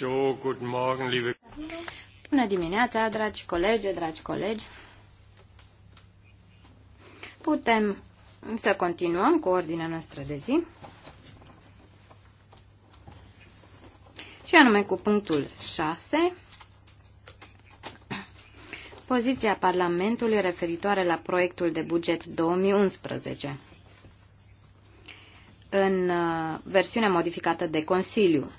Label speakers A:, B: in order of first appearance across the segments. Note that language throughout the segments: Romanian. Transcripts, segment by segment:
A: So, liebe...
B: Bună dimineața, dragi colegi, dragi colegi. Putem să continuăm cu ordinea noastră de zi. Și anume cu punctul 6, poziția Parlamentului referitoare la proiectul de buget 2011 în uh, versiunea modificată de Consiliu.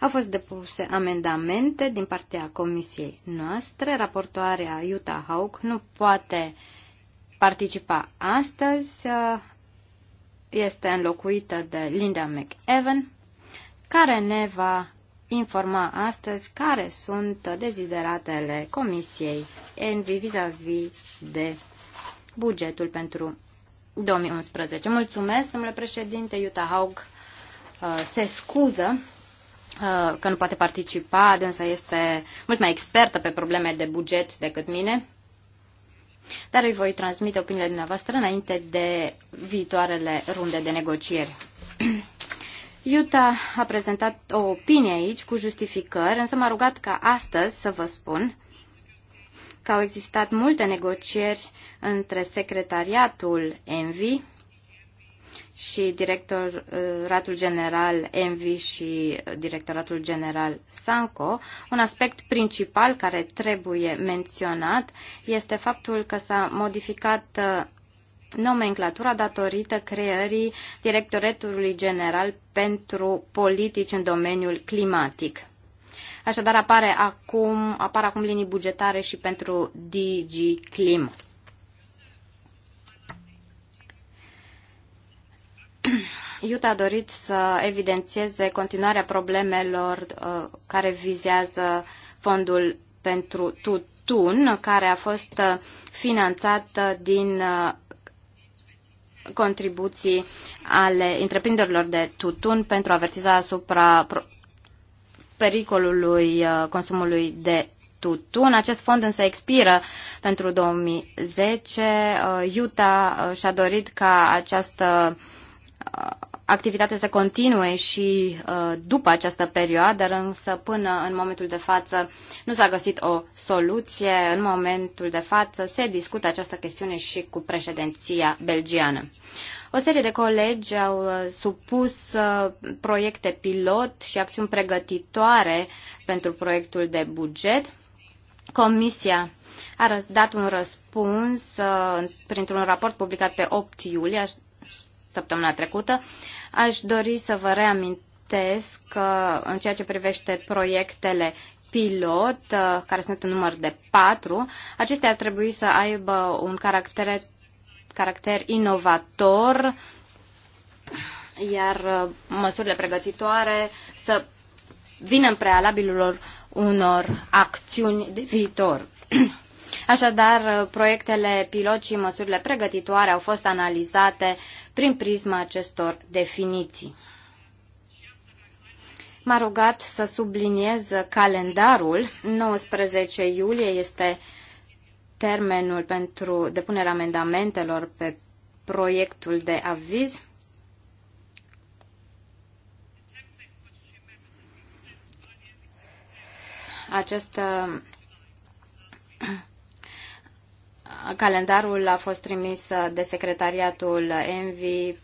B: Au fost depuse amendamente din partea comisiei noastre. Raportoarea Iuta Haug nu poate participa astăzi. Este înlocuită de Linda McEwan, care ne va informa astăzi care sunt dezideratele comisiei ENVI vis-a-vis de bugetul pentru 2011. Mulțumesc, domnule președinte, Iuta Haug uh, se scuză Uh, că nu poate participa, însă este mult mai expertă pe probleme de buget decât mine, dar îi voi transmite opiniile dumneavoastră înainte de viitoarele runde de negocieri. Iuta a prezentat o opinie aici cu justificări, însă m-a rugat ca astăzi să vă spun că au existat multe negocieri între secretariatul Envi și directoratul uh, general ENVI și directoratul general SANCO, un aspect principal care trebuie menționat este faptul că s-a modificat uh, nomenclatura datorită creării directoratului general pentru politici în domeniul climatic. Așadar apare acum, apar acum linii bugetare și pentru DG Clim. Iuta a dorit să evidențieze continuarea problemelor uh, care vizează fondul pentru tutun, care a fost uh, finanțat uh, din contribuții ale întreprinderilor de tutun pentru a avertiza asupra pericolului consumului de tutun. Acest fond însă expiră pentru 2010. Iuta și-a dorit ca această activitate să continue și uh, după această perioadă, însă până în momentul de față nu s-a găsit o soluție. În momentul de față se discută această chestiune și cu președinția belgiană. O serie de colegi au uh, supus uh, proiecte pilot și acțiuni pregătitoare pentru proiectul de buget. Comisia a dat un răspuns printr-un raport publicat pe 8 iulie, săptămâna trecută. Aș dori să vă reamintesc că în ceea ce privește proiectele pilot, uh, care sunt în număr de patru, acestea ar trebui să aibă un caracter, caracter inovator, iar uh, măsurile pregătitoare să vină în prealabilul unor acțiuni de viitor. Așadar, proiectele pilot și măsurile pregătitoare au fost analizate prin prisma acestor definiții. M-a rugat să subliniez calendarul. 19 iulie este termenul pentru depunerea amendamentelor pe proiectul de aviz. Acest Calendarul a fost trimis de secretariatul ENVI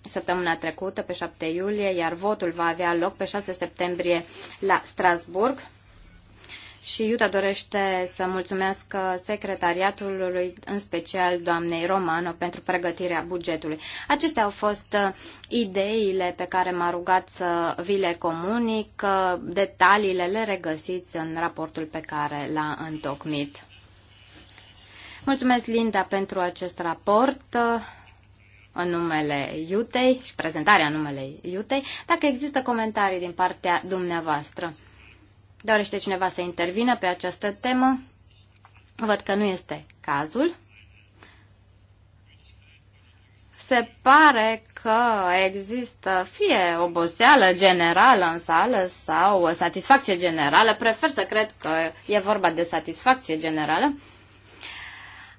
B: săptămâna trecută, pe 7 iulie, iar votul va avea loc pe 6 septembrie la Strasburg. Și Iuta dorește să mulțumesc secretariatului, în special doamnei Romano, pentru pregătirea bugetului. Acestea au fost uh, ideile pe care m-a rugat să vi le comunic. Uh, detaliile le regăsiți în raportul pe care l-a întocmit. Mulțumesc, Linda, pentru acest raport uh, în numele Iutei și prezentarea numelei Iutei. Dacă există comentarii din partea dumneavoastră, dorește cineva să intervină pe această temă? Văd că nu este cazul. Se pare că există fie oboseală generală în sală sau o satisfacție generală. Prefer să cred că e vorba de satisfacție generală.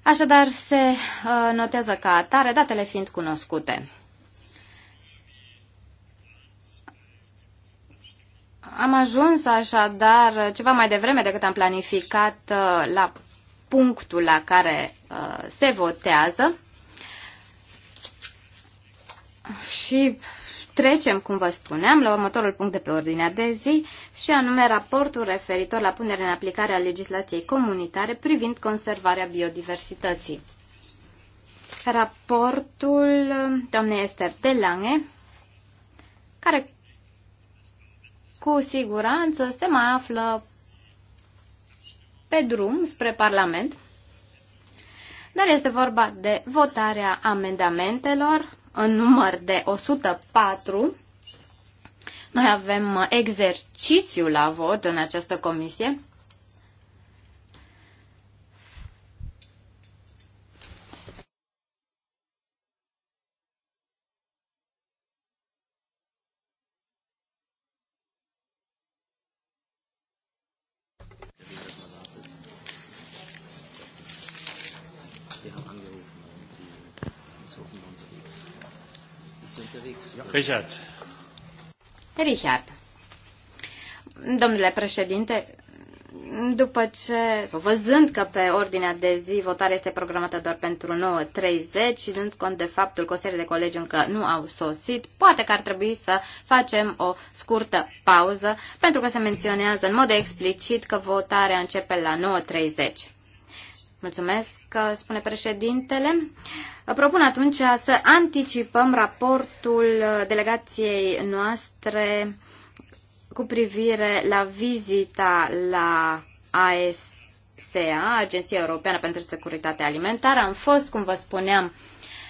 B: Așadar, se uh, notează ca atare, datele fiind cunoscute. Am ajuns așadar ceva mai devreme decât am planificat uh, la punctul la care uh, se votează și Trecem, cum vă spuneam, la următorul punct de pe ordinea de zi și anume raportul referitor la punerea în aplicare a legislației comunitare privind conservarea biodiversității. Raportul uh, doamnei Esther de Lange, care cu siguranță se mai află pe drum spre Parlament, dar este vorba de votarea amendamentelor în număr de 104. Noi avem uh, exercițiu la vot în această comisie Richard. Richard. Domnule președinte, după ce, văzând că pe ordinea de zi votarea este programată doar pentru 9.30 și dând cont de faptul că o serie de colegi încă nu au sosit, poate că ar trebui să facem o scurtă pauză, pentru că se menționează în mod explicit că votarea începe la 9.30. Mulțumesc, spune președintele. Propun atunci să anticipăm raportul delegației noastre cu privire la vizita la ASCA, Agenția Europeană pentru Securitatea Alimentară. Am fost, cum vă spuneam,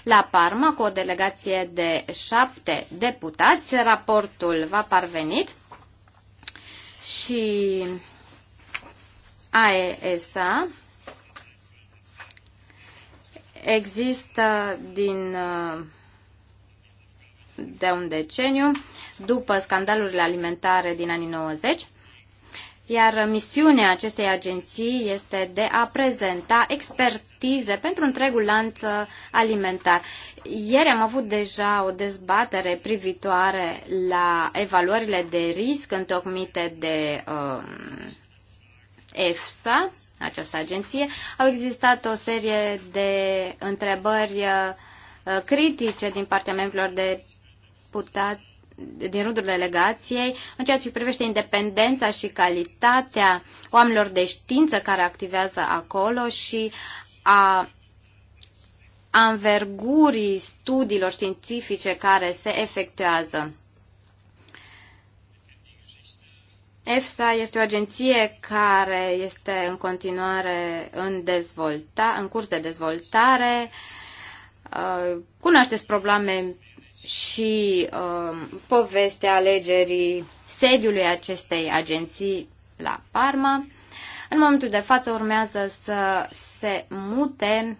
B: la Parma cu o delegație de șapte deputați. Raportul va parvenit și AESA există din uh, de un deceniu, după scandalurile alimentare din anii 90, iar misiunea acestei agenții este de a prezenta expertize pentru întregul lanț alimentar. Ieri am avut deja o dezbatere privitoare la evaluările de risc întocmite de uh, EFSA, această agenție, au existat o serie de întrebări uh, uh, critice din partea membrilor de putat din rândul delegației în ceea ce privește independența și calitatea oamenilor de știință care activează acolo și a anvergurii studiilor științifice care se efectuează. EFSA este o agenție care este în continuare în, dezvolta, în curs de dezvoltare. Uh, cunoașteți probleme și uh, povestea alegerii sediului acestei agenții la Parma. În momentul de față urmează să se mute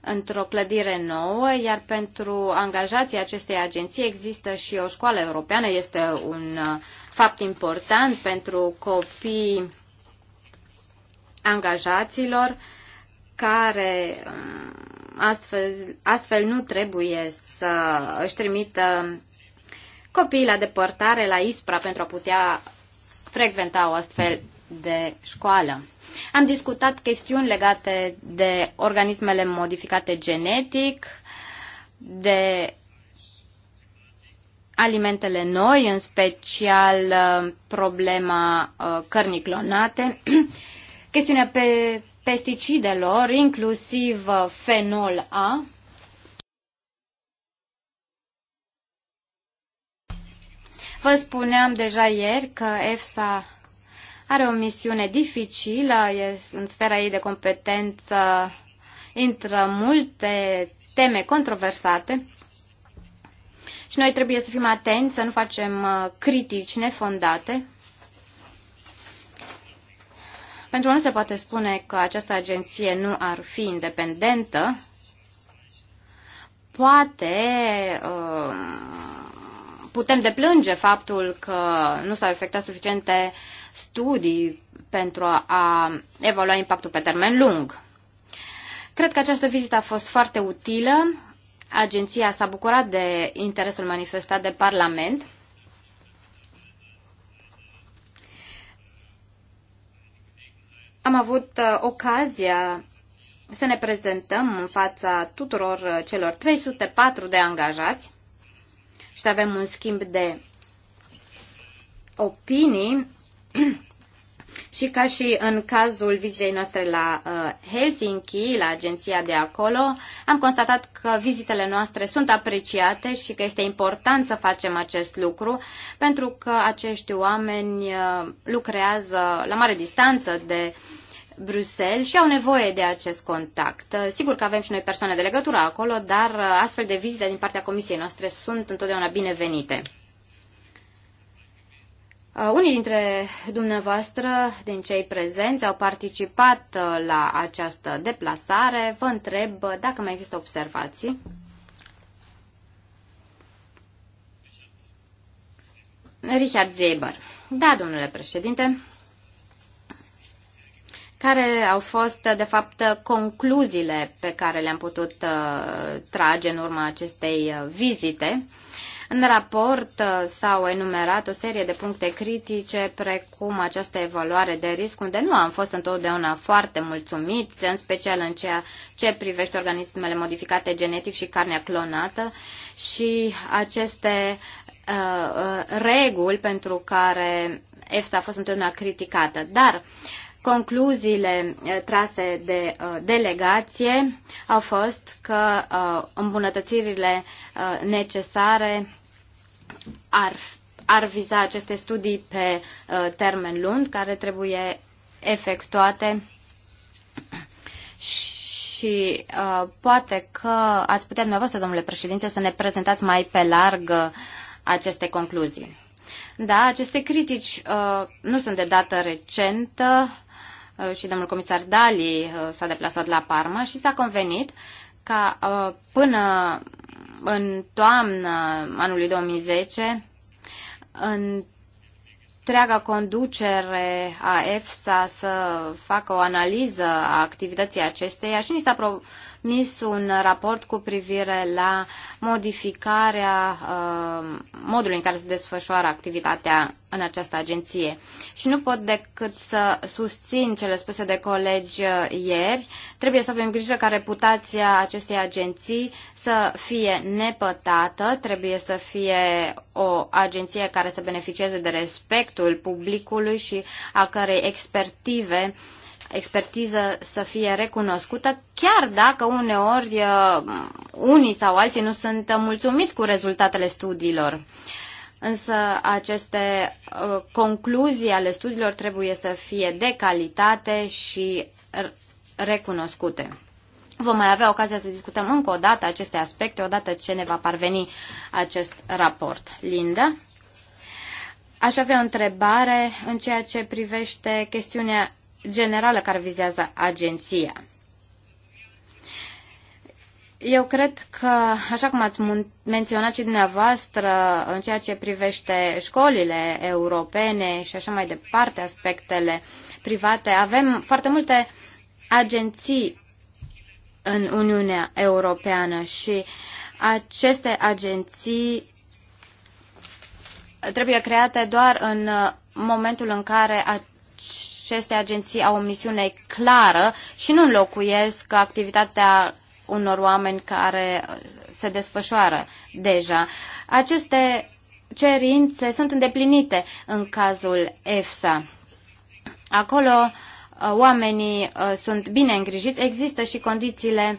B: într-o clădire nouă, iar pentru angajații acestei agenții există și o școală europeană, este un uh, fapt important pentru copii angajaților care um, astfel, astfel nu trebuie să își trimită copiii la depărtare, la ISPRA, pentru a putea frecventa o astfel de școală. Am discutat chestiuni legate de organismele modificate genetic, de alimentele noi, în special uh, problema uh, cărnii clonate, chestiunea pe pesticidelor, inclusiv uh, fenol A, Vă spuneam deja ieri că EFSA are o misiune dificilă, e în sfera ei de competență intră multe teme controversate și noi trebuie să fim atenți, să nu facem uh, critici nefondate. Pentru că nu se poate spune că această agenție nu ar fi independentă. Poate uh, putem deplânge faptul că nu s-au efectuat suficiente studii pentru a evalua impactul pe termen lung. Cred că această vizită a fost foarte utilă. Agenția s-a bucurat de interesul manifestat de Parlament. Am avut uh, ocazia să ne prezentăm în fața tuturor uh, celor 304 de angajați și avem un schimb de opinii Și ca și în cazul vizitei noastre la uh, Helsinki, la agenția de acolo, am constatat că vizitele noastre sunt apreciate și că este important să facem acest lucru, pentru că acești oameni uh, lucrează la mare distanță de Bruxelles și au nevoie de acest contact. Uh, sigur că avem și noi persoane de legătură acolo, dar astfel de vizite din partea comisiei noastre sunt întotdeauna binevenite. Unii dintre dumneavoastră, din cei prezenți, au participat uh, la această deplasare. Vă întreb uh, dacă mai există observații. Richard Zeber. Da, domnule președinte. Care au fost, de fapt, concluziile pe care le-am putut uh, trage în urma acestei vizite? În raport uh, s-au enumerat o serie de puncte critice, precum această evaluare de risc, unde nu am fost întotdeauna foarte mulțumiți, în special în ceea ce privește organismele modificate genetic și carnea clonată și aceste uh, uh reguli pentru care EFSA a fost întotdeauna criticată. Dar uh, Concluziile eh, trase de eh, delegație au fost că eh, îmbunătățirile necesare ar, ar viza aceste studii pe termen lung, care trebuie efectuate și uh, poate că ați putea dumneavoastră, domnule președinte, să ne prezentați mai pe larg aceste concluzii. Da, aceste critici uh, nu sunt de dată recentă, Uh, și domnul comisar Dali uh, s-a deplasat la Parma și s-a convenit ca uh, până în toamnă anului 2010 întreaga conducere a EFSA să facă o analiză a activității acesteia și ni s-a pro- trimis un raport cu privire la modificarea uh, modului în care se desfășoară activitatea în această agenție. Și nu pot decât să susțin cele spuse de colegi uh, ieri. Trebuie să avem grijă ca reputația acestei agenții să fie nepătată, trebuie să fie o agenție care să beneficieze de respectul publicului și a cărei expertive uh, expertiză să fie recunoscută, chiar dacă uneori uh, unii sau alții nu sunt mulțumiți cu rezultatele studiilor. Însă aceste uh, concluzii ale studiilor trebuie să fie de calitate și recunoscute. Vom mai avea ocazia să discutăm încă o dată aceste aspecte, odată ce ne va parveni acest raport. Linda? Aș avea o întrebare în ceea ce privește chestiunea generală care vizează agenția. Eu cred că, așa cum ați menționat și dumneavoastră, în ceea ce privește școlile europene și așa mai departe, aspectele private, avem foarte multe agenții în Uniunea Europeană și aceste agenții trebuie create doar în momentul în care aceste agenții au o misiune clară și nu înlocuiesc activitatea unor oameni care se desfășoară deja. Aceste cerințe sunt îndeplinite în cazul EFSA. Acolo uh, oamenii uh, sunt bine îngrijiți, există și condițiile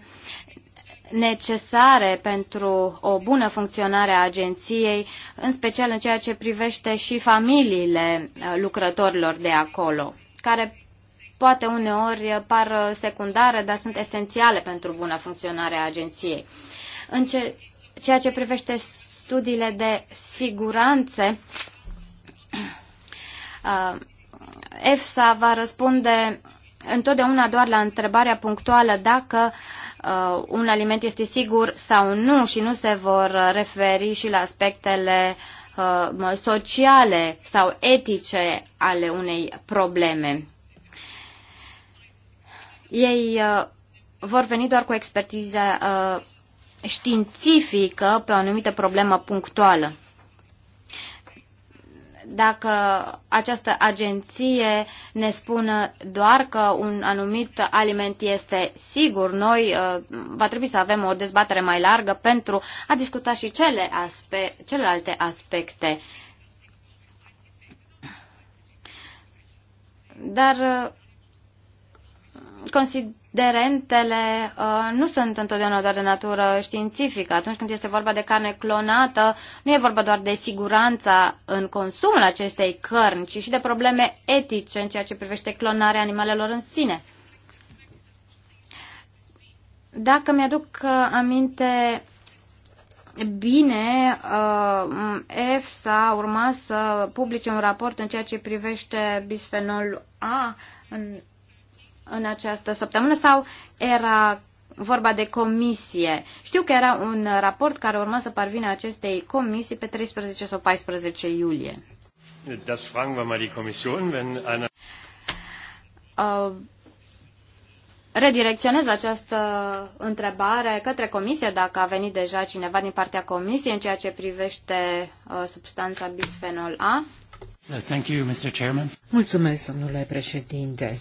B: necesare pentru o bună funcționare a agenției, în special în ceea ce privește și familiile uh, lucrătorilor de acolo care poate uneori par secundare, dar sunt esențiale pentru buna funcționare a agenției. În ce, ceea ce privește studiile de siguranțe, uh, EFSA va răspunde întotdeauna doar la întrebarea punctuală dacă uh, un aliment este sigur sau nu și nu se vor referi și la aspectele Uh, sociale sau etice ale unei probleme. Ei uh, vor veni doar cu expertiza uh, științifică pe o anumită problemă punctuală dacă această agenție ne spună doar că un anumit aliment este sigur, noi uh, va trebui să avem o dezbatere mai largă pentru a discuta și cele aspe- celelalte aspecte. Dar uh, consider derentele uh, nu sunt întotdeauna doar de natură științifică. Atunci când este vorba de carne clonată, nu e vorba doar de siguranța în consumul acestei cărni, ci și de probleme etice în ceea ce privește clonarea animalelor în sine. Dacă mi-aduc uh, aminte bine, uh, EFSA urma să publice un raport în ceea ce privește bisfenol A în în această săptămână sau era vorba de comisie? Știu că era un raport care urma să parvină acestei comisii pe 13 sau 14 iulie.
A: Das fragen wir mal die Kommission, wenn eine...
B: Uh, redirecționez această întrebare către comisie, dacă a venit deja cineva din partea comisiei în ceea ce privește uh, substanța bisfenol A.
C: So, thank you, Mr. Chairman. Mulțumesc, domnule președinte.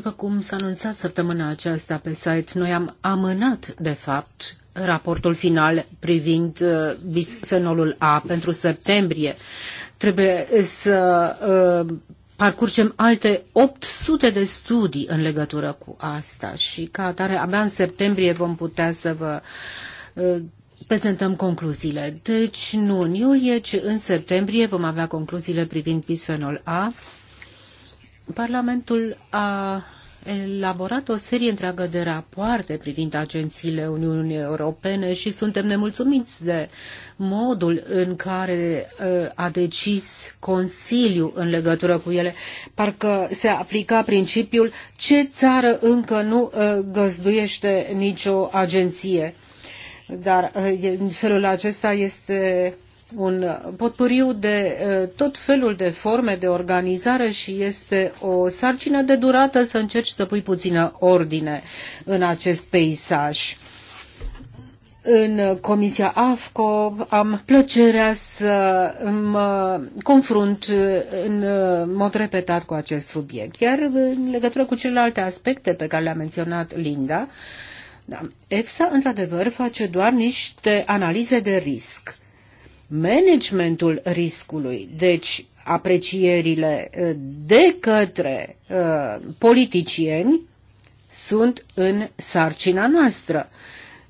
C: După cum s-a anunțat săptămâna aceasta pe site, noi am amânat, de fapt, raportul final privind uh, bisfenolul A pentru septembrie. Trebuie să uh, parcurgem alte 800 de studii în legătură cu asta și ca atare abia în septembrie vom putea să vă uh, prezentăm concluziile. Deci nu în iulie, ci în septembrie vom avea concluziile privind bisfenol A Parlamentul a elaborat o serie întreagă de rapoarte privind agențiile Uniunii Europene și suntem nemulțumiți de modul în care uh, a decis Consiliu în legătură cu ele. Parcă se aplica principiul ce țară încă nu uh, găzduiește nicio agenție. Dar uh, în felul acesta este un potpuriu de tot felul de forme de organizare și este o sarcină de durată să încerci să pui puțină ordine în acest peisaj. În Comisia AFCO am plăcerea să mă confrunt în mod repetat cu acest subiect. Iar în legătură cu celelalte aspecte pe care le-a menționat Linda, da, EFSA într-adevăr face doar niște analize de risc managementul riscului. Deci aprecierile eh, de către uh, politicieni sunt în sarcina noastră.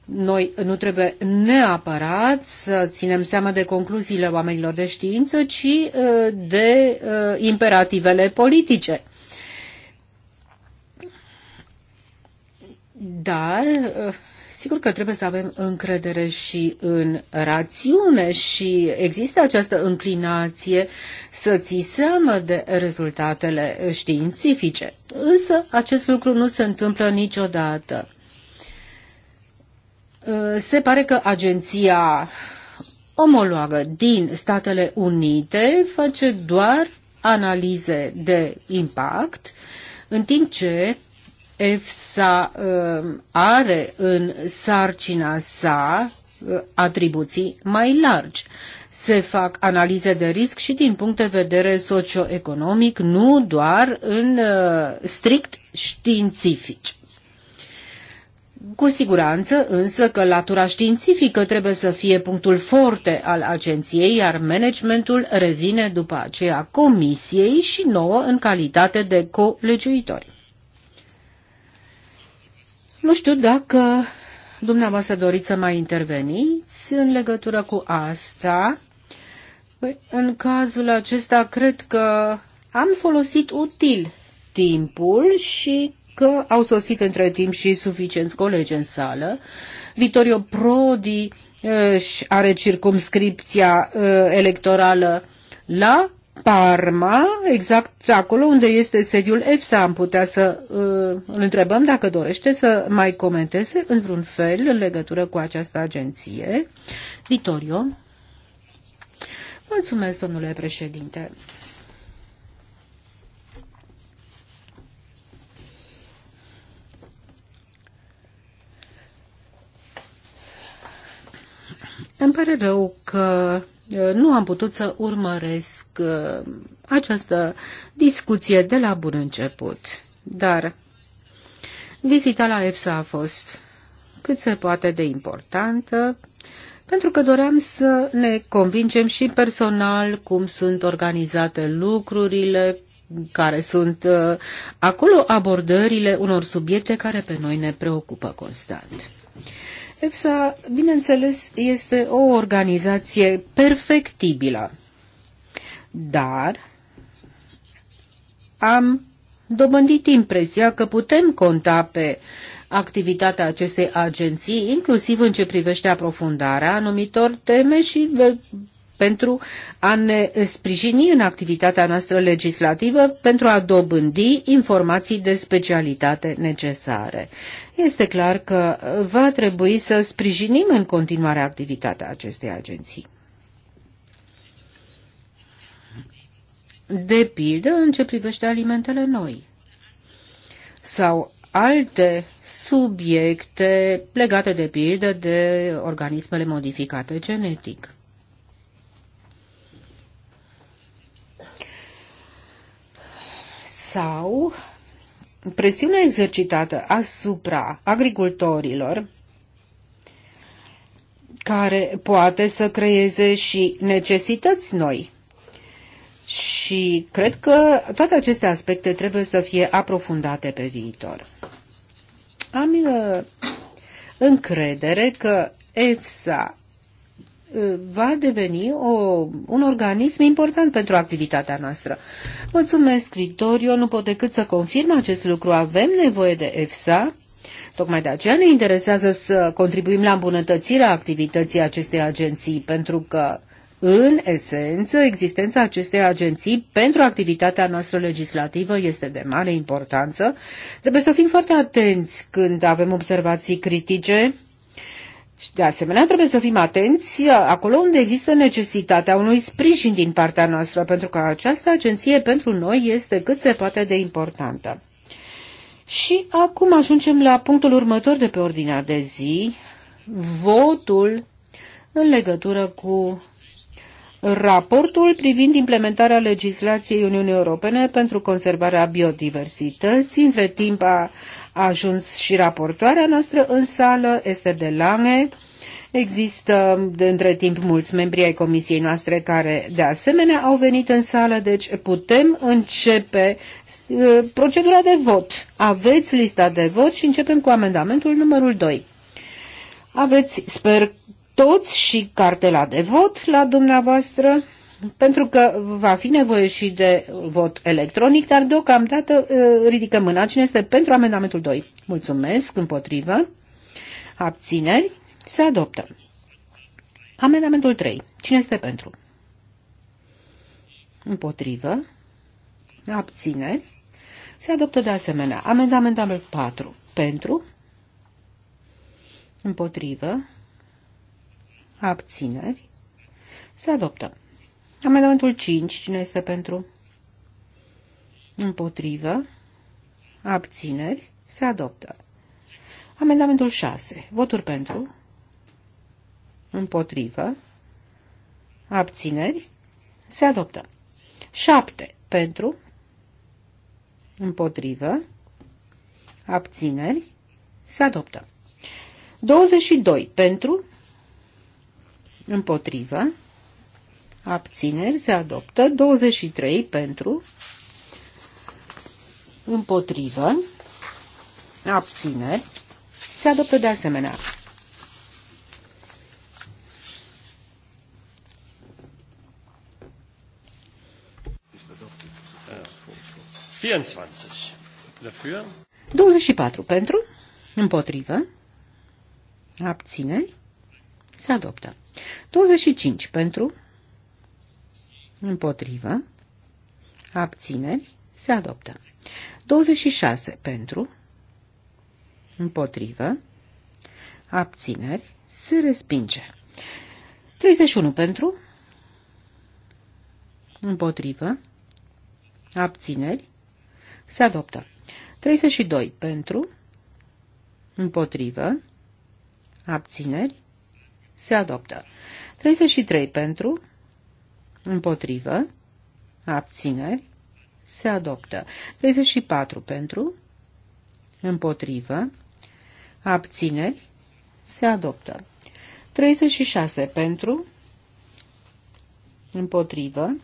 C: Noi nu trebuie neapărat să ținem seama de concluziile oamenilor de știință, ci uh, de uh, imperativele politice. Dar uh, sigur că trebuie să avem încredere și în rațiune și există această înclinație să ți seamă de rezultatele științifice. Însă acest lucru nu se întâmplă niciodată. Uh, se pare că agenția omologă din Statele Unite face doar analize de impact, în timp ce EFSA um, are în sarcina sa uh, atribuții mai largi. Se fac analize de risc și din punct de vedere socioeconomic, nu doar în uh, strict științifici. Cu siguranță însă că latura științifică trebuie să fie punctul forte al agenției, iar managementul revine după aceea comisiei și nouă în calitate de colegiuitori. Nu știu dacă dumneavoastră doriți să mai interveniți în legătură cu asta. Păi, în cazul acesta, cred că am folosit util timpul și că au sosit între timp și suficienți colegi în sală. Vittorio Prodi își eh, are circumscripția eh, electorală la Parma, exact acolo unde este sediul EFSA. Am putea să uh, îl întrebăm dacă dorește să mai comenteze în vreun fel în legătură cu această agenție. Vitorio. Mulțumesc, domnule președinte. Îmi pare rău că Eh, nu am putut să urmăresc eh, această discuție de la bun început. Dar vizita la EFSA a fost cât se poate de importantă, pentru că doream să ne convingem și personal cum sunt organizate lucrurile, care sunt eh, acolo abordările unor subiecte care pe noi ne preocupă constant. EFSA, bineînțeles, este o organizație perfectibilă, dar am dobândit impresia că putem conta pe activitatea acestei agenții, inclusiv în ce privește aprofundarea anumitor teme și pentru a ne sprijini în activitatea noastră legislativă pentru a dobândi informații de specialitate necesare. Este clar că va trebui să sprijinim în continuare activitatea acestei agenții. De pildă în ce privește alimentele noi sau alte subiecte legate de pildă de organismele modificate genetic. sau presiunea exercitată asupra agricultorilor care poate să creeze și necesități noi. Și cred că toate aceste aspecte trebuie să fie aprofundate pe viitor. Am uh, încredere că EFSA va deveni o, un organism important pentru activitatea noastră. Mulțumesc, Victorio, nu pot decât să confirm acest lucru. Avem nevoie de EFSA. Tocmai de aceea ne interesează să contribuim la îmbunătățirea activității acestei agenții, pentru că în esență, existența acestei agenții pentru activitatea noastră legislativă este de mare importanță. Trebuie să fim foarte atenți când avem observații critice și de asemenea trebuie să fim atenți acolo unde există necesitatea unui sprijin din partea noastră, pentru că această agenție pentru noi este cât se poate de importantă. Și acum ajungem la punctul următor de pe ordinea de zi, votul în legătură cu raportul privind implementarea legislației Uniunii Europene pentru conservarea biodiversității. Între timp a a ajuns și raportoarea noastră în sală, Esther de Lange. Există de între timp mulți membri ai comisiei noastre care de asemenea au venit în sală, deci putem începe uh, procedura de vot. Aveți lista de vot și începem cu amendamentul numărul 2. Aveți, sper, toți și cartela de vot la dumneavoastră pentru că va fi nevoie și de vot electronic, dar deocamdată uh, ridicăm mâna. Cine este pentru amendamentul 2? Mulțumesc, împotrivă. Abțineri, se adoptă. Amendamentul 3. Cine este pentru? Împotrivă. Abțineri. Se adoptă de asemenea. Amendamentul 4. Pentru. Împotrivă. Abțineri. Se adoptă. Amendamentul 5. Cine este pentru? Împotrivă. Abțineri. Se adoptă. Amendamentul 6. Voturi pentru. Împotrivă. Abțineri. Se adoptă. 7. Pentru. Împotrivă. Abțineri. Se adoptă. 22. Pentru. Împotrivă abțineri se adoptă, 23 pentru, împotrivă, abțineri se adoptă de asemenea. Dafür. 24 pentru, împotrivă, abțineri, se adoptă. 25 pentru, Împotrivă. Abțineri. Se adoptă. 26 pentru. Împotrivă. Abțineri. Se respinge. 31 pentru. Împotrivă. Abțineri. Se adoptă. 32 pentru. Împotrivă. Abțineri. Se adoptă. 33 pentru. Împotrivă. Abțineri. Se adoptă. 34 pentru. Împotrivă. Abțineri. Se adoptă. 36 pentru. Împotrivă.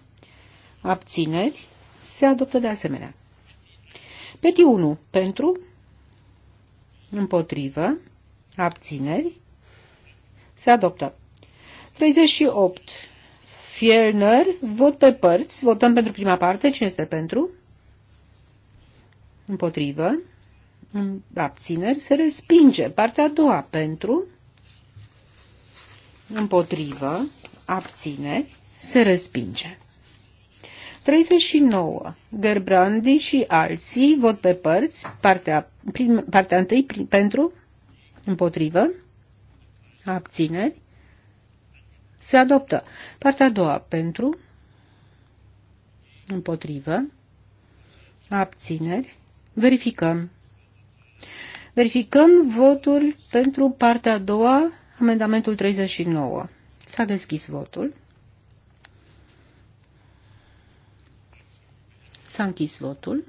C: Abțineri. Se adoptă de asemenea. Peti 1 pentru. Împotrivă. Abțineri. Se adoptă. 38 Fierner vot pe părți. Votăm pentru prima parte. Cine este pentru? Împotrivă. Abțineri. Se respinge. Partea a doua. Pentru. Împotrivă. Abțineri. Se respinge. 39. Gerbrandi și alții vot pe părți. Partea, prim, partea întâi prim, pentru. Împotrivă. Abțineri. Se adoptă. Partea a doua pentru, împotrivă, abțineri. Verificăm. Verificăm votul pentru partea a doua, amendamentul 39. S-a deschis votul. S-a închis votul.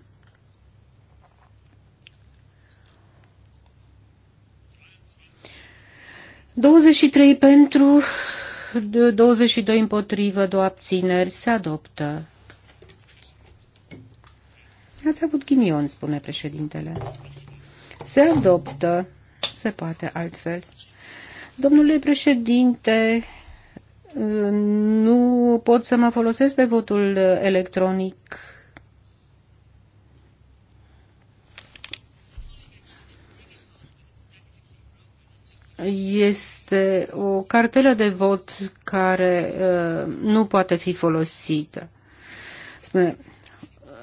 C: Douăzeci și trei pentru, 22 împotrivă, două abțineri, se adoptă. Ați avut ghinion, spune președintele. Se adoptă, se poate altfel. Domnule președinte, nu pot să mă folosesc de votul electronic este o cartelă de vot care uh, nu poate fi folosită. Spune,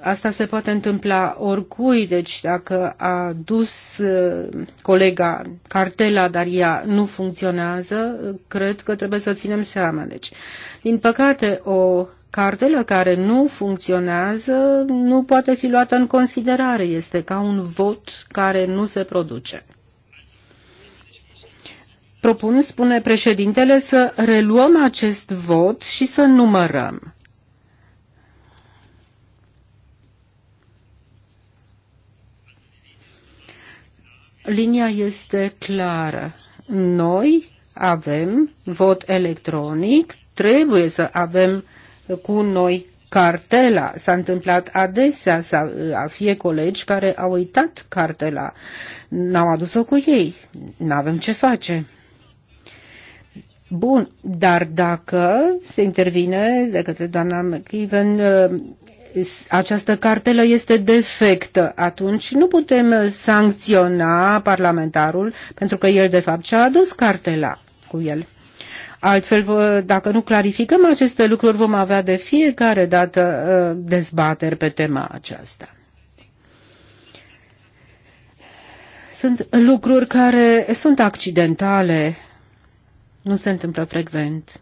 C: asta se poate întâmpla oricui, deci dacă a dus uh, colega cartela, dar ea nu funcționează, uh, cred că trebuie să ținem seama. Deci, din păcate, o cartelă care nu funcționează nu poate fi luată în considerare. Este ca un vot care nu se produce. Propun, spune președintele, să reluăm acest vot și să numărăm. Linia este clară. Noi avem vot electronic, trebuie să avem cu noi cartela. S-a întâmplat adesea să fie colegi care au uitat cartela, n-au adus-o cu ei. N-avem ce face. Bun, dar dacă se intervine de către doamna McKeven uh, această cartelă este defectă, atunci nu putem sancționa parlamentarul pentru că el de fapt și-a adus cartela cu el. Altfel, dacă nu clarificăm aceste lucruri, vom avea de fiecare dată uh, dezbateri pe tema aceasta. Sunt lucruri care sunt accidentale nu se întâmplă frecvent.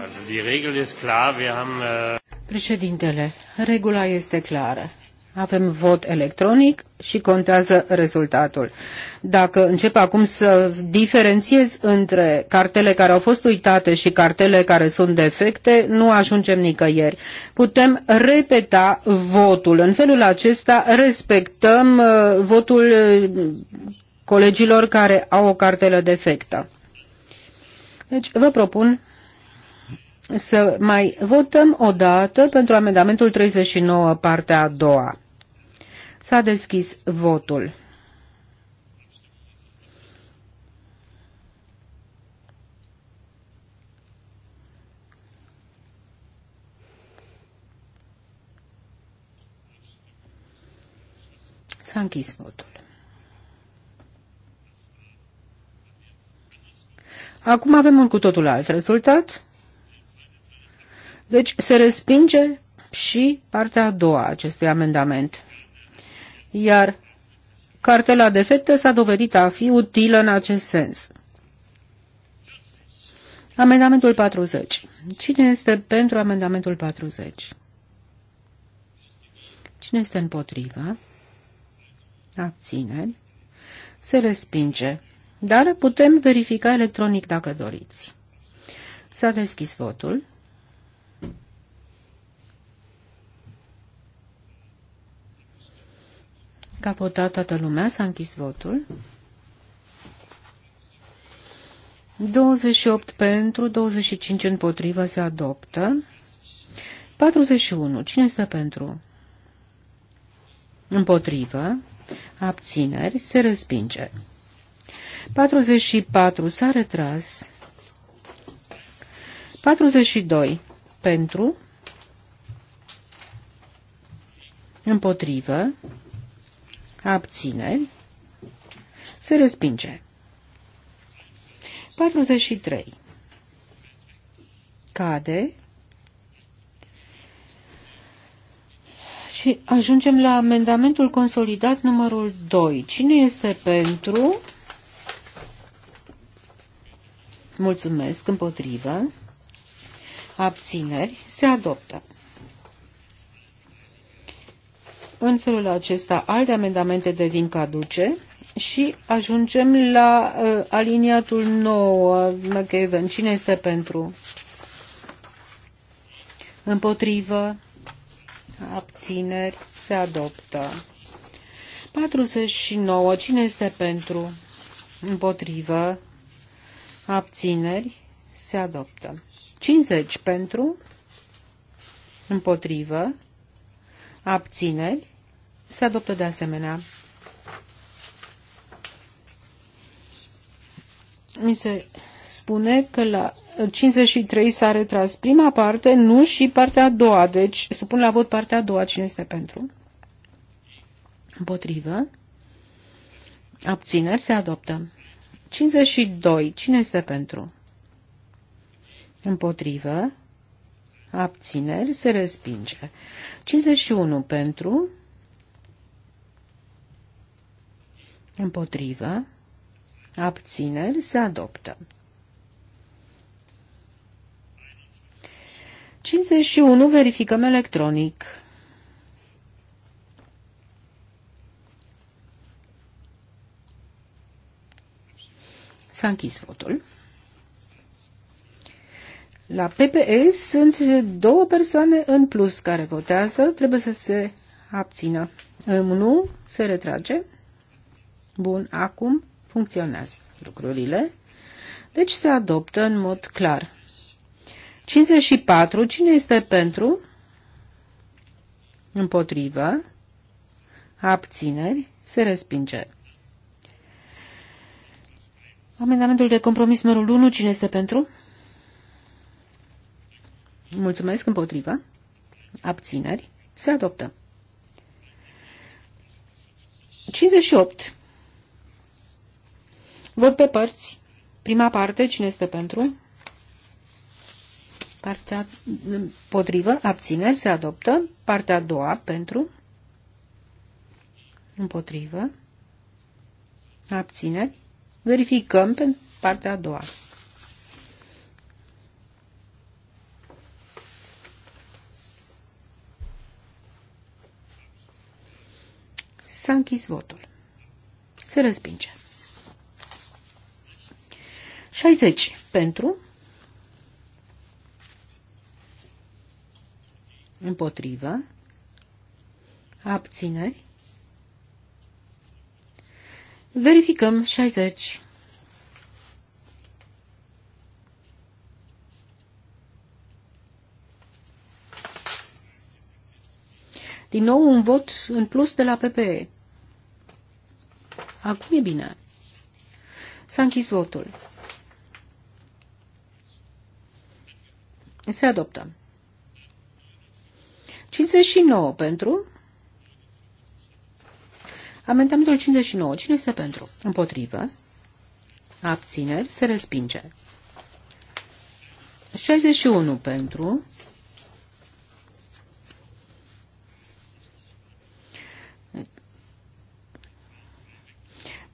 A: Also die Regel ist klar,
C: wir haben äh Președintele, regula este clară. Avem vot electronic și contează rezultatul. Dacă încep acum să diferențiez între cartele care au fost uitate și cartele care sunt defecte, nu ajungem nicăieri. Putem repeta votul. În felul acesta respectăm uh, votul uh, colegilor care au o cartelă defectă. Deci vă propun să mai votăm o dată pentru amendamentul 39, partea a doua. S-a deschis votul. S-a închis votul. Acum avem un cu totul alt rezultat. Deci se respinge și partea a doua a acestui amendament. Iar cartela de fete s-a dovedit a fi utilă în acest sens. Amendamentul 40. Cine este pentru amendamentul 40? Cine este împotrivă? Abține. Se respinge. Dar putem verifica electronic dacă doriți. S-a deschis votul. Că a votat toată lumea, s-a închis votul. 28 pentru, 25 împotrivă se adoptă. 41. Cine stă pentru? Împotrivă. Abțineri. Se respinge. 44. S-a retras. 42. Pentru. Împotrivă. Abține, se respinge. 43. Cade și ajungem la amendamentul consolidat numărul 2. Cine este pentru? Mulțumesc, împotrivă. Abțineri se adoptă. În felul acesta, alte amendamente devin caduce și ajungem la uh, aliniatul 9, McAven. Cine este pentru? Împotrivă? Abțineri? Se adoptă. 49. Cine este pentru? Împotrivă? Abțineri? Se adoptă. 50 pentru? Împotrivă? Abțineri? Se adoptă de asemenea. Mi se spune că la 53 s-a retras prima parte, nu și partea a doua. Deci să pun la vot partea a doua. Cine este pentru? Împotrivă. Abțineri se adoptă. 52. Cine este pentru? Împotrivă. Abțineri se respinge. 51 pentru. împotrivă, abțineri, se adoptă. 51. Verificăm electronic. S-a închis votul. La PPS sunt două persoane în plus care votează, trebuie să se abțină. Nu se retrage. Bun, acum funcționează lucrurile. Deci se adoptă în mod clar. 54. Cine este pentru? Împotrivă. Abțineri. Se respinge. Amendamentul de compromis numărul 1. Cine este pentru? Mulțumesc. Împotrivă. Abțineri. Se adoptă. 58. Vot pe părți. Prima parte, cine este pentru? Partea potrivă, abțineri, se adoptă. Partea a doua, pentru. Împotrivă. Abțineri. Verificăm pentru partea a doua. S-a închis votul. Se respinge. 60 pentru, împotrivă, abțineri. Verificăm 60. Din nou un vot în plus de la PPE. Acum e bine. S-a închis votul. Se adoptă. 59 pentru. Amendamentul 59. Cine este pentru? Împotrivă. Abțineri. Se respinge. 61 pentru.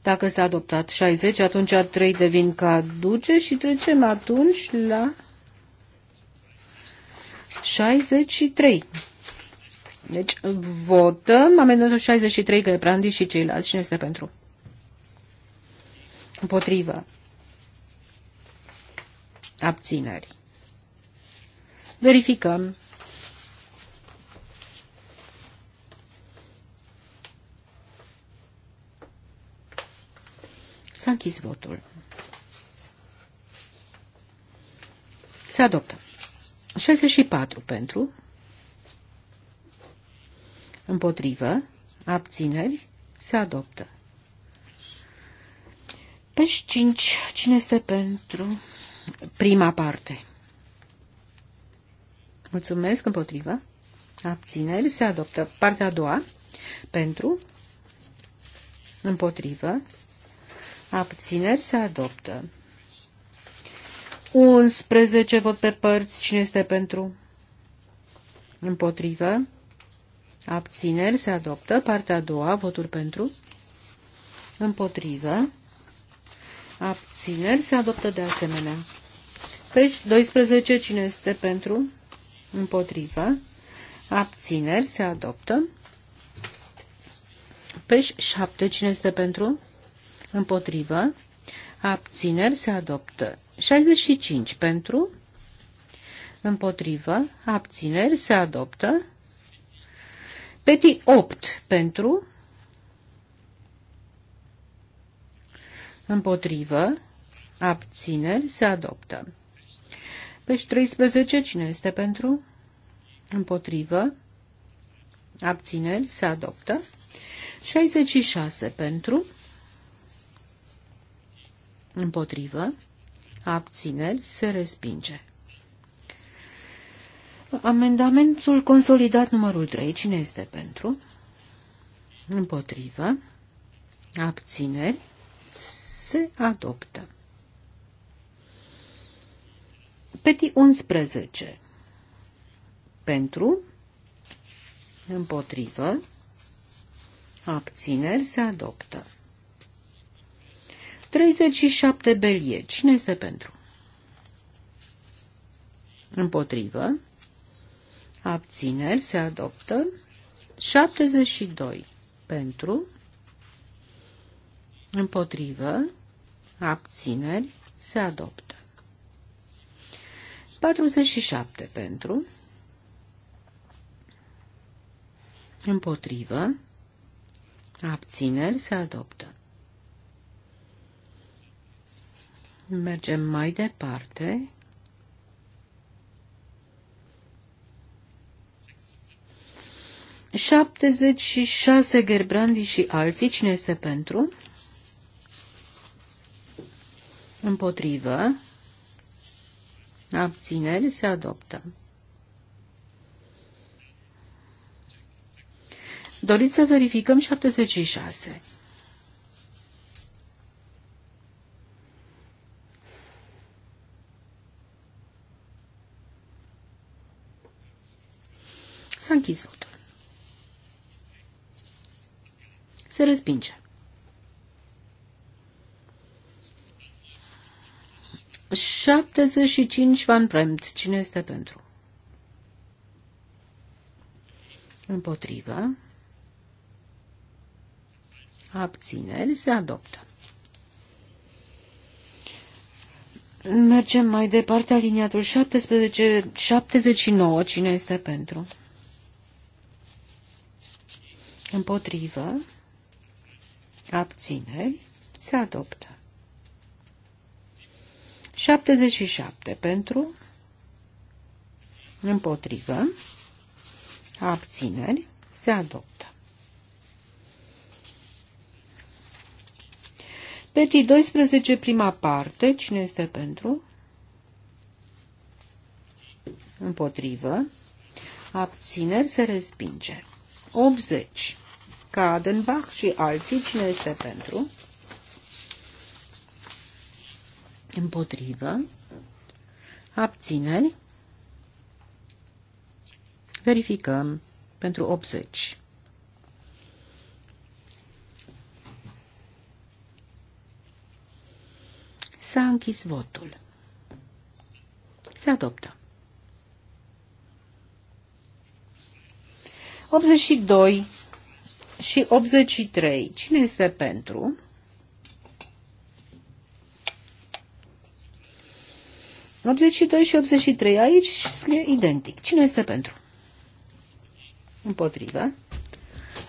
C: Dacă s-a adoptat 60, atunci 3 devin caduce și trecem atunci la 63. Deci votăm amendamentul 63 că e Brandi și ceilalți. Cine este pentru? Împotrivă. Abțineri. Verificăm. S-a închis votul. Se adoptă. 64 pentru, împotrivă, abțineri, se adoptă. Pești 5, cine este pentru prima parte? Mulțumesc, împotrivă, abțineri, se adoptă. Partea a doua, pentru, împotrivă, abțineri, se adoptă. 11 vot pe părți. Cine este pentru? Împotrivă. Abțineri se adoptă. Partea a doua, voturi pentru. Împotrivă. Abțineri se adoptă de asemenea. Pești deci, 12, cine este pentru? Împotrivă. Abțineri se adoptă. Pești deci, 7, cine este pentru? Împotrivă. Abțineri se adoptă. 65 pentru, împotrivă, abțineri, se adoptă. Peti 8 pentru, împotrivă, abțineri, se adoptă. Peti 13, cine este pentru? Împotrivă, abțineri, se adoptă. 66 pentru, împotrivă, abțineri, se respinge. Amendamentul consolidat numărul 3. Cine este pentru? Împotrivă. Abțineri. Se adoptă. Peti 11. Pentru. Împotrivă. Abțineri. Se adoptă. 37 belie. Cine este pentru? Împotrivă. Abțineri se adoptă. 72 pentru. Împotrivă. Abțineri se adoptă. 47 pentru. Împotrivă. Abțineri se adoptă. Mergem mai departe. Șaptezeci și șase Gerbrandi și alții. Cine este pentru? Împotrivă. Abțineri se adoptă. Doriți să verificăm 76. închis votul. Se respinge. Șaptezeci și cinci Van Premt. Cine este pentru? Împotrivă. Abțineri se adoptă. Mergem mai departe, aliniatul 17, 79. Cine este pentru? Împotrivă. Abțineri. Se adoptă. 77 pentru. Împotrivă. Abțineri. Se adoptă. Petit 12, prima parte. Cine este pentru? Împotrivă. Abțineri se respinge. 80. Kadenbach și alții, cine este pentru? Împotrivă. Abțineri. Verificăm pentru 80. S-a închis votul. Se adoptă. 82 și 83. Cine este pentru? doi și 83. Aici scrie identic. Cine este pentru? Împotrivă.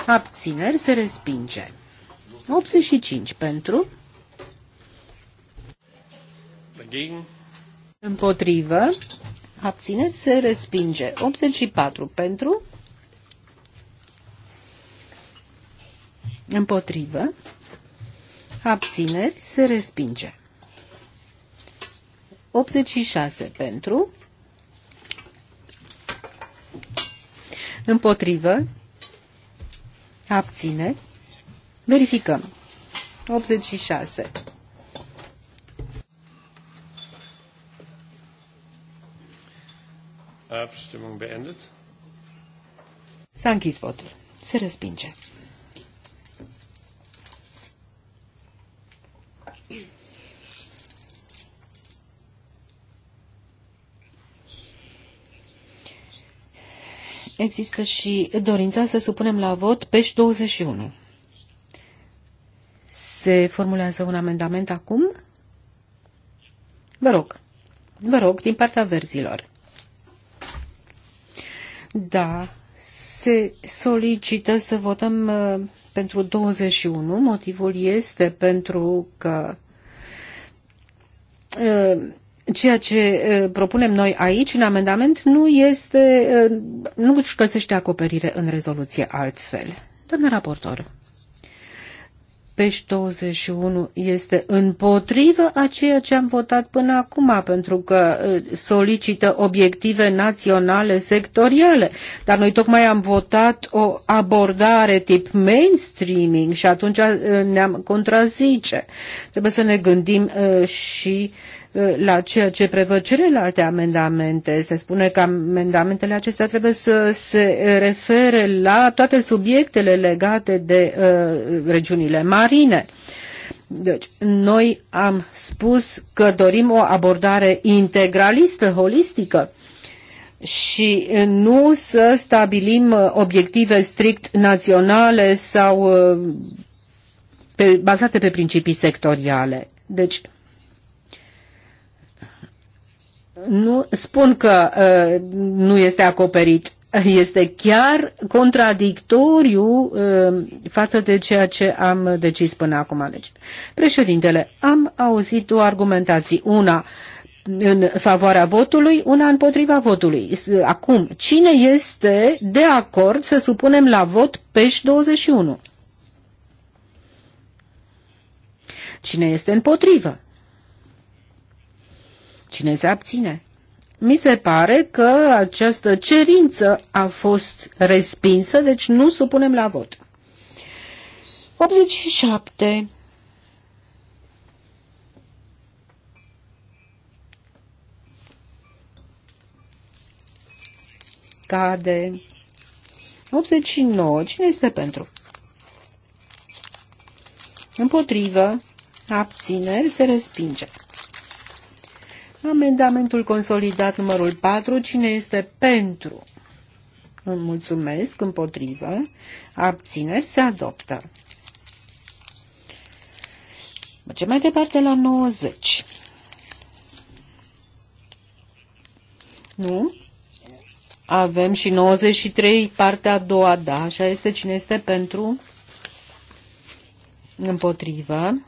C: Abțineri se respinge. 85 pentru. Dagegen. Împotrivă. Abțineri se respinge. 84 pentru. Împotrivă. Abțineri. Se respinge. 86 pentru. Împotrivă. Abțineri. Verificăm. 86.
A: Abstimmung beendet.
C: S-a închis votul. Se respinge. există și dorința să supunem la vot PEș 21. Se formulează un amendament acum? Vă rog. Vă rog, din partea verzilor. Da, se solicită să votăm uh, pentru 21. Motivul este pentru că uh, ceea ce propunem noi aici în amendament nu este, nu își găsește acoperire în rezoluție altfel. Doamna raportor, pești 21 este împotrivă a ceea ce am votat până acum, pentru că solicită obiective naționale sectoriale. Dar noi tocmai am votat o abordare tip mainstreaming și atunci ne-am contrazice. Trebuie să ne gândim și Eh, la ceea ce prevăd celelalte amendamente. Se spune că amendamentele acestea trebuie să se refere la toate subiectele legate de uh, regiunile marine. Deci, noi am spus că dorim o abordare integralistă, holistică și nu să stabilim eh, obiective strict naționale sau pe, bazate pe principii sectoriale. Deci, nu spun că uh, nu este acoperit. Este chiar contradictoriu uh, față de ceea ce am decis până acum. Deci, președintele, am auzit două argumentații. Una în favoarea votului, una împotriva votului. Acum, cine este de acord să supunem la vot PEș 21? Cine este împotrivă? Cine se abține? Mi se pare că această cerință a fost respinsă, deci nu supunem la vot. 87. Cade. 89. Cine este pentru? Împotrivă. Abțineri se respinge. Amendamentul consolidat numărul 4. Cine este pentru? Îmi mulțumesc. Împotrivă. Abțineri. Se adoptă. Mergem mai departe la 90. Nu? Avem și 93, partea a doua, da, așa este cine este pentru, împotrivă,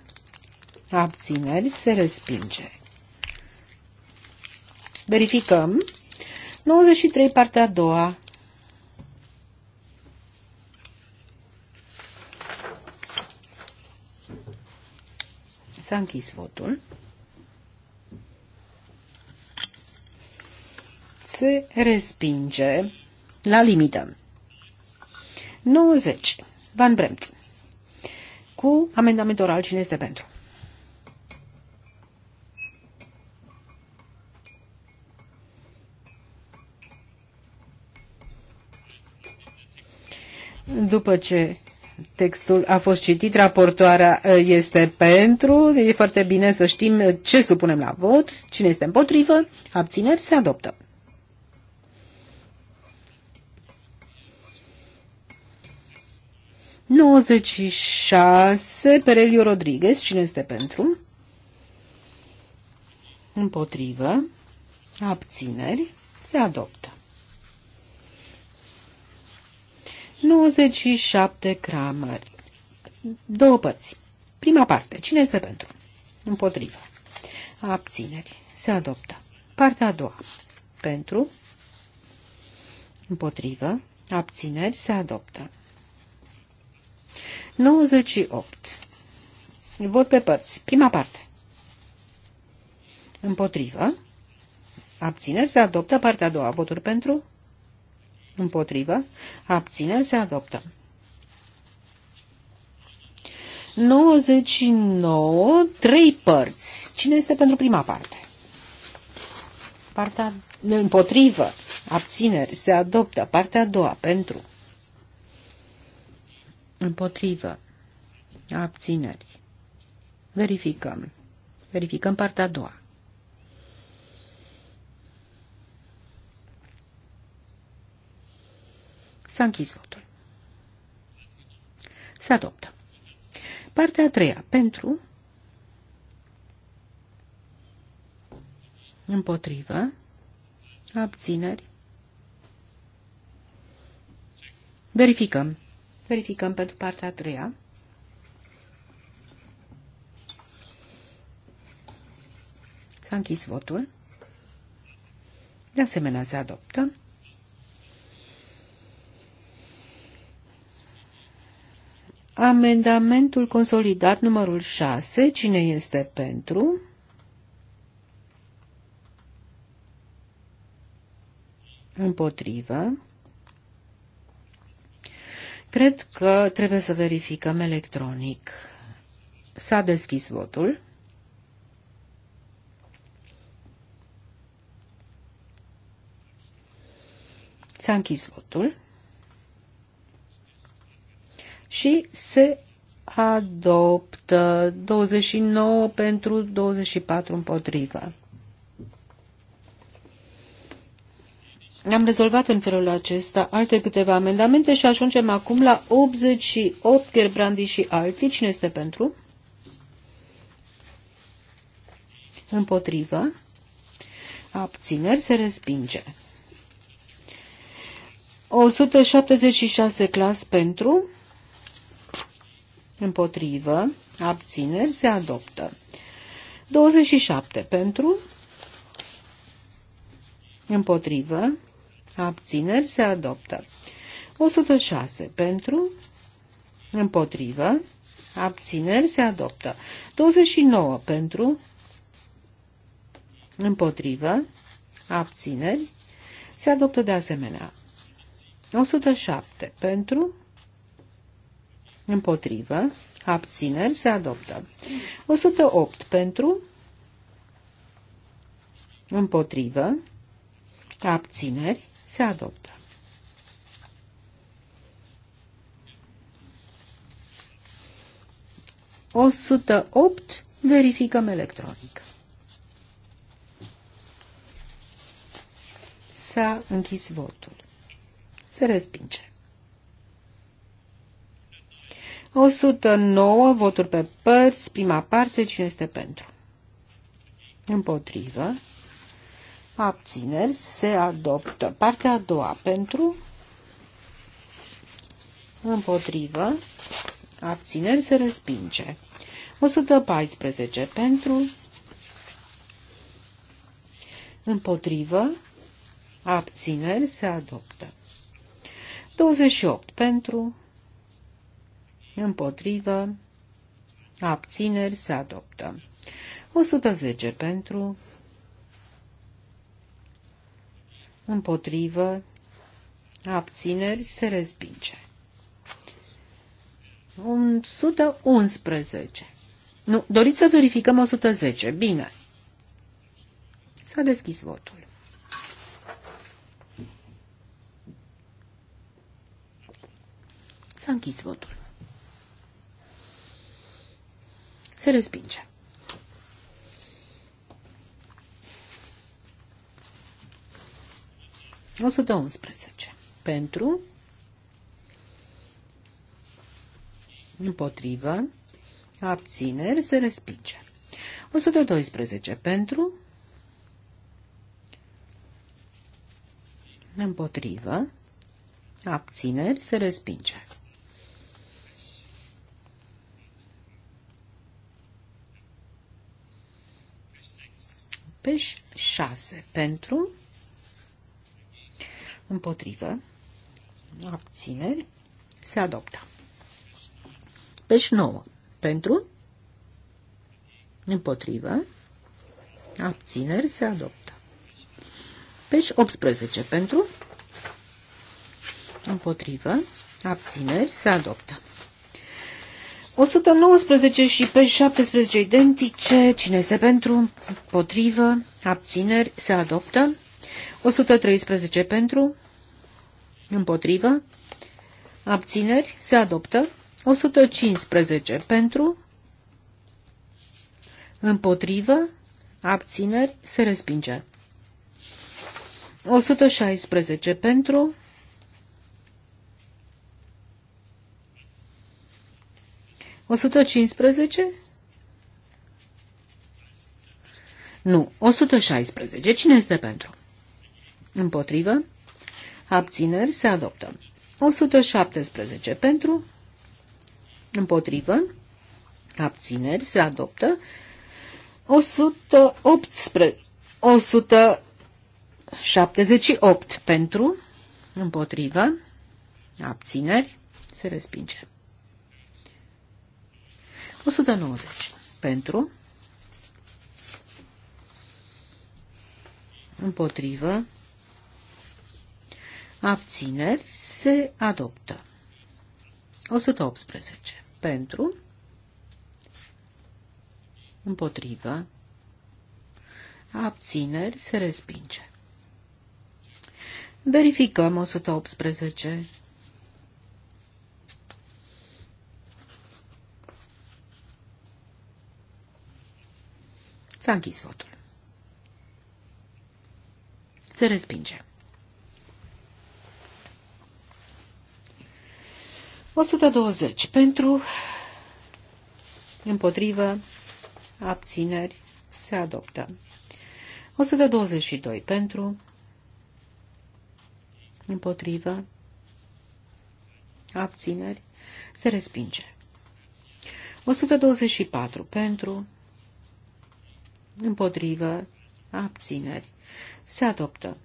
C: abțineri, se respinge. Verificăm. 93, partea a doua. S-a închis votul. Se respinge la limită. 90. Van Bremt. Cu amendament oral, cine este pentru? După ce textul a fost citit, raportoarea eh, este pentru, e foarte bine să știm ce supunem la vot, cine este împotrivă, abțineri, se adoptă. Nouăzeci șase, Perelio Rodriguez, cine este pentru? Împotrivă, abțineri, se adoptă. 97 cramări. Două părți. Prima parte. Cine este pentru? Împotrivă. Abțineri. Se adoptă. Partea a doua. Pentru. Împotrivă. Abțineri. Se adoptă. 98. Vot pe părți. Prima parte. Împotrivă. Abțineri. Se adoptă. Partea a doua. Voturi pentru. Împotrivă. Abțineri se adoptă. 99, trei părți. Cine este pentru prima parte? Partea împotrivă, abțineri, se adoptă. Partea a doua, pentru. Împotrivă, abțineri. Verificăm. Verificăm partea a doua. S-a închis votul. Se adoptă. Partea a treia. Pentru. Împotrivă. Abțineri. Verificăm. Verificăm pentru partea a treia. S-a închis votul. De asemenea, se adoptă. Amendamentul consolidat numărul 6, cine este pentru? Împotrivă. Cred că trebuie să verificăm electronic. S-a deschis votul. S-a închis votul și se adoptă 29 pentru 24 împotrivă. Am rezolvat în felul acesta alte câteva amendamente și ajungem acum la 88 Gerbrandi și alții. Cine este pentru? Împotrivă. Abțineri se respinge. 176 clas pentru împotrivă, abțineri, se adoptă. 27 pentru, împotrivă, abțineri, se adoptă. 106 pentru, împotrivă, abțineri, se adoptă. 29 pentru, împotrivă, abțineri, se adoptă de asemenea. 107 pentru, Împotrivă. Abțineri se adoptă. 108 pentru. Împotrivă. Abțineri se adoptă. O 108 verificăm electronic. S-a închis votul. Se respinge. 109 voturi pe părți, prima parte, cine este pentru? Împotrivă. Abțineri se adoptă. Partea a doua pentru. Împotrivă. Abțineri se respinge. 114 pentru. Împotrivă. Abțineri se adoptă. 28 pentru împotrivă, abțineri se adoptă. 110 pentru, împotrivă, abțineri se respinge. 111. Nu, doriți să verificăm 110. Bine. S-a deschis votul. S-a închis votul. Se respinge. O să 11 Pentru. Împotrivă. Abțineri. Se respinge. O să 12 Pentru. Împotrivă. Abțineri. Se respinge. Peș 6 pentru, împotrivă, abțineri, se adoptă. Peș 9 pentru, împotrivă, abțineri, se adoptă. Peș 18 pentru, împotrivă, abțineri, se adoptă. 119 și pe 17 identice, cine este pentru, potrivă, abțineri, se adoptă. 113 pentru, împotrivă, abțineri, se adoptă. 115 pentru, împotrivă, abțineri, se respinge. 116 pentru, 115? Nu, 116. Cine este pentru? Împotrivă? Abțineri se adoptă. 117 pentru, împotrivă, abțineri se adoptă. 118, 178 pentru, împotrivă, abțineri se respinge. 190 pentru, împotrivă, abțineri, se adoptă. 118 pentru, împotrivă, abțineri, se respinge. Verificăm 118. S-a închis votul. Se respinge. 120 pentru, împotrivă, abțineri, se adoptă. 122 pentru, împotrivă, abțineri, se respinge. 124 pentru, împotrivă, abțineri, se adoptă.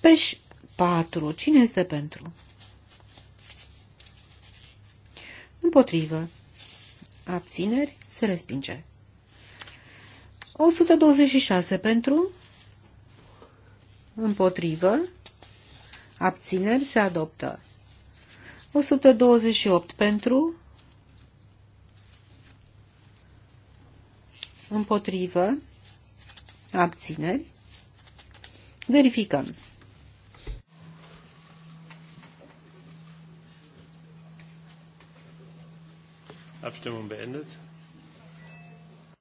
C: Peș 4. Cine este pentru? Împotrivă. Abțineri. Se respinge. 126 pentru. Împotrivă. Abțineri. Se adoptă. 128 pentru. împotrivă, abțineri. Verificăm.
A: Abstimmung beendet.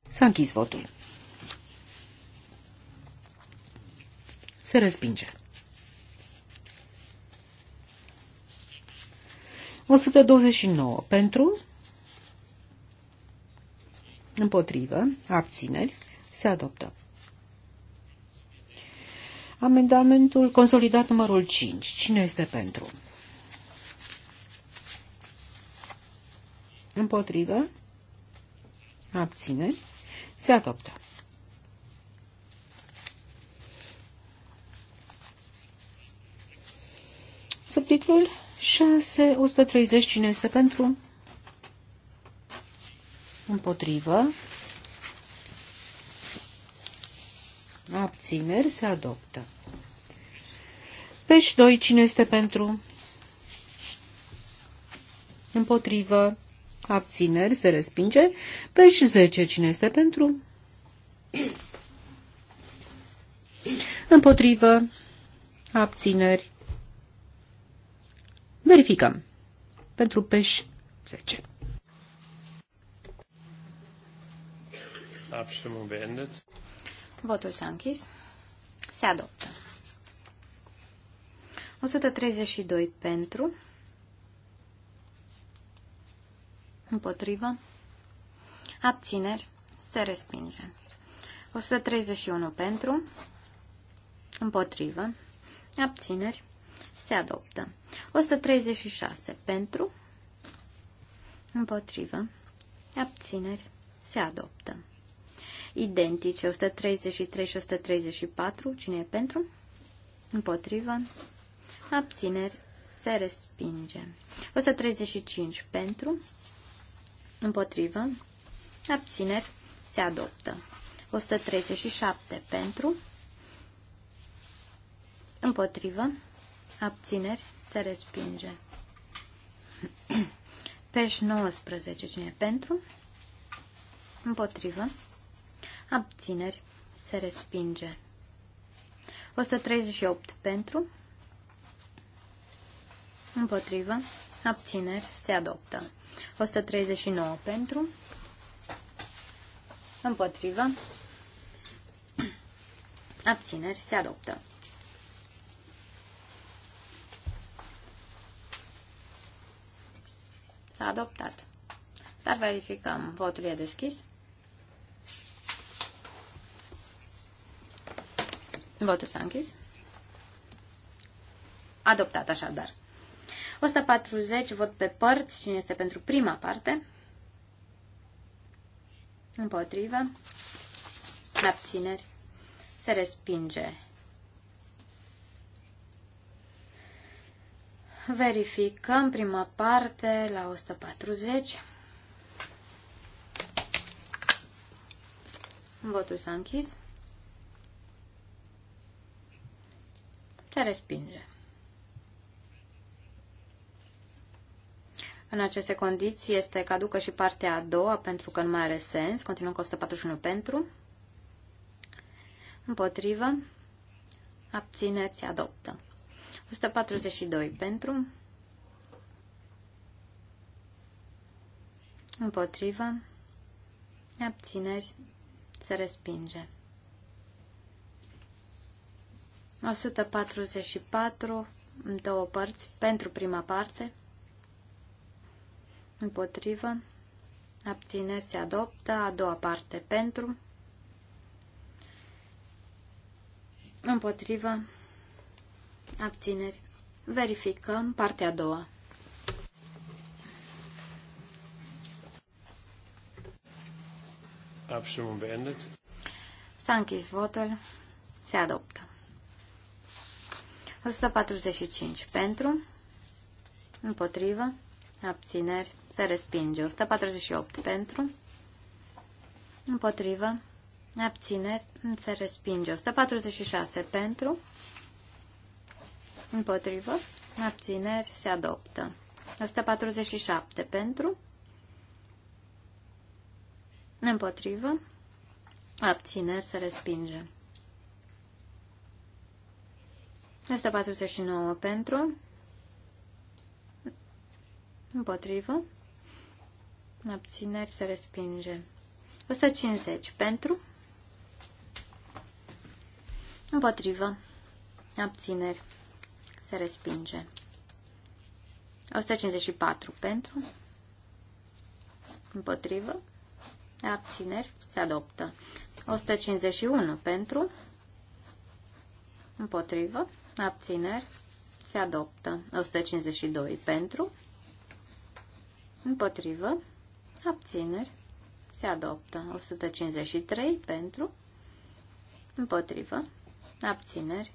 C: S-a închis votul. Se respinge. 129 pentru, Împotrivă. Abțineri. Se adoptă. Amendamentul consolidat numărul 5. Cine este pentru? Împotrivă. Abțineri. Se adoptă. Subtitlul 6.130. Cine este pentru? Împotrivă. Abțineri se adoptă. Pești 2. Cine este pentru? Împotrivă. Abțineri se respinge. Pești 10. Cine este pentru? Împotrivă. Abțineri. Verificăm. Pentru pești 10.
A: Abstimmung beendet.
B: Votul s-a închis. Se adoptă. 132 pentru. Împotrivă. Abțineri. Se respinge. 131 pentru. Împotrivă. Abțineri. Se adoptă. 136 pentru. Împotrivă. Abțineri. Se adoptă identice 133 și 134. Cine e pentru? Împotrivă. Abțineri. Se respinge. 135 pentru. Împotrivă. Abțineri. Se adoptă. 137 pentru. Împotrivă. Abțineri. Se respinge. Peș 19. Cine e pentru? Împotrivă abțineri, se respinge. 138 pentru, împotrivă, abțineri, se adoptă. 139 pentru, împotrivă, abțineri, se adoptă. S-a adoptat. Dar verificăm. Votul e deschis. Votul s-a închis. Adoptat așadar. 140 vot pe părți. Cine este pentru prima parte? Împotrivă. Abțineri. Se respinge. Verificăm prima parte la 140. Votul s-a închis. se respinge. În aceste condiții este caducă și partea a doua, pentru că nu mai are sens. Continuăm cu 141 pentru. Împotrivă. Abțineri se adoptă. 142 pentru. Împotrivă. Abțineri se respinge. 144 în două părți, pentru prima parte, împotrivă, abțineri se adoptă, a doua parte pentru, împotrivă, abțineri. Verificăm partea a doua. S-a închis votul. Se adoptă. 145 pentru, împotrivă, abțineri, se respinge. 148 pentru, împotrivă, abțineri, se respinge. 146 pentru, împotrivă, abțineri, se adoptă. 147 pentru, împotrivă, abțineri, se respinge. 149 pentru, împotrivă, abțineri se respinge. 150 pentru, împotrivă, abțineri se respinge. 154 pentru, împotrivă, abțineri se adoptă. 151 pentru, împotrivă, abțineri, se adoptă. 152 pentru, împotrivă, abțineri, se adoptă. 153 pentru, împotrivă, abțineri,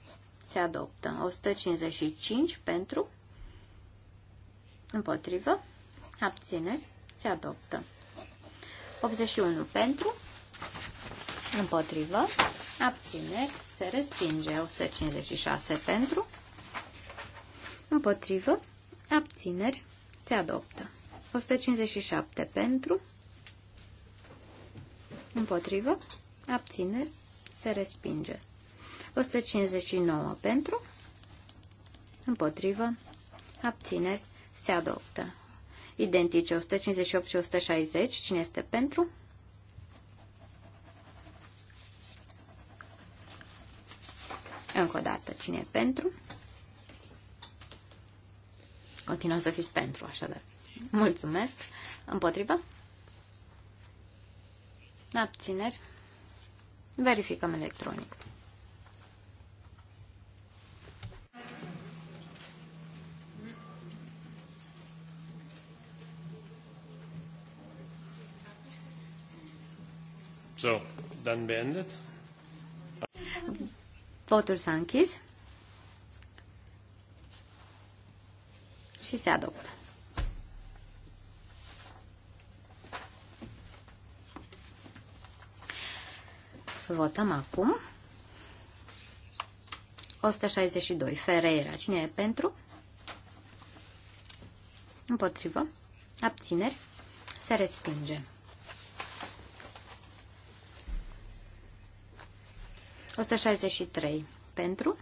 B: se adoptă. 155 pentru, împotrivă, abțineri, se adoptă. 81 pentru, Împotrivă. Abțineri. Se respinge. 156 pentru. Împotrivă. Abțineri. Se adoptă. 157 pentru. Împotrivă. Abțineri. Se respinge. 159 pentru. Împotrivă. Abțineri. Se adoptă. Identice 158 și 160. Cine este pentru? Încă o dată, cine e pentru? Continuă să fiți pentru, așadar. Mulțumesc. Împotrivă? Abțineri. Verificăm electronic.
A: So, dann beendet.
B: Votul s-a închis și se adoptă. Votăm acum 162. Ferreira. Cine e pentru? Împotrivă. Abțineri. Se respinge. 163 pentru,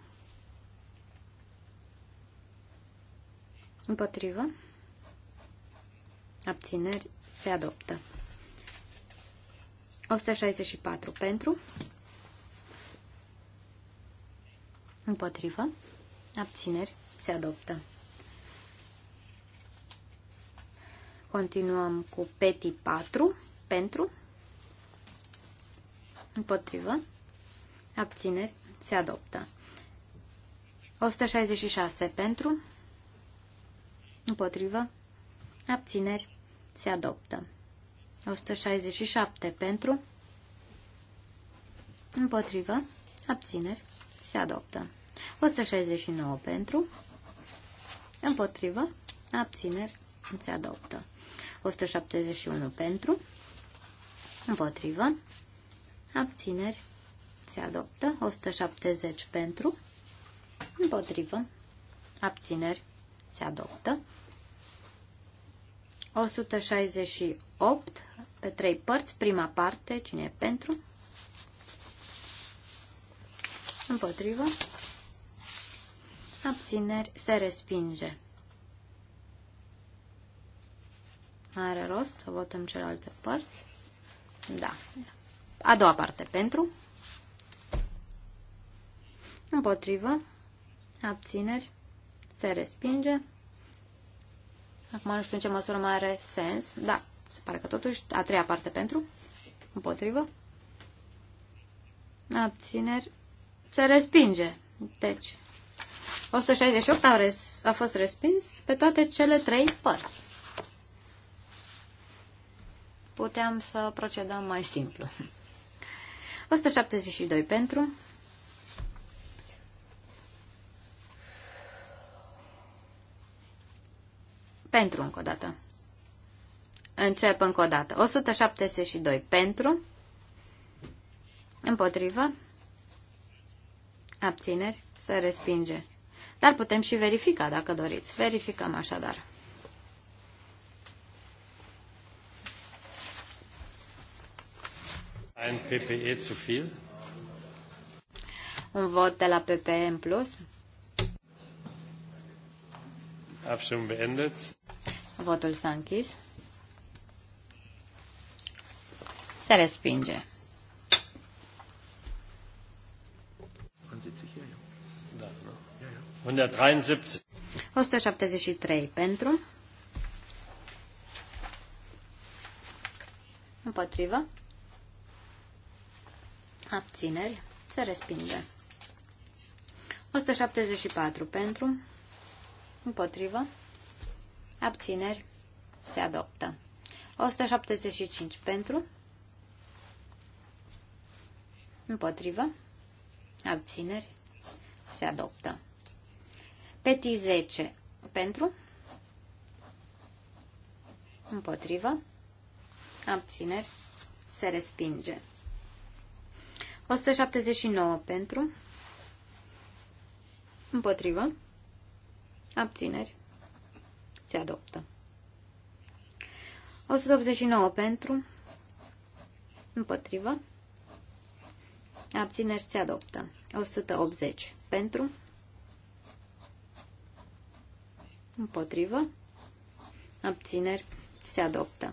B: împotrivă, abțineri, se adoptă. 164 pentru, împotrivă, abțineri, se adoptă. Continuăm cu PETI 4 pentru, împotrivă, abțineri, se adoptă. 166 pentru, împotrivă, abțineri, se adoptă. 167 pentru, împotrivă, abțineri, se adoptă. 169 pentru, împotrivă, abțineri, se adoptă. 171 pentru, împotrivă, abțineri, se adoptă. 170 pentru, împotrivă, abțineri, se adoptă. 168 pe trei părți, prima parte, cine e pentru, împotrivă, abțineri, se respinge. Are rost să votăm celelalte părți? Da. A doua parte pentru, Împotrivă. Abțineri. Se respinge. Acum nu știu în ce măsură mai are sens. Da, se pare că totuși a treia parte pentru. Împotrivă. Abțineri. Se respinge. Deci, 168 a, res, a fost respins pe toate cele trei părți. Puteam să procedăm mai simplu. 172 pentru, Pentru încă o dată. Încep încă o dată. 172 pentru. Împotrivă. Abțineri. Se respinge. Dar putem și verifica dacă doriți. Verificăm așadar.
A: Un PPE zu viel?
B: Un vot de la PPE în plus.
A: Abstimmung beendet.
B: Votul s-a închis. Se respinge.
A: Da, nu? 173.
B: 173 pentru. Împotrivă. Abțineri. Se respinge. 174 pentru. Împotrivă abțineri, se adoptă. 175 pentru, împotrivă, abțineri, se adoptă. Peti 10 pentru, împotrivă, abțineri, se respinge. 179 pentru, împotrivă, abțineri, se adoptă. 189 pentru. Împotrivă. Abțineri se adoptă. 180 pentru. Împotrivă. Abțineri se adoptă.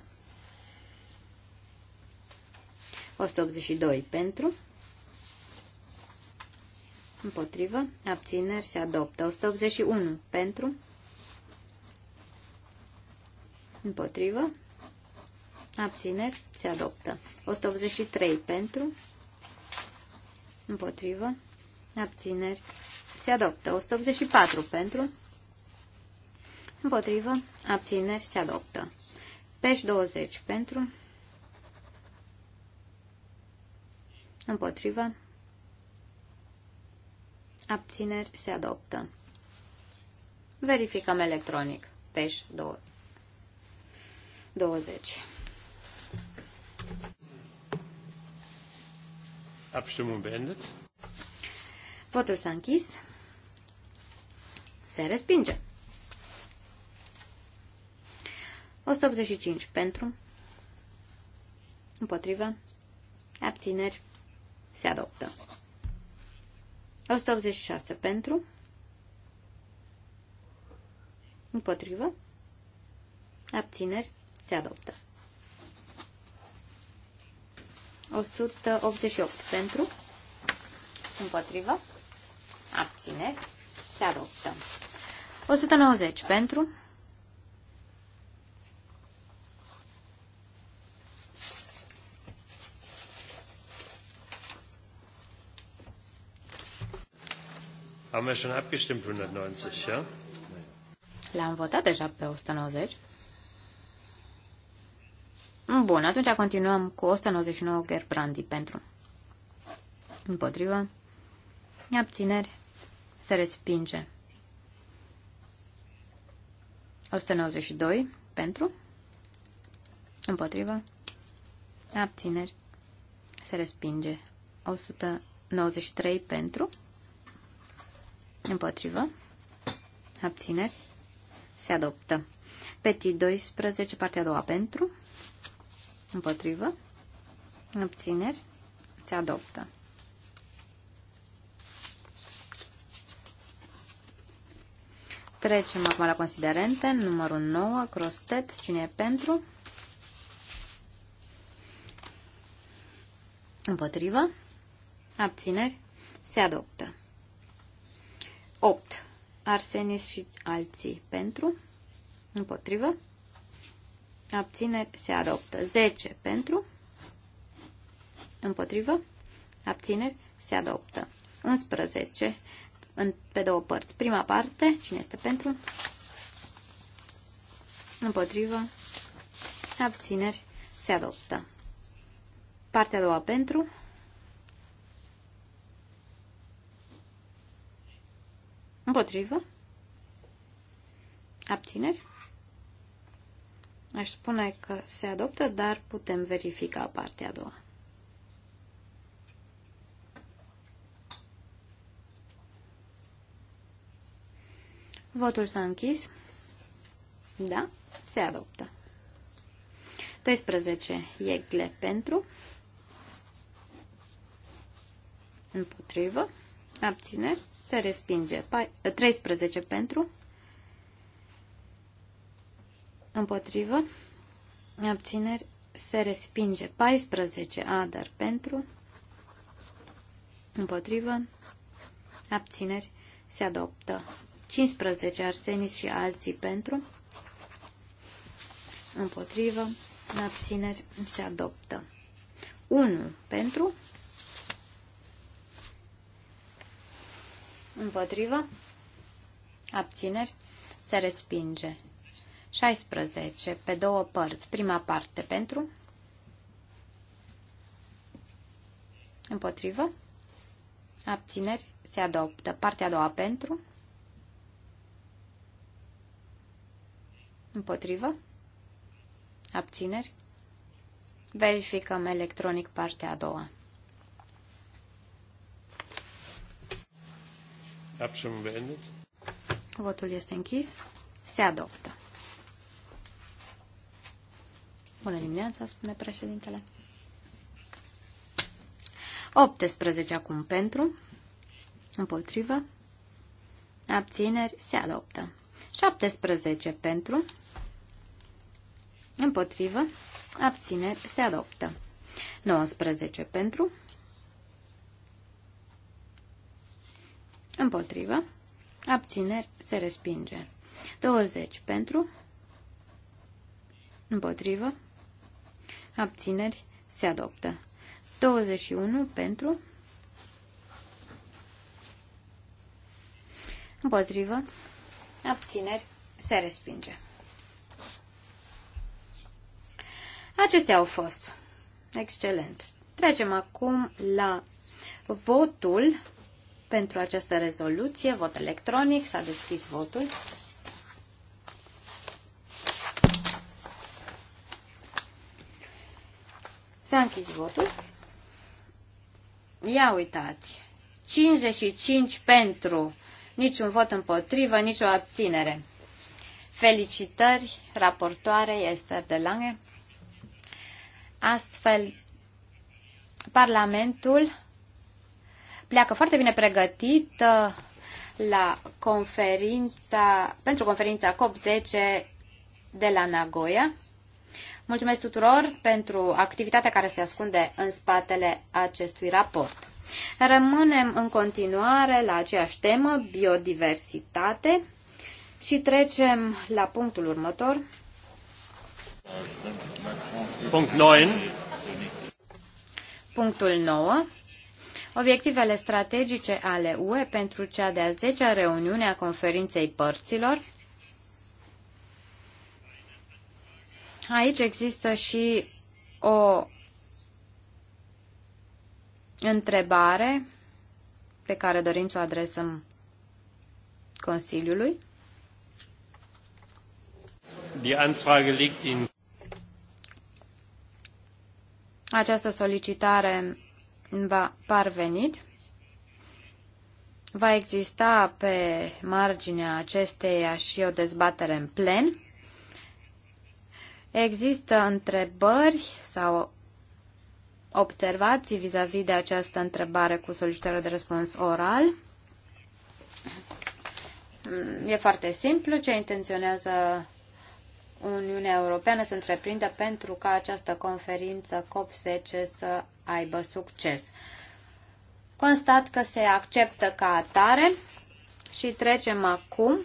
B: 182 pentru. Împotrivă. Abțineri se adoptă. 181 pentru. Împotrivă. Abțineri. Se adoptă. 183 pentru. Împotrivă. Abțineri. Se adoptă. 184 pentru. Împotrivă. Abțineri. Se adoptă. Peș 20 pentru. Împotrivă. Abțineri. Se adoptă. Verificăm electronic. Peș 20. 20.
A: Abstimmung beendet.
B: Votul s-a închis. Se respinge. 185 pentru. Împotrivă. Abțineri. Se adoptă. 186 pentru. Împotrivă. Abțineri. Se adoptă. 188 pentru, împotrivă, abțineri, se adoptă. 190 pentru,
A: Haben wir schon abgestimmt 190, ja?
B: L-am votat deja pe 190. Bun, atunci continuăm cu 199 Brandy pentru. Împotrivă. Abțineri. Se respinge. 192 pentru. Împotrivă. Abțineri. Se respinge. 193 pentru. Împotrivă. Abțineri. Se adoptă. Petit 12, partea a doua pentru. Împotrivă. obțineri, Se adoptă. Trecem acum la considerente. Numărul 9, crostet. Cine e pentru? Împotrivă. Abțineri. Se adoptă. 8. Arsenis și alții pentru. Împotrivă abțineri se adoptă. 10 pentru, împotrivă, abțineri se adoptă. 11 în, pe două părți. Prima parte, cine este pentru, împotrivă, abțineri se adoptă. Partea a doua pentru, împotrivă, abțineri Aș spune că se adoptă, dar putem verifica partea a doua. Votul s-a închis. Da, se adoptă. 12 iegle pentru. Împotrivă. Abțineri. Se respinge. 13 pentru împotrivă, abțineri, se respinge. 14 dar pentru, împotrivă, abțineri, se adoptă. 15 Arsenis și alții pentru, împotrivă, abțineri, se adoptă. 1 pentru, împotrivă, abțineri, se respinge. 16. Pe două părți. Prima parte pentru. Împotrivă. Abțineri se adoptă. Partea a doua pentru. Împotrivă. Abțineri. Verificăm electronic partea a doua. Votul este închis. Se adoptă. Bună dimineața, spune președintele. 18 acum pentru, împotrivă, abțineri, se adoptă. 17 pentru, împotrivă, abțineri, se adoptă. 19 pentru, împotrivă, abțineri, se respinge. 20 pentru, împotrivă, abțineri, se adoptă. 21 pentru, împotrivă, abțineri, se respinge. Acestea au fost. Excelent. Trecem acum la votul pentru această rezoluție, vot electronic, s-a deschis votul. S-a închis votul. Ia uitați. 55 pentru, niciun vot împotrivă, nicio abținere. Felicitări, raportoare Esther de Lange. Astfel, Parlamentul pleacă foarte bine pregătit uh, la conferința, pentru conferința COP10 de la Nagoya. Mulțumesc tuturor pentru activitatea care se ascunde în spatele acestui raport. Rămânem în continuare la aceeași temă, biodiversitate, și trecem la punctul următor. Punct 9. Punctul 9. Obiectivele strategice ale UE pentru cea de-a 10-a reuniune a conferinței părților Aici există și o întrebare pe care dorim să o adresăm Consiliului.
A: Die Anfrage liegt in
B: Această solicitare va parvenit. Va exista pe marginea acesteia și o dezbatere în plen. Există întrebări sau observații vis-a-vis -vis de această întrebare cu solicitare de răspuns oral? E foarte simplu ce intenționează Uniunea Europeană să întreprindă pentru ca această conferință COP10 să aibă succes. Constat că se acceptă ca atare și trecem acum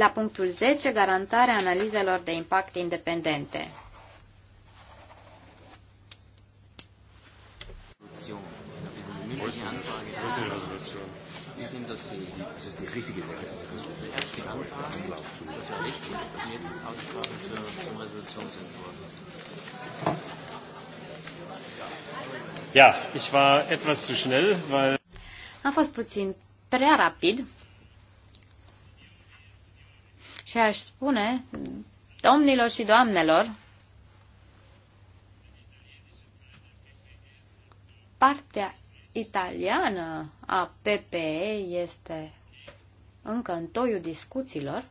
B: la punctul 10, garantarea analizelor de impact independente.
A: Ja, ich war etwas zu schnell, weil
B: Am fost puțin prea rapid și aș spune, domnilor și doamnelor, partea italiană a PPE este încă în toiul discuțiilor.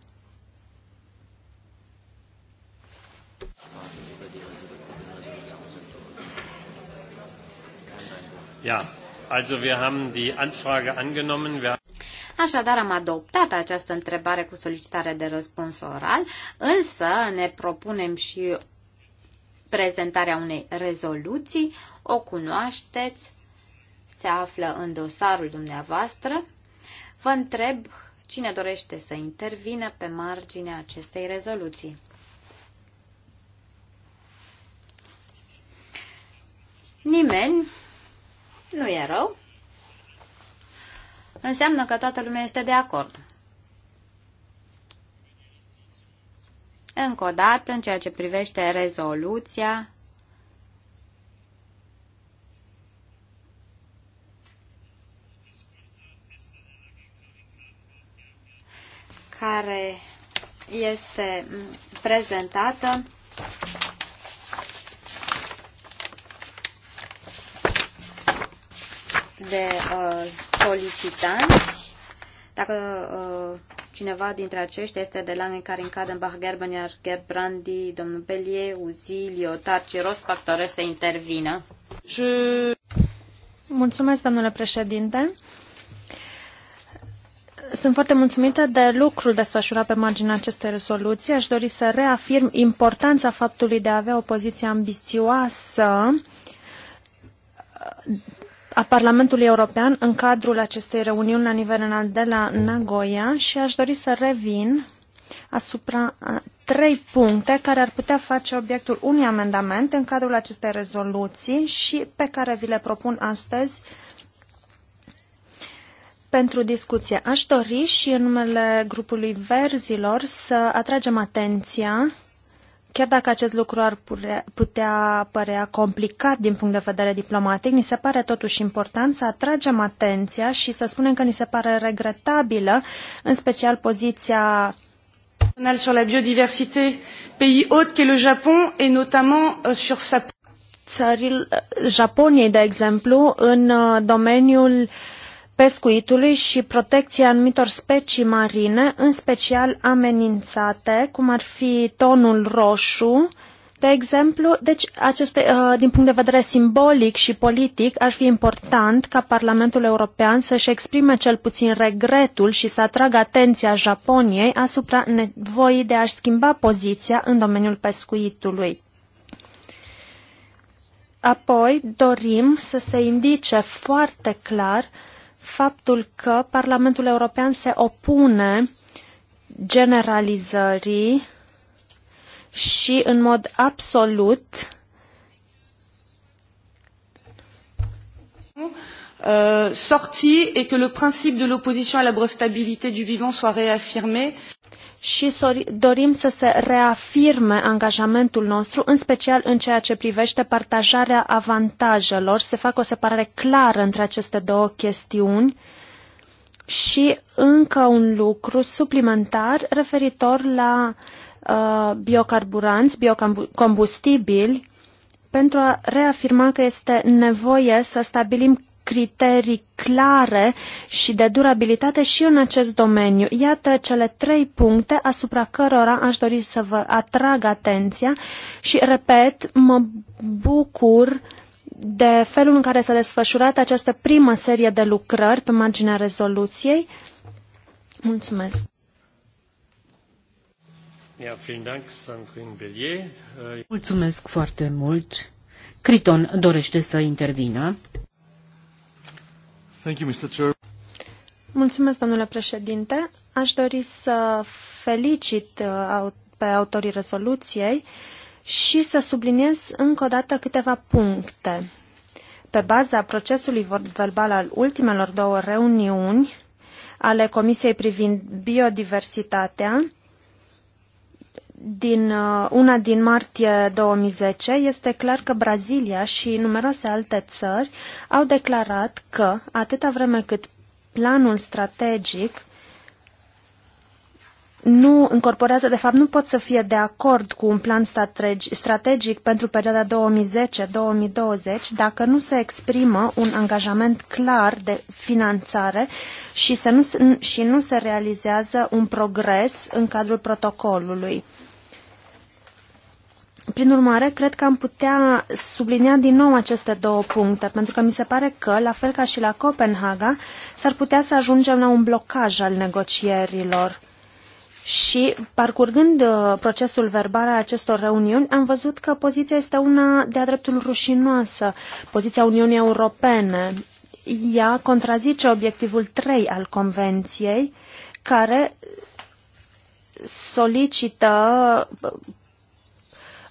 A: Yeah. Also wir haben die Anfrage angenommen. Wir
B: Așadar, am adoptat această întrebare cu solicitare de răspuns oral, însă ne propunem și prezentarea unei rezoluții. O cunoașteți, se află în dosarul dumneavoastră. Vă întreb cine dorește să intervină pe marginea acestei rezoluții. Nimeni nu e rău. Înseamnă că toată lumea este de acord. Încă o dată, în ceea ce privește rezoluția, care este prezentată de uh, solicitanți. Dacă uh, cineva dintre aceștia este de Langen, Karin-Kadenbach, Gerbener, Gerbrandi, domnul Pelie, Uzi, Liotar, Ciros, Pactore, să intervină.
D: Și... Mulțumesc, domnule președinte. Sunt foarte mulțumită de lucrul desfășurat pe marginea acestei rezoluții. Aș dori să reafirm importanța faptului de a avea o poziție ambițioasă a Parlamentului European în cadrul acestei reuniuni la nivel înalt de la Nagoya și aș dori să revin asupra a trei puncte care ar putea face obiectul unui amendament în cadrul acestei rezoluții și pe care vi le propun astăzi pentru discuție. Aș dori și în numele grupului Verzilor să atragem atenția Chiar dacă acest lucru ar putea părea complicat din punct de vedere diplomatic, ni se pare totuși important să atragem atenția și să spunem că ni se pare regretabilă, în special poziția sur la biodiversité, pays hôte qu'est le Japon et notamment euh, sur sa Țările Japoniei, de exemplu, în uh, domeniul uh, pescuitului și protecția anumitor specii marine, în special amenințate, cum ar fi tonul roșu, de exemplu, deci aceste, uh, din punct de vedere simbolic și politic, ar fi important ca Parlamentul European să-și exprime cel puțin regretul și să atragă atenția Japoniei asupra nevoii de a-și schimba poziția în domeniul pescuitului. Apoi, dorim să se indice foarte clar uh, faptul că Parlamentul European se opune generalizării și în mod absolut uh, sortie et que le principe de l'opposition à la brevetabilité du vivant soit réaffirmé și dorim să se reafirme angajamentul nostru, în special în ceea ce privește partajarea avantajelor. Se fac o separare clară între aceste două chestiuni și încă un lucru suplimentar referitor la uh, biocarburanți, biocombustibili, pentru a reafirma că este nevoie să stabilim criterii clare și de durabilitate și în acest domeniu. Iată cele trei puncte asupra cărora aș dori să vă atrag atenția și, repet, mă bucur de felul în care s-a desfășurat această primă serie de lucrări pe marginea rezoluției. Mulțumesc!
C: Mulțumesc foarte mult! Criton dorește să intervină.
D: Mulțumesc, domnule președinte. Aș dori să felicit uh, pe autorii rezoluției și să subliniez încă o dată câteva puncte. Pe baza procesului verbal al ultimelor două reuniuni ale Comisiei privind biodiversitatea, din, uh, una din martie 2010, este clar că Brazilia și numeroase alte țări au declarat că, atâta vreme cât planul strategic nu încorporează, de fapt nu pot să fie de acord cu un plan strategic, strategic pentru perioada 2010-2020 dacă nu se exprimă un angajament clar de finanțare și, să nu, și nu se realizează un progres în cadrul protocolului. Prin urmare, cred că am putea sublinia din nou aceste două puncte, pentru că mi se pare că, la fel ca și la Copenhaga, s-ar putea să ajungem la un blocaj al negocierilor. Și, parcurgând uh, procesul verbal al acestor reuniuni, am văzut că poziția este una de-a dreptul rușinoasă, poziția Uniunii Europene. Ea contrazice obiectivul 3 al Convenției, care solicită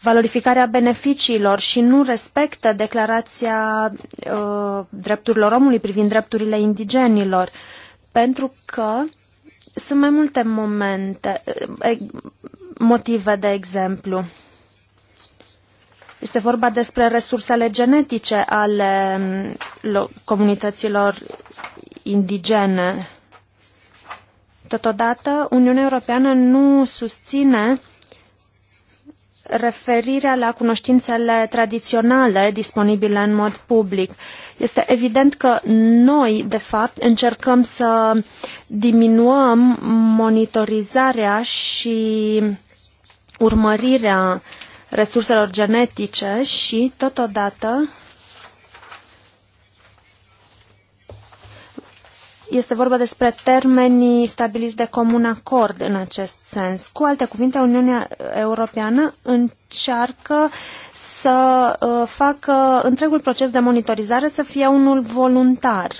D: valorificarea beneficiilor și nu respectă declarația uh, drepturilor omului privind drepturile indigenilor, pentru că sunt mai multe momente, uh, motive de exemplu. Este vorba despre resursele genetice ale um, comunităților indigene. Totodată, Uniunea Europeană nu susține referirea la cunoștințele tradiționale disponibile în mod public. Este evident că noi, de fapt, încercăm să diminuăm monitorizarea și urmărirea resurselor genetice și, totodată, este vorba despre termenii stabiliți de comun acord în acest sens. Cu alte cuvinte, Uniunea Europeană încearcă să uh, facă întregul proces de monitorizare să fie unul voluntar.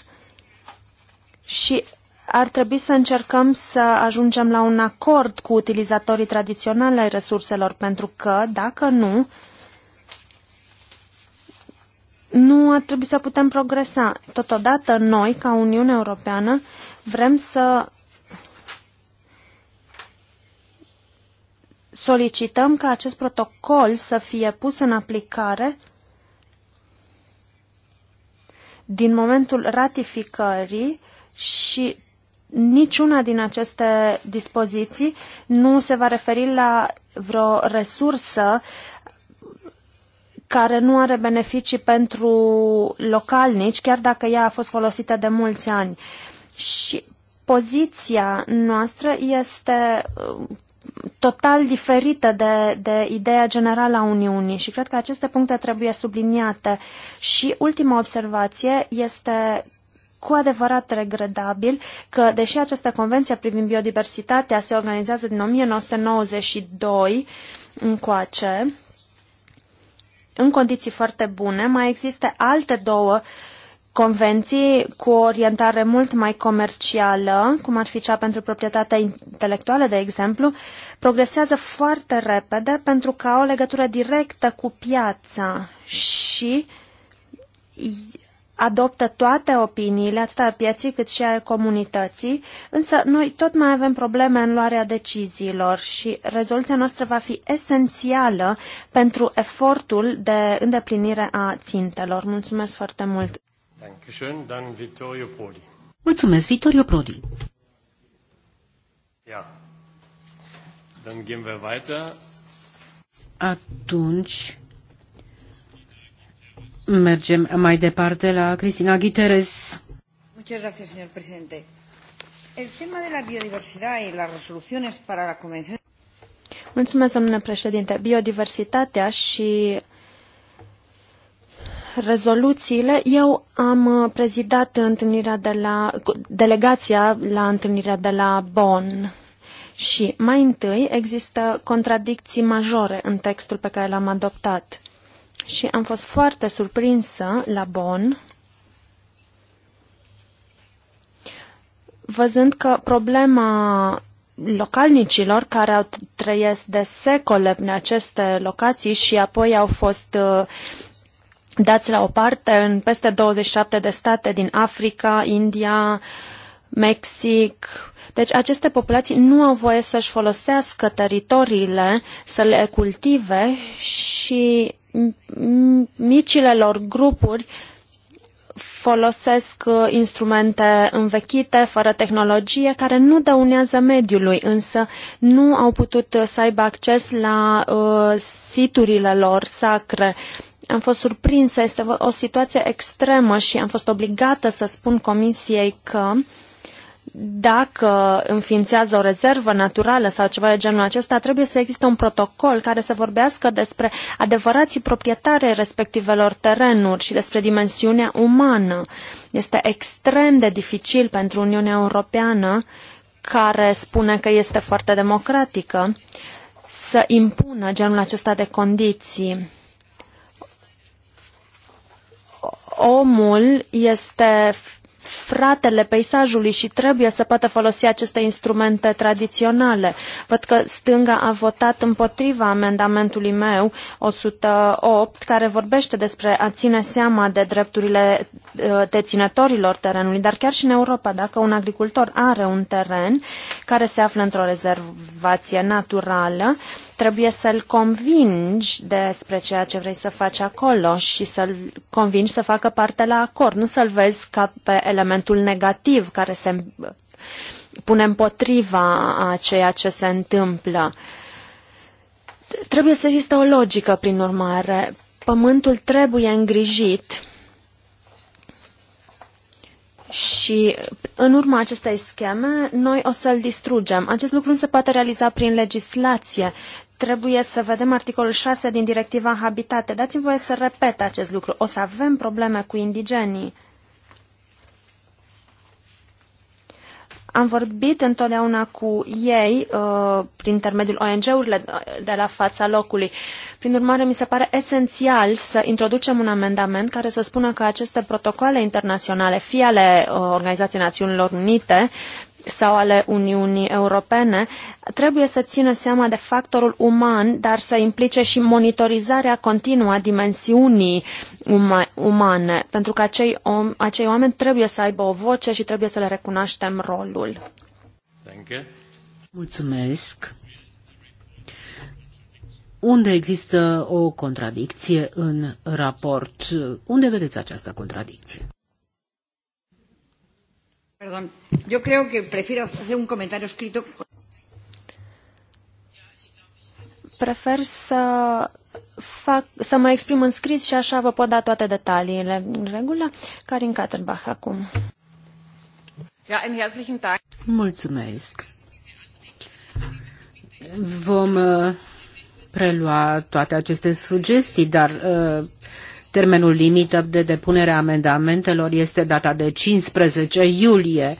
D: Și ar trebui să încercăm să ajungem la un acord cu utilizatorii tradiționali ai resurselor, pentru că, dacă nu, nu ar trebui să putem progresa. Totodată, noi, ca Uniune Europeană, vrem să solicităm ca acest protocol să fie pus în aplicare din momentul ratificării și niciuna din aceste dispoziții nu se va referi la vreo resursă care nu are beneficii pentru localnici, chiar dacă ea a fost folosită de mulți ani. Și poziția noastră este uh, total diferită de, de ideea generală a Uniunii și cred că aceste puncte trebuie subliniate. Și ultima observație este cu adevărat regredabil că, deși această convenție privind biodiversitatea se organizează din 1992 încoace, în condiții foarte bune. Mai există alte două convenții cu orientare mult mai comercială, cum ar fi cea pentru proprietatea intelectuală, de exemplu, progresează foarte repede pentru că au o legătură directă cu piața și adoptă toate opiniile, atât a pieții cât și a comunității, însă noi tot mai avem probleme în luarea deciziilor și rezoluția noastră va fi esențială pentru efortul de îndeplinire a țintelor. Mulțumesc foarte mult! Mulțumesc, Vittorio Prodi!
C: Atunci Mergem mai departe la Cristina Guiteres.
B: Muchas gracias, señor presidente. El
C: tema de la biodiversidad y las resoluciones para la Convención.
D: Mulțumesc, domnule președinte. Biodiversitatea și rezoluțiile. Eu am prezidat întâlnirea de la, delegația la întâlnirea de la Bonn. Și mai întâi există contradicții majore în textul pe care l-am adoptat și am fost foarte surprinsă la Bonn văzând că problema localnicilor care au trăiesc de secole în aceste locații și apoi au fost uh, dați la o parte în peste 27 de state din Africa, India, Mexic. Deci aceste populații nu au voie să-și folosească teritoriile, să le cultive și micile lor grupuri folosesc uh, instrumente învechite, fără tehnologie, care nu dăunează mediului, însă nu au putut uh, să aibă acces la uh, siturile lor sacre. Am fost surprinsă, este o situație extremă și am fost obligată să spun comisiei că uh, dacă înființează o rezervă naturală sau ceva de genul acesta, trebuie să existe un protocol care să vorbească despre adevărații proprietari respectivelor terenuri și despre dimensiunea umană. Este extrem de dificil pentru Uniunea Europeană, care spune că este foarte democratică, să impună genul acesta de condiții. Omul este fratele peisajului și trebuie să poată folosi aceste instrumente tradiționale. Văd că stânga a votat împotriva amendamentului meu 108, care vorbește despre a ține seama de drepturile uh, deținătorilor terenului, dar chiar și în Europa, dacă un agricultor are un teren care se află într-o rezervație naturală, trebuie să-l convingi despre ceea ce vrei să faci acolo și să-l convingi să facă parte la acord, nu să-l vezi ca pe element elementul negativ care se pune împotriva a ceea ce se întâmplă. Trebuie să există o logică, prin urmare. Pământul trebuie îngrijit și în urma acestei scheme noi o să-l distrugem. Acest lucru nu se poate realiza prin legislație. Trebuie să vedem articolul 6 din directiva Habitate. Dați-mi voie să repet acest lucru. O să avem probleme cu indigenii. Am vorbit întotdeauna cu ei uh, prin intermediul ONG-urilor de la fața locului. Prin urmare, mi se pare esențial să introducem un amendament care să spună că aceste protocoale internaționale, fie ale uh, Organizației Națiunilor Unite, sau ale Uniunii Europene, trebuie să țină seama de factorul uman, dar să implice și monitorizarea continuă a dimensiunii uma umane, pentru că acei, om, acei oameni trebuie să aibă o voce și trebuie să le recunoaștem rolul.
C: Mulțumesc. Unde există o contradicție în raport? Unde vedeți această
D: contradicție?
C: Perdón, yo creo que prefiero hacer
D: un escrito. Prefer să fac, să mă exprim în scris și așa vă pot da toate detaliile în regulă. Karin Katerbach, acum.
C: Ja, ein herzlichen Dank. Mulțumesc. Vom uh, prelua toate aceste sugestii, dar uh, Termenul limită de depunere a amendamentelor este data de 15 iulie.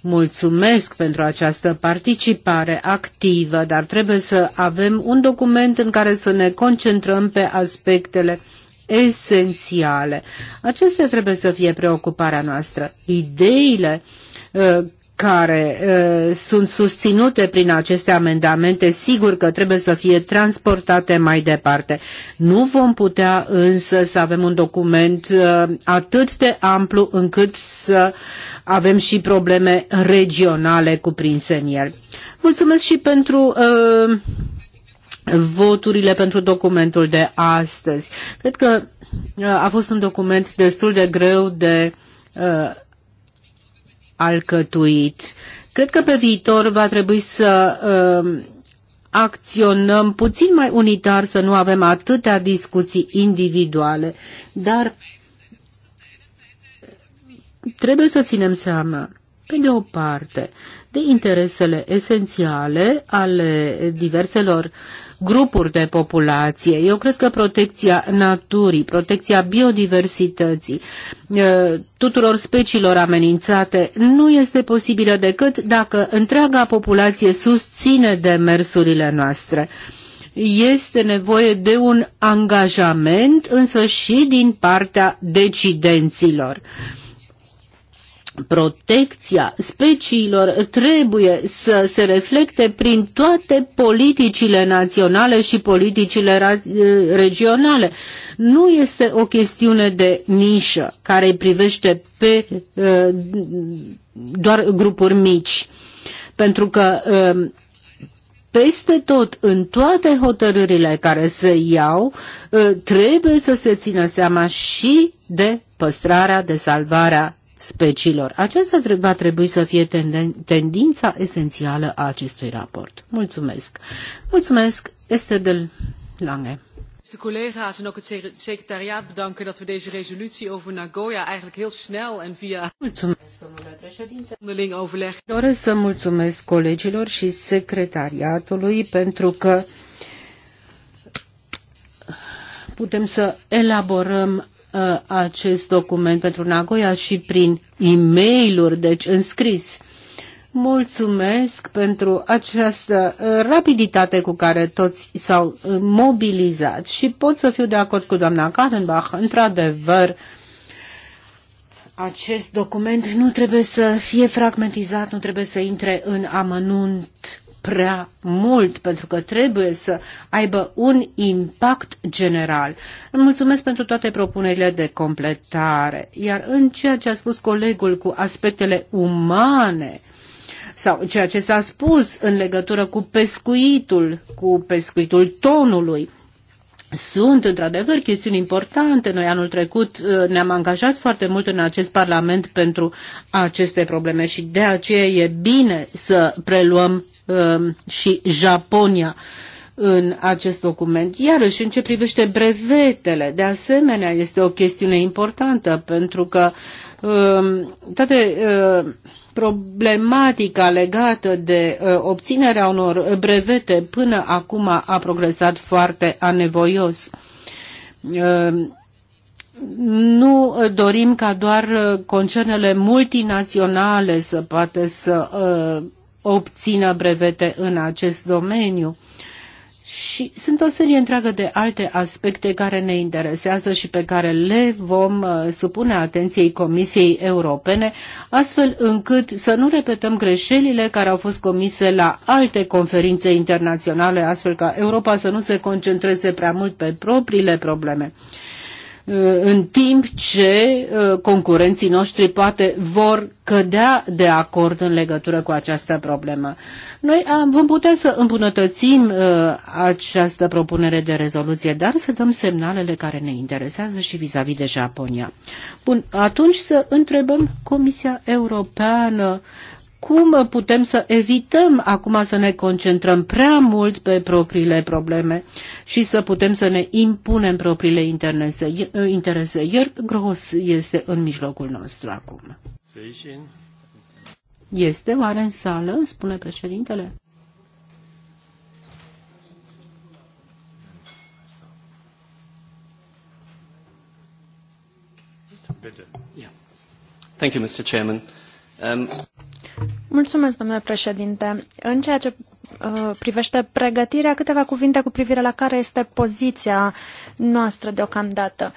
C: Mulțumesc pentru această participare activă, dar trebuie să avem un document în care să ne concentrăm pe aspectele esențiale. Acestea trebuie să fie preocuparea noastră. Ideile uh, care uh, sunt susținute prin aceste amendamente, sigur că trebuie să fie transportate mai departe. Nu vom putea însă să avem un document uh, atât de amplu încât să avem și probleme regionale cuprinse în el. Mulțumesc și pentru uh, voturile pentru documentul de astăzi. Cred că uh, a fost un document destul de greu de uh, alcătuit. Cred că pe viitor va trebui să uh, acționăm puțin mai unitar, să nu avem atâtea discuții individuale, dar trebuie să ținem seama, pe de o parte, de interesele esențiale ale diverselor grupuri de populație. Eu cred că protecția naturii, protecția biodiversității, eh, tuturor speciilor amenințate nu este posibilă decât dacă întreaga populație susține demersurile noastre este nevoie de un angajament, însă și din partea decidenților protecția speciilor trebuie să se reflecte prin toate politicile naționale și politicile regionale. Nu este o chestiune de nișă care îi privește pe uh, doar grupuri mici, pentru că um, peste tot, în toate hotărârile care se iau, uh, trebuie să se țină seama și de păstrarea, de salvarea speciilor. Aceasta va trebui să fie tendința esențială a acestui raport. Mulțumesc. Mulțumesc, Esther del Lange. De collega's en ook het secretariaat bedanken dat we deze resolutie over Nagoya eigenlijk heel snel en via onderling overleg. Doresc să mulțumesc colegilor și secretariatului pentru că putem să elaborăm Uh, acest document pentru Nagoya și prin e-mail-uri, deci înscris. Mulțumesc pentru această uh, rapiditate cu care toți s-au uh, mobilizat și pot să fiu de acord cu doamna Kadenbach. Într-adevăr, acest document nu trebuie să fie fragmentizat, nu trebuie să intre în amănunt prea mult, pentru că trebuie să aibă un impact general. Îmi mulțumesc pentru toate propunerile de completare. Iar în ceea ce a spus colegul cu aspectele umane, sau ceea ce s-a spus în legătură cu pescuitul, cu pescuitul tonului, sunt într-adevăr chestiuni importante. Noi anul trecut uh, ne-am angajat foarte mult în acest Parlament pentru aceste probleme și de aceea e bine să preluăm Um, și Japonia în acest document. Iarăși, în ce privește brevetele, de asemenea, este o chestiune importantă, pentru că um, toate uh, problematica legată de uh, obținerea unor brevete până acum a progresat foarte anevoios um, nu dorim ca doar uh, concernele multinaționale să poată să uh, obțină brevete în acest domeniu. Și sunt o serie întreagă de alte aspecte care ne interesează și pe care le vom uh, supune atenției Comisiei Europene, astfel încât să nu repetăm greșelile care au fost comise la alte conferințe internaționale, astfel ca Europa să nu se concentreze prea mult pe propriile probleme. Uh, în timp ce uh, concurenții noștri poate vor cădea de acord în legătură cu această problemă. Noi vom putea să îmbunătățim uh, această propunere de rezoluție, dar să dăm semnalele care ne interesează și vis-a-vis -vis de Japonia. Bun, atunci să întrebăm Comisia Europeană cum putem să evităm acum să ne concentrăm prea mult pe propriile probleme și să putem să ne impunem propriile interese. interese. Ier Gros este în mijlocul nostru acum. Este oare în sală, spune președintele? Thank you, Mr. Chairman. Um...
D: Mulțumesc, domnule președinte. În ceea ce uh, privește pregătirea, câteva cuvinte cu privire la care este poziția noastră deocamdată.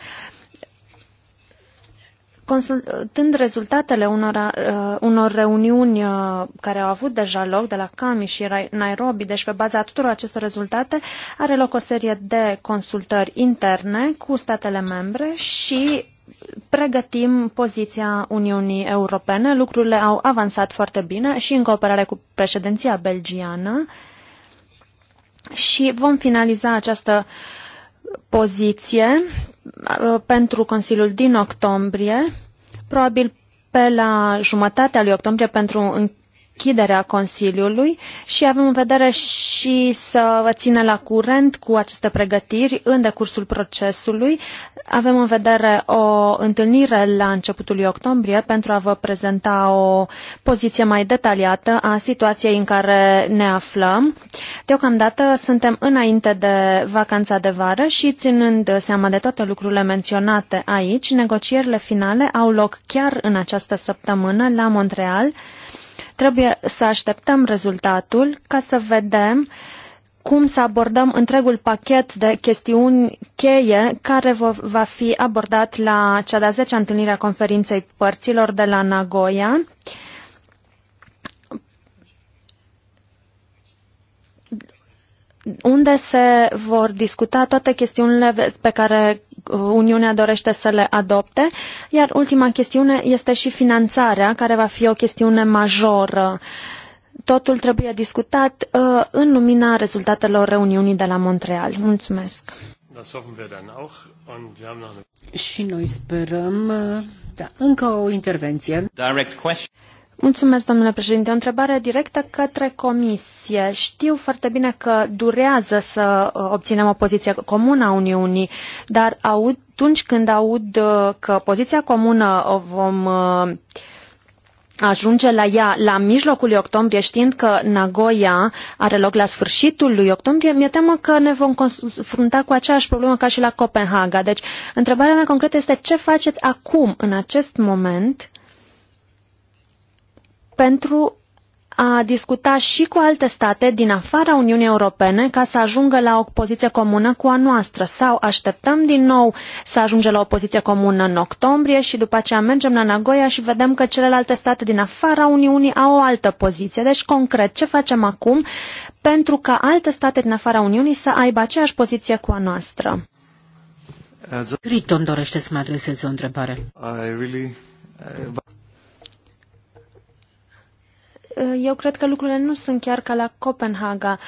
D: Consultând rezultatele unor, uh, unor reuniuni uh, care au avut deja loc de la Cami și Nairobi, deci pe baza tuturor acestor rezultate, are loc o serie de consultări interne cu statele membre și pregătim poziția Uniunii Europene. Lucrurile au avansat foarte bine și în cooperare cu președinția belgiană și vom finaliza această poziție uh, pentru Consiliul din octombrie, probabil pe la jumătatea lui octombrie pentru deschiderea Consiliului și avem în vedere și să vă țină la curent cu aceste pregătiri în decursul procesului. Avem în vedere o întâlnire la începutul lui octombrie pentru a vă prezenta o poziție mai detaliată a situației în care ne aflăm. Deocamdată suntem înainte de vacanța de vară și ținând seama de toate lucrurile menționate aici, negocierile finale au loc chiar în această săptămână la Montreal Trebuie să așteptăm rezultatul ca să vedem cum să abordăm întregul pachet de chestiuni cheie care va fi abordat la cea de-a 10-a întâlnire a conferinței părților de la Nagoya. unde se vor discuta toate chestiunile pe care Uh, Uniunea dorește să le adopte. Iar ultima chestiune este și finanțarea, care va fi o chestiune majoră. Totul trebuie discutat uh, în lumina rezultatelor reuniunii de la Montreal. Mulțumesc!
C: Și noi sperăm, uh,
D: da, încă o intervenție. Direct question. Mulțumesc, domnule președinte. O întrebare directă către comisie. Știu foarte bine că durează să uh, obținem o poziție comună a Uniunii, dar aud, atunci când aud uh, că poziția comună o vom uh, ajunge la ea la mijlocul lui octombrie, știind că Nagoya are loc la sfârșitul lui octombrie, mi-e teamă că ne vom confrunta cu aceeași problemă ca și la Copenhaga. Deci, întrebarea mea concretă este ce faceți acum, în acest moment, pentru a discuta și cu alte state din afara Uniunii Europene ca să ajungă la o poziție comună cu a noastră sau așteptăm din nou să ajungem la o poziție comună în octombrie și după aceea mergem la Nagoya și vedem că celelalte state din afara Uniunii au o altă poziție. Deci, concret, ce facem acum pentru ca alte state din afara Uniunii să aibă aceeași poziție cu a noastră?
C: Criton dorește să mă adreseze o întrebare. I really... Uh,
D: Eh, eu cred că lucrurile nu sunt chiar ca la Copenhaga.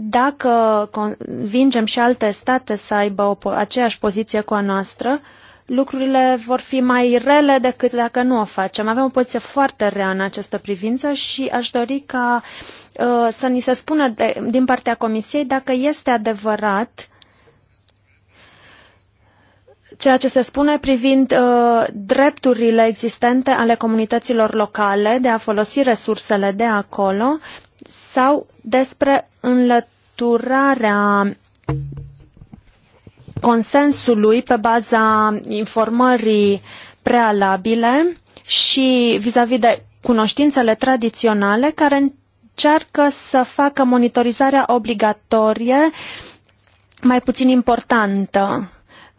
D: Dacă convingem și alte state să aibă o, aceeași poziție cu a noastră, lucrurile vor fi mai rele decât dacă nu o facem. Avem o poziție foarte rea în această privință și aș dori ca uh, să ni se spună de, din partea Comisiei dacă este adevărat ceea ce se spune privind uh, drepturile existente ale comunităților locale de a folosi resursele de acolo sau despre înlăturarea consensului pe baza informării prealabile și vis-a-vis de cunoștințele tradiționale care încearcă să facă monitorizarea obligatorie mai puțin importantă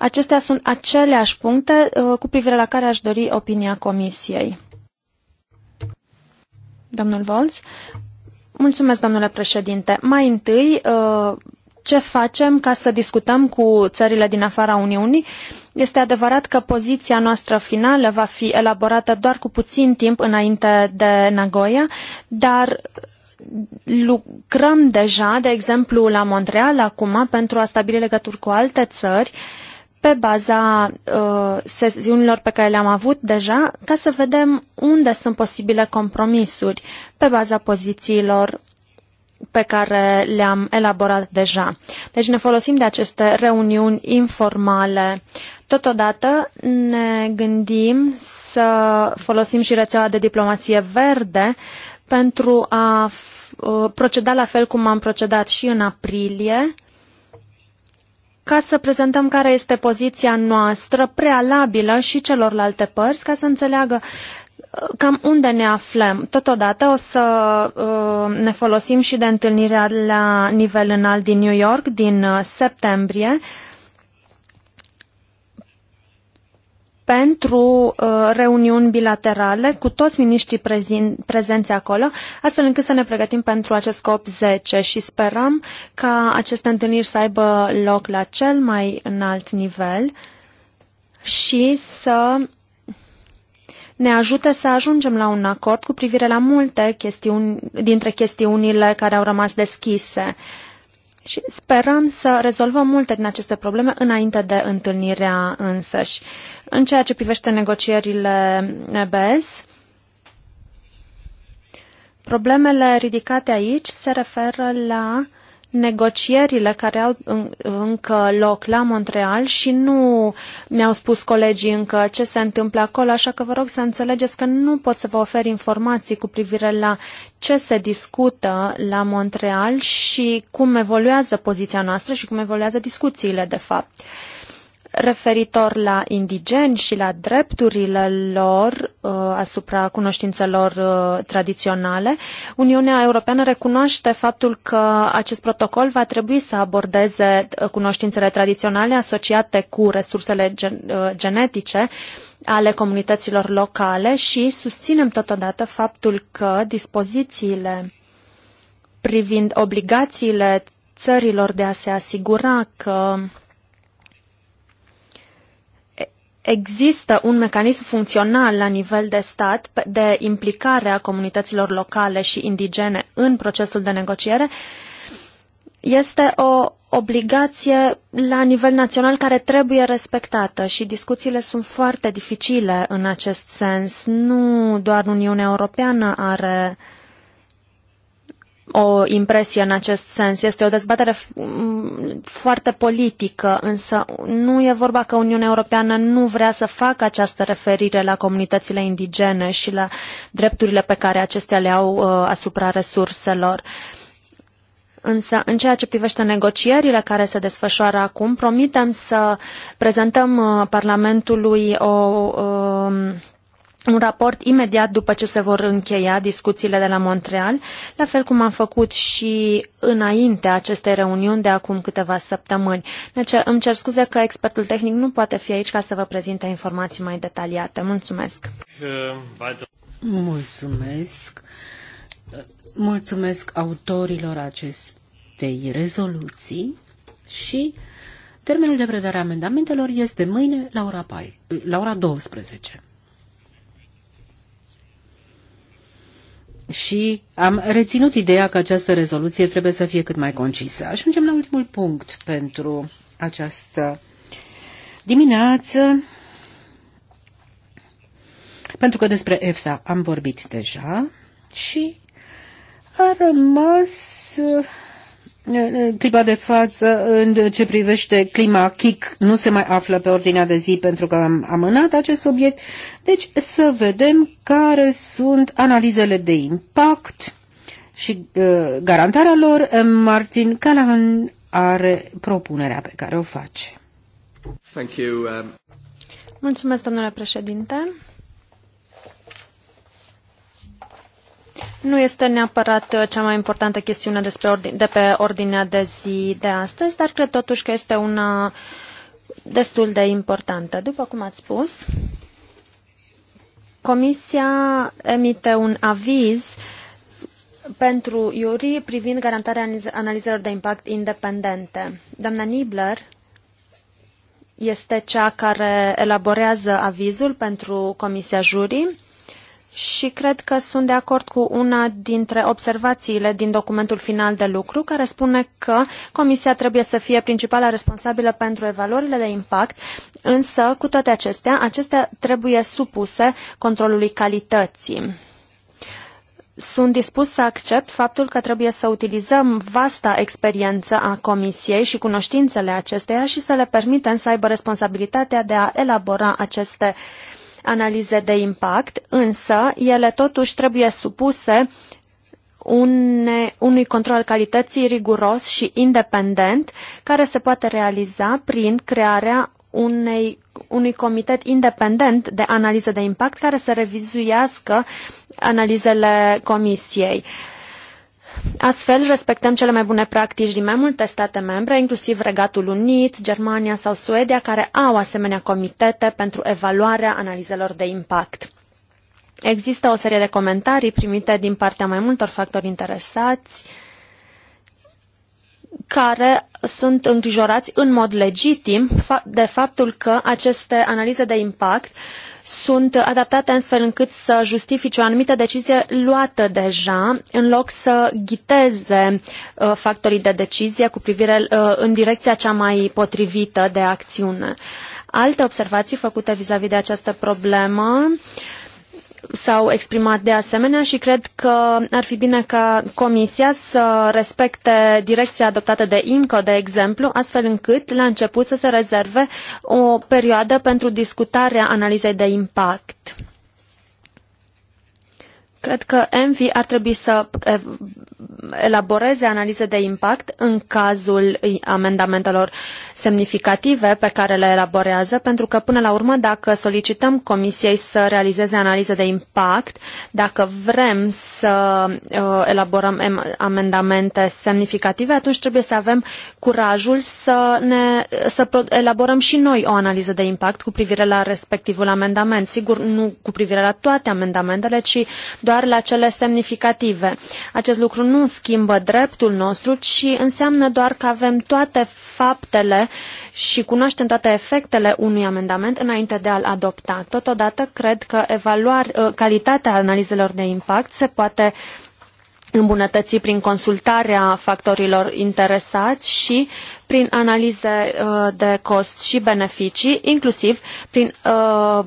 D: Acestea sunt aceleași puncte uh, cu privire la care aș dori opinia Comisiei. Domnul Volz? Mulțumesc, domnule președinte. Mai întâi, uh, ce facem ca să discutăm cu țările din afara Uniunii? Este adevărat că poziția noastră finală va fi elaborată doar cu puțin timp înainte de Nagoya, dar lucrăm deja, de exemplu, la Montreal acum pentru a stabili legături cu alte țări uh, pe baza uh, sesiunilor pe care le-am avut deja, ca să vedem unde sunt posibile compromisuri pe baza pozițiilor pe care le-am elaborat deja. Deci ne folosim de aceste reuniuni informale. Totodată ne gândim să folosim și rețeaua de diplomație verde pentru a uh, proceda la fel cum am procedat și în aprilie, ca să prezentăm care este poziția noastră prealabilă și celorlalte părți, ca să înțeleagă uh, cam unde ne aflăm. Totodată o să uh, ne folosim și de întâlnirea la nivel înalt din New York din uh, septembrie, pentru uh, reuniuni bilaterale cu toți miniștrii prezenți acolo, astfel încât să ne pregătim pentru acest COP10 și sperăm ca aceste întâlniri să aibă loc la cel mai înalt nivel și să ne ajute să ajungem la un acord cu privire la multe chestiuni, dintre chestiunile care au rămas deschise. Uh, și sperăm să rezolvăm multe din aceste probleme înainte de întâlnirea însăși. În ceea ce privește negocierile EBS, problemele ridicate aici se referă la negocierile care au încă loc la Montreal și nu mi-au spus colegii încă ce se întâmplă acolo, așa că vă rog să înțelegeți că nu pot să vă ofer informații cu privire la ce se discută la Montreal și cum evoluează poziția noastră și cum evoluează discuțiile, de fapt referitor la indigeni și la drepturile lor uh, asupra cunoștințelor uh, tradiționale, Uniunea Europeană recunoaște faptul că acest protocol va trebui să abordeze uh, cunoștințele tradiționale asociate cu resursele gen genetice ale comunităților locale și susținem totodată faptul că dispozițiile privind obligațiile țărilor de a se asigura că există un mecanism funcțional la nivel de stat de implicare a comunităților locale și indigene în procesul de negociere, este o obligație la nivel național care trebuie respectată și discuțiile sunt foarte dificile în acest sens. Nu doar Uniunea Europeană are o impresie în acest sens. Este o dezbatere foarte politică, însă nu e vorba că Uniunea Europeană nu vrea să facă această referire la comunitățile indigene și la drepturile pe care acestea le au uh, asupra resurselor. Însă, în ceea ce privește negocierile care se desfășoară acum, promitem să prezentăm uh, Parlamentului o um, un raport imediat după ce se vor încheia discuțiile de la Montreal, la fel cum am făcut și înainte acestei reuniuni de acum câteva săptămâni. Deci îmi cer scuze că expertul tehnic nu poate fi aici ca să vă prezinte informații mai detaliate. Mulțumesc!
C: Mulțumesc! Mulțumesc autorilor acestei rezoluții și termenul de predare a amendamentelor este mâine la ora, 4, la ora 12. și am reținut ideea că această rezoluție trebuie să fie cât mai concisă. Ajungem la ultimul punct pentru această dimineață, pentru că despre EFSA am vorbit deja și a rămas în clipa de față, în ce privește clima chic, nu se mai află pe ordinea de zi pentru că am amânat acest subiect. Deci să vedem care sunt analizele de impact și uh, garantarea lor. Martin Callahan are propunerea pe care o face. Thank you, um...
D: Mulțumesc, domnule președinte. Nu este neapărat uh, cea mai importantă chestiune despre de pe ordinea de zi de astăzi, dar cred totuși că este una destul de importantă. După cum ați spus, Comisia emite un aviz pentru Iuri privind garantarea analizelor de impact independente. Doamna Nibler este cea care elaborează avizul pentru Comisia Jurii și cred că sunt de acord cu una dintre observațiile din documentul final de lucru, care spune că Comisia trebuie să fie principala responsabilă pentru evaluările de impact, însă, cu toate acestea, acestea trebuie supuse controlului calității. Sunt dispus să accept faptul că trebuie să utilizăm vasta experiență a Comisiei și cunoștințele acesteia și să le permitem să aibă responsabilitatea de a elabora aceste uh, analize de impact, însă ele totuși trebuie supuse une, unui control calității riguros și independent, care se poate realiza prin crearea unei, unui comitet independent de analiză de impact care să revizuiască analizele comisiei. Uh, Astfel, respectăm cele mai bune practici din mai multe state membre, inclusiv Regatul Unit, Germania sau Suedia, care au asemenea comitete pentru evaluarea analizelor de impact. Există o serie de comentarii primite din partea mai multor factori interesați care sunt îngrijorați în mod legitim de faptul că aceste analize de impact uh, sunt adaptate astfel încât să justifice o anumită decizie luată deja, în loc să ghiteze uh, factorii de decizie cu privire uh, în direcția cea mai potrivită de acțiune. Alte observații făcute vis-a-vis -vis de această problemă uh, s-au exprimat de asemenea și cred că ar fi bine ca Comisia să respecte direcția adoptată de IMCO, de exemplu, astfel încât la început să se rezerve o perioadă pentru discutarea analizei de impact. Cred că ENVI ar trebui să elaboreze analize de impact în cazul amendamentelor semnificative pe care le elaborează, pentru că până la urmă dacă solicităm Comisiei să realizeze analize de impact, dacă vrem să uh, elaborăm amendamente semnificative, atunci trebuie să avem curajul să, ne, să elaborăm și noi o analiză de impact cu privire la respectivul amendament. Sigur, nu cu privire la toate amendamentele, ci doar la cele semnificative. Acest lucru nu schimbă dreptul nostru, ci înseamnă doar că avem toate faptele și cunoaștem toate efectele unui amendament înainte de a-l adopta. Totodată, cred că evaluar, uh, calitatea analizelor de impact se poate îmbunătăți prin consultarea factorilor interesați și prin analize uh, de cost și beneficii, inclusiv prin uh,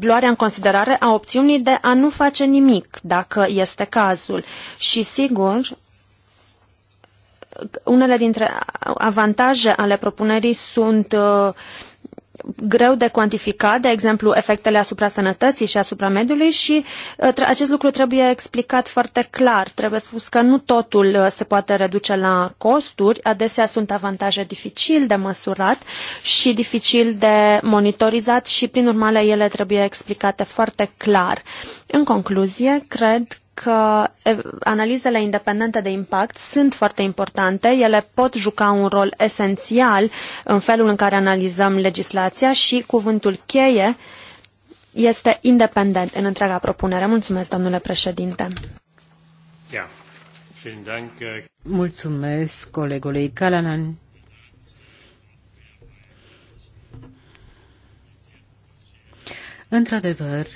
D: luarea în considerare a opțiunii de a nu face nimic, dacă este cazul. Și sigur, unele dintre avantaje ale propunerii sunt uh, greu de cuantificat, de exemplu, efectele asupra sănătății și asupra mediului și uh, acest lucru trebuie explicat foarte clar. Trebuie spus că nu totul uh, se poate reduce la costuri, adesea sunt avantaje dificil de măsurat și dificil de monitorizat și, prin urmare, ele trebuie explicate foarte clar. În concluzie, cred că analizele independente de impact sunt foarte importante, ele pot juca un rol esențial în felul în care analizăm legislația și cuvântul cheie este independent în întreaga propunere. Mulțumesc, domnule președinte.
A: Uh,
D: Mulțumesc colegului Calanan.
C: Într-adevăr,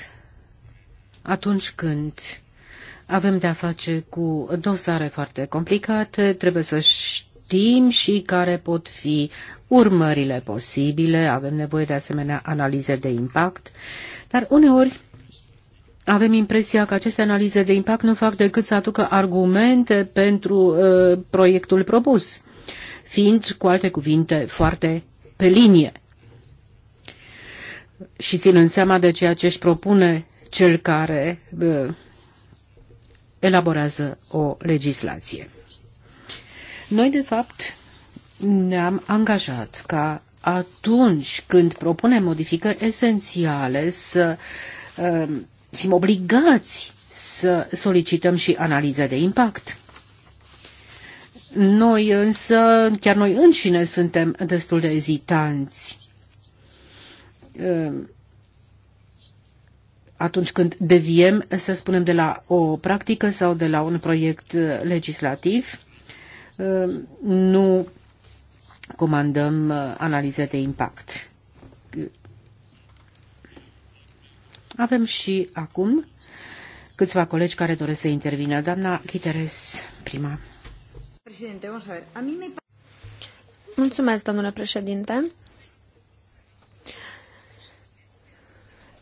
C: atunci când avem de-a face cu dosare foarte complicate, trebuie să știm și care pot fi urmările posibile, avem nevoie de asemenea analize de impact, dar uneori avem impresia că aceste analize de impact nu fac decât să aducă argumente pentru uh, proiectul propus, fiind, cu alte cuvinte, foarte pe linie. Și ținând seama de ceea ce își propune cel care uh, elaborează o legislație. Noi, de fapt, ne-am angajat ca atunci când propunem modificări esențiale să uh, fim obligați să solicităm și analize de impact. Noi însă, chiar noi înșine, suntem destul de ezitanți. Uh, atunci când deviem, să spunem, de la o practică sau de la un proiect legislativ. Nu comandăm analize de impact. Avem și acum câțiva colegi care doresc să intervină. Doamna
D: Chiteres, prima. Mulțumesc, domnule președinte.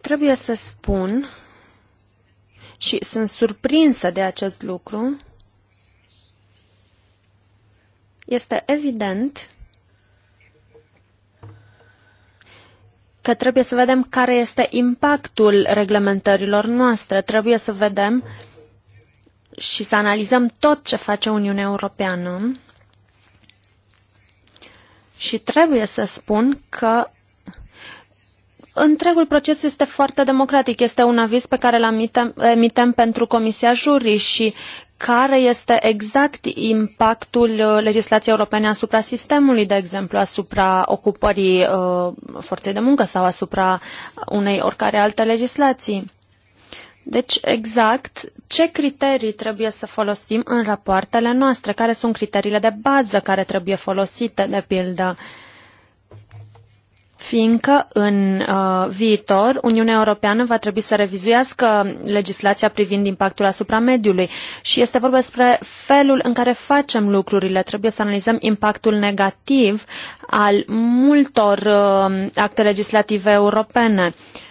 D: Trebuie să spun și sunt surprinsă de acest lucru. Este evident că trebuie să vedem care este impactul reglementărilor noastre. Trebuie să vedem și să analizăm tot ce face Uniunea Europeană. Și trebuie să spun că Întregul proces este foarte democratic. Este un aviz pe care îl emitem pentru Comisia juri și care este exact impactul uh, legislației europene asupra sistemului, de exemplu, asupra ocupării uh, forței de muncă sau asupra unei oricare alte legislații. Deci, exact, ce criterii trebuie să folosim în rapoartele noastre? Care sunt criteriile de bază care trebuie folosite, de pildă? Uh, fiindcă în uh, viitor Uniunea Europeană va trebui să revizuiască legislația privind impactul asupra mediului și este vorba despre felul în care facem lucrurile. Trebuie să analizăm impactul negativ al multor uh, acte legislative europene. Uh,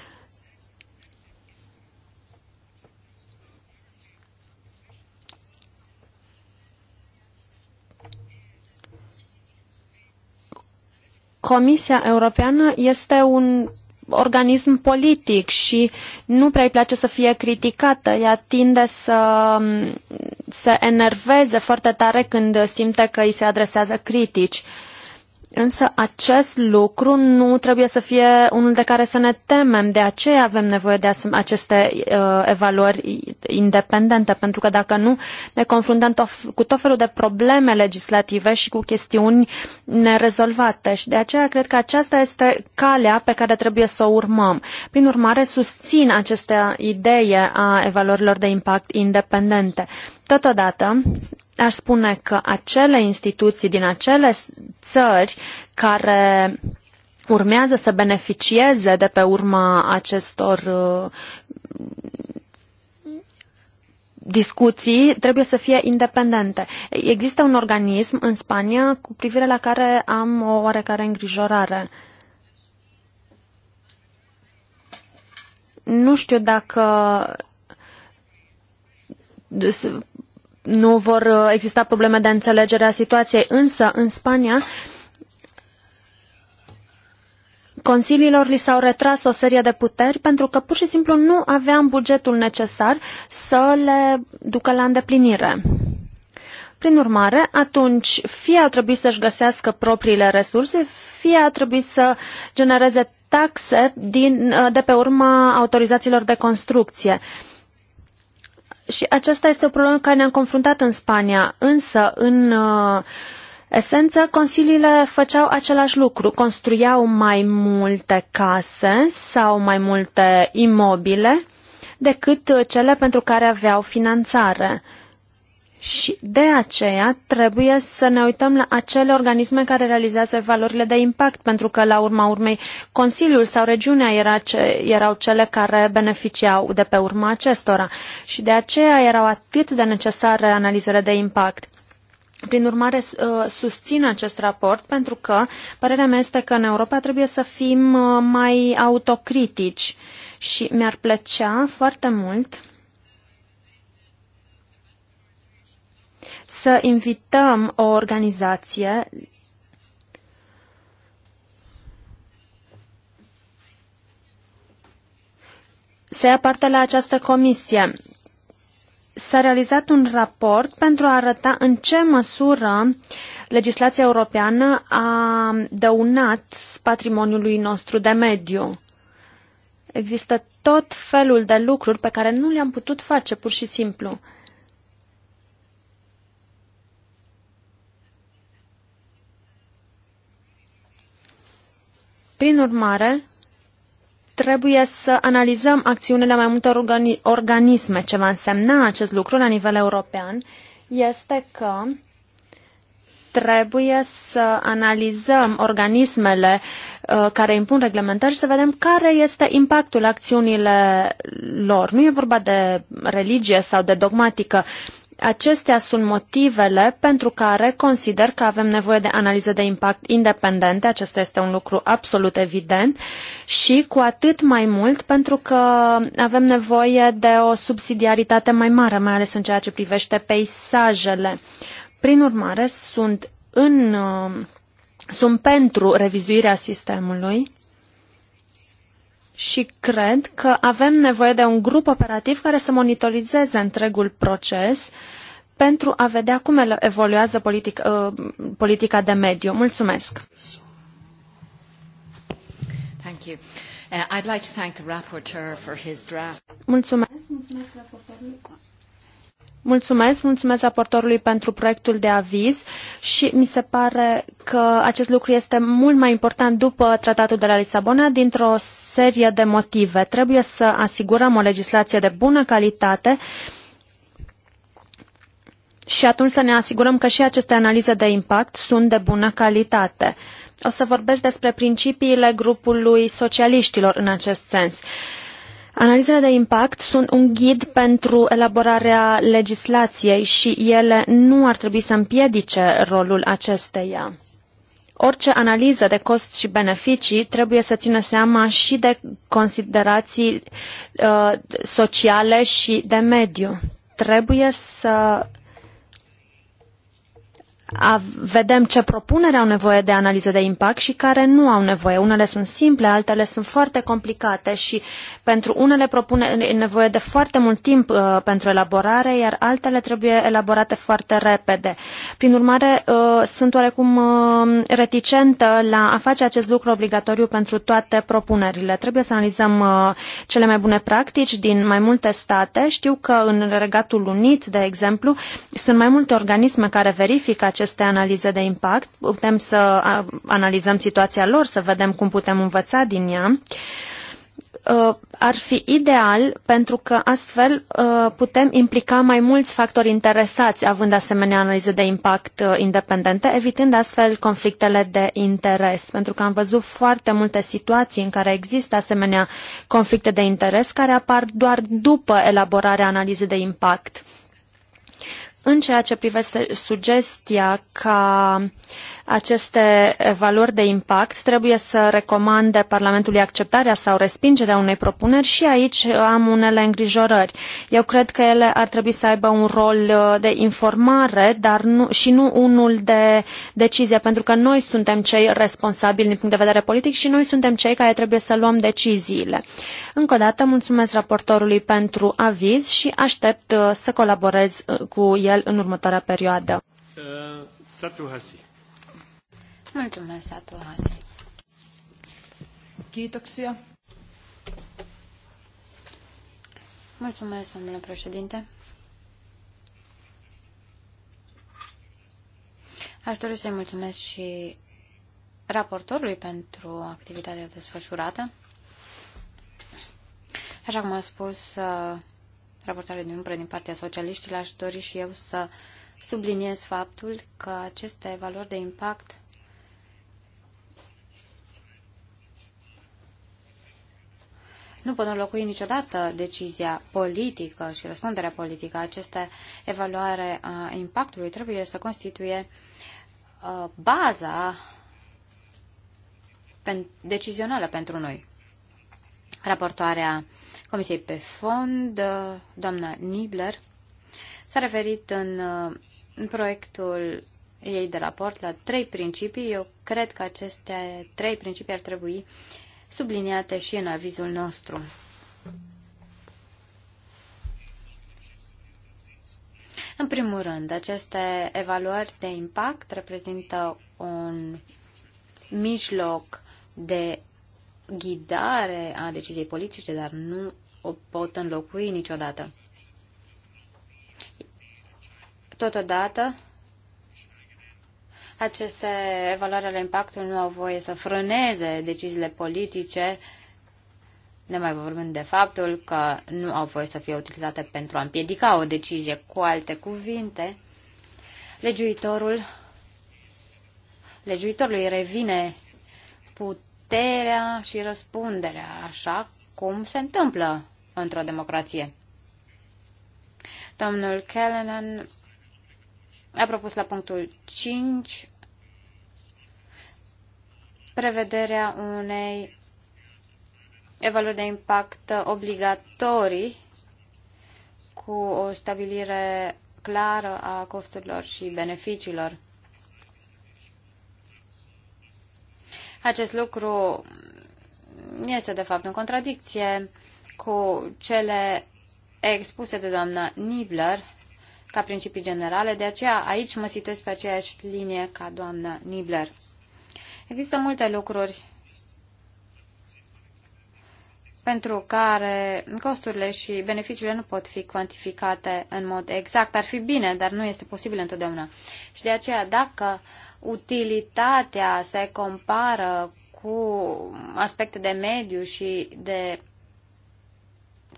D: Comisia Europeană este un organism politic și nu prea îi place să fie criticată. Ea tinde să mm, se enerveze foarte tare când simte că îi se adresează critici. Uh, Însă acest lucru nu trebuie să fie unul de care să ne temem. De aceea avem nevoie de aceste uh, evaluări independente, pentru că dacă nu ne confruntăm tof- cu tot felul de probleme legislative și cu chestiuni nerezolvate. Și de aceea cred că aceasta este calea pe care trebuie să o urmăm. Prin urmare, susțin această idee a evaluărilor de impact independente. Totodată, aș spune că acele instituții din acele țări care urmează să beneficieze de pe urma acestor uh, discuții trebuie să fie independente. Există un organism în Spania cu privire la care am o oarecare îngrijorare. Nu știu dacă nu vor uh, exista probleme de înțelegere a situației, însă în Spania consiliilor li s-au retras o serie de puteri pentru că pur și simplu nu aveam bugetul necesar să le ducă la îndeplinire. Prin urmare, atunci fie a trebuit să-și găsească propriile resurse, fie a trebuit să genereze taxe din, uh, de pe urma autorizațiilor de construcție. Uh, și aceasta este o problemă care ne-am confruntat în Spania, însă în uh, esență consiliile făceau același lucru, construiau mai multe case sau mai multe imobile decât uh, cele pentru care aveau finanțare. Uh, și de aceea trebuie să ne uităm la acele organisme care realizează valorile de impact, pentru că la urma urmei Consiliul sau regiunea era ce, erau cele care beneficiau de pe urma acestora. Și de aceea erau atât de necesare analizele de impact. Prin urmare, uh, susțin acest raport pentru că părerea mea este că în Europa trebuie să fim uh, mai autocritici și mi-ar plăcea foarte mult să invităm o organizație să ia parte la această comisie. S-a realizat un raport pentru a arăta în ce măsură legislația europeană a dăunat patrimoniului nostru de mediu. Există tot felul de lucruri pe care nu le-am putut face pur și simplu. Prin urmare, trebuie să analizăm acțiunile mai multor organi organisme. Ce va însemna acest lucru la nivel european este că trebuie să analizăm organismele uh, care impun reglementări și să vedem care este impactul acțiunile lor. Nu e vorba de religie sau de dogmatică, Acestea sunt motivele pentru care consider că avem nevoie de analize de impact independente, acesta este un lucru absolut evident, și cu atât mai mult pentru că avem nevoie de o subsidiaritate mai mare, mai ales în ceea ce privește peisajele. Prin urmare, sunt, în, uh, sunt pentru revizuirea sistemului și cred că avem nevoie de un grup operativ care să monitorizeze întregul proces pentru a vedea cum evoluează politic, uh, politica de mediu. Mulțumesc!
B: Thank you. Uh, I'd like to thank the rapporteur for his draft.
D: Mulțumesc, mulțumesc raportorului. Mulțumesc, mulțumesc raportorului pentru proiectul de aviz și mi se pare că acest lucru este mult mai important după tratatul de la Lisabona dintr-o serie de motive. Trebuie să asigurăm o legislație de bună calitate și atunci să ne asigurăm că și aceste analize de impact sunt de bună calitate. O să vorbesc despre principiile grupului socialiștilor în acest sens. Analizele de impact sunt un ghid pentru elaborarea legislației și ele nu ar trebui să împiedice rolul acesteia. Orice analiză de cost și beneficii trebuie să țină seama și de considerații uh, sociale și de mediu. Trebuie să a, vedem ce propuneri au nevoie de analize de impact și care nu au nevoie. Unele sunt simple, altele sunt foarte complicate și pentru unele propune nevoie de foarte mult timp uh, pentru elaborare, iar altele trebuie elaborate foarte repede. Prin urmare, uh, sunt oarecum uh, reticentă la a face acest lucru obligatoriu pentru toate propunerile. Trebuie să analizăm uh, cele mai bune practici din mai multe state. Știu că în Regatul Unit, de exemplu, sunt mai multe organisme care verifică aceste analize de impact, putem să analizăm situația lor, să vedem cum putem învăța din ea uh, ar fi ideal pentru că astfel uh, putem implica mai mulți factori interesați, având asemenea analize de impact uh, independente, evitând astfel conflictele de interes. Pentru că am văzut foarte multe situații în care există asemenea conflicte de interes care apar doar după elaborarea analizei de impact. În ceea ce privește sugestia ca uh, aceste valori de impact trebuie să recomande Parlamentului acceptarea sau respingerea unei propuneri și aici am unele îngrijorări. Eu cred că ele ar trebui să aibă un rol uh, de informare dar nu, și nu unul de decizie, pentru că noi suntem cei responsabili din punct de vedere politic și noi suntem cei care trebuie să luăm deciziile. Încă o dată mulțumesc raportorului pentru aviz și aștept uh, să colaborez uh, cu el în următoarea perioadă.
A: Uh,
B: Mulțumesc, Satu Kiitoksia. Mulțumesc, domnule președinte. Aș dori să-i mulțumesc și raportorului pentru activitatea desfășurată. Așa cum a spus uh, raportorul din umbră din partea socialiștilor, aș dori și eu să subliniez faptul că aceste valori de impact nu pot înlocui niciodată decizia politică și răspunderea politică. Aceste evaluare a impactului trebuie să constituie uh, baza decizională pentru noi. Raportoarea Comisiei pe fond, uh, doamna Nibler, s-a referit în, uh, în proiectul ei de raport la trei principii. Eu cred că aceste trei principii ar trebui uh, subliniate și în avizul nostru. În primul rând, aceste evaluări de impact reprezintă un mijloc de ghidare a deciziei politice, dar nu o pot înlocui niciodată. Totodată, aceste evaluări ale impactului nu au voie să frâneze deciziile politice, ne mai vorbim de faptul că nu au voie să fie utilizate pentru a împiedica o decizie. Cu alte cuvinte, legiuitorul, legiuitorului revine puterea și răspunderea, așa cum se întâmplă într-o democrație. Domnul Kellenan a propus la punctul 5 prevederea unei evaluări de impact obligatorii cu o stabilire clară a costurilor și beneficiilor. Acest lucru este de fapt în contradicție cu cele expuse de doamna Nibler ca principii generale, de aceea aici mă situez pe aceeași linie ca doamna Nibler. Există multe lucruri pentru care costurile și beneficiile nu pot fi cuantificate în mod exact. Ar fi bine, dar nu este posibil întotdeauna. Și de aceea, dacă utilitatea se compară cu aspecte de mediu și de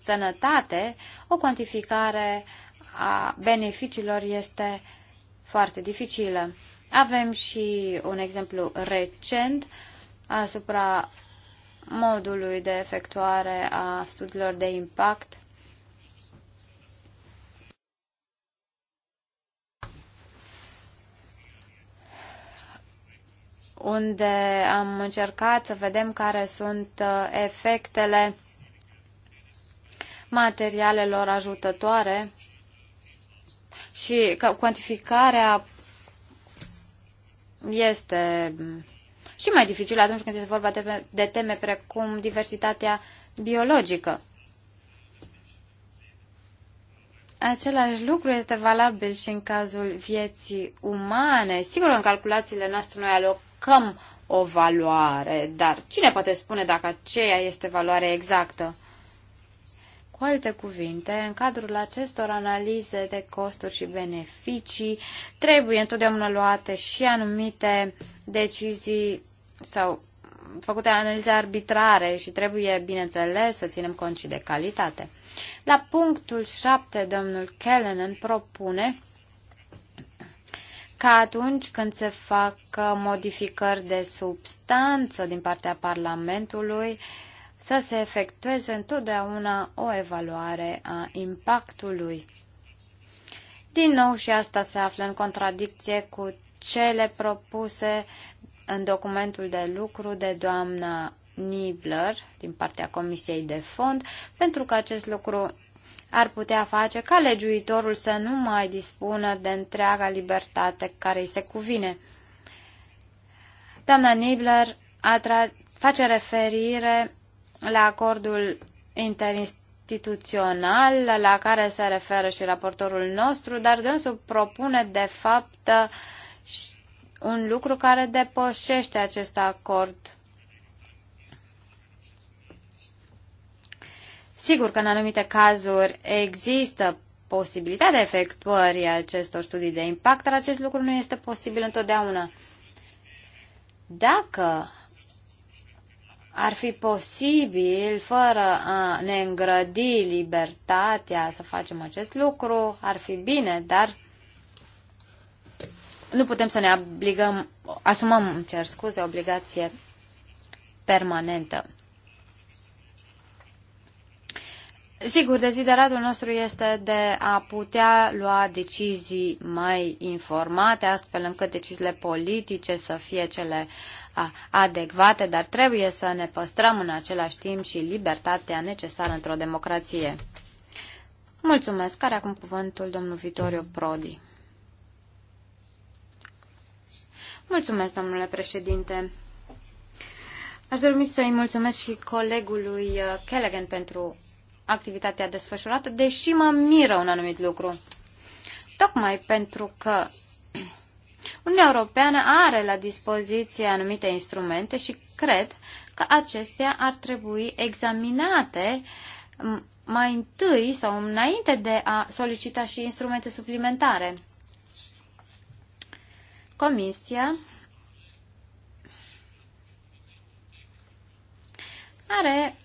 B: sănătate, o cuantificare uh, a beneficiilor este foarte dificilă. Avem și un exemplu recent asupra modului de efectuare a studiilor de impact unde am încercat să vedem care sunt uh, efectele materialelor ajutătoare și ca cuantificarea este și mai dificilă atunci când este vorba de, de teme precum diversitatea biologică. Același lucru este valabil și în cazul vieții umane. Sigur, în calculațiile noastre noi alocăm o valoare, dar cine poate spune dacă aceea este valoarea exactă? Cu alte cuvinte, în cadrul acestor analize de costuri și beneficii, trebuie întotdeauna luate și anumite decizii sau făcute analize arbitrare și trebuie, bineînțeles, să ținem cont și de calitate. La punctul 7, domnul Kellenen propune ca atunci când se fac modificări de substanță din partea Parlamentului, uh, să se efectueze întotdeauna o evaluare a impactului. Din nou și asta se află în contradicție cu cele propuse în documentul de lucru de doamna Nibler din partea Comisiei de Fond, pentru că acest lucru ar putea face ca legiuitorul să nu mai dispună de întreaga libertate care îi se cuvine. Doamna Nibler atra- face referire la acordul interinstituțional la care se referă și raportorul nostru, dar dânsul propune de fapt un lucru care depășește acest acord. Sigur că în anumite cazuri există posibilitatea efectuării acestor studii de impact, dar acest lucru nu este posibil întotdeauna. Dacă ar fi posibil, fără a ne îngrădi libertatea să facem acest lucru, ar fi bine, dar nu putem să ne obligăm, asumăm, cer scuze, obligație permanentă. Sigur, dezideratul nostru este de a putea lua decizii mai informate, astfel încât deciziile politice să fie cele adecvate, dar trebuie să ne păstrăm în același timp și libertatea necesară într-o democrație. Mulțumesc. Care acum cuvântul domnul Vitorio Prodi? Mulțumesc, domnule președinte. Aș dori să-i mulțumesc și colegului uh, Kellegen pentru activitatea desfășurată, deși mă miră un anumit lucru. Tocmai pentru că Uniunea Europeană are la dispoziție anumite instrumente și cred că acestea ar trebui examinate mai întâi sau înainte de a solicita și instrumente suplimentare. Comisia are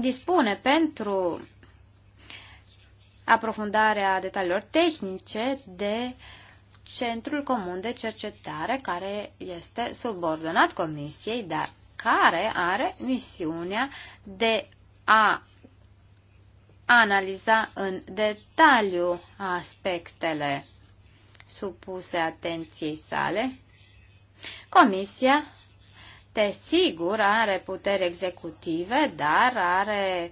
B: dispune pentru aprofundarea detaliilor tehnice de Centrul Comun de Cercetare, care este subordonat Comisiei, dar care are misiunea de a analiza în detaliu aspectele supuse atenției sale. Comisia Desigur, are puteri executive, dar are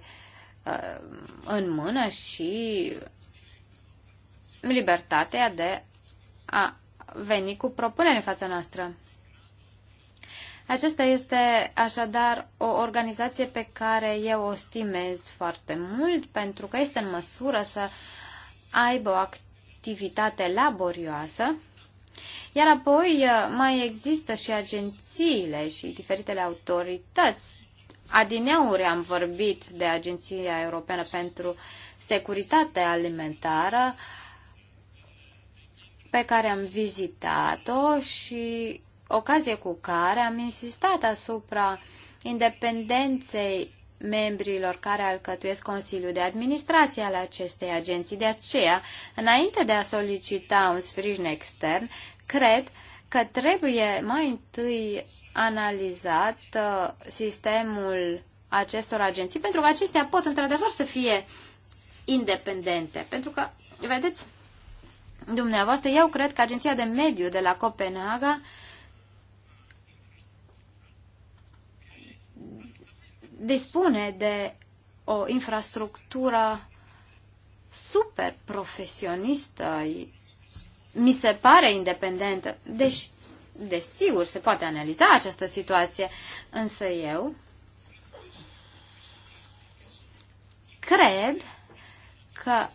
B: uh, în mână și libertatea de a veni cu propuneri în fața noastră. Aceasta este așadar o organizație pe care eu o stimez foarte mult pentru că este în măsură să aibă o activitate laborioasă iar apoi uh, mai există și agențiile și diferitele autorități. Adineauri am vorbit de Agenția Europeană pentru Securitate Alimentară, pe care am vizitat-o și ocazie cu care am insistat asupra independenței membrilor care alcătuiesc Consiliul de Administrație al acestei agenții. De aceea, înainte de a solicita un sprijin extern, cred că trebuie mai întâi analizat uh, sistemul acestor agenții, pentru că acestea pot într-adevăr să fie independente. Pentru că, vedeți, dumneavoastră, eu cred că Agenția de Mediu de la Copenhaga uh, dispune de o infrastructură super profesionistă, mi se pare independentă. Deci, desigur, se poate analiza această situație, însă eu cred că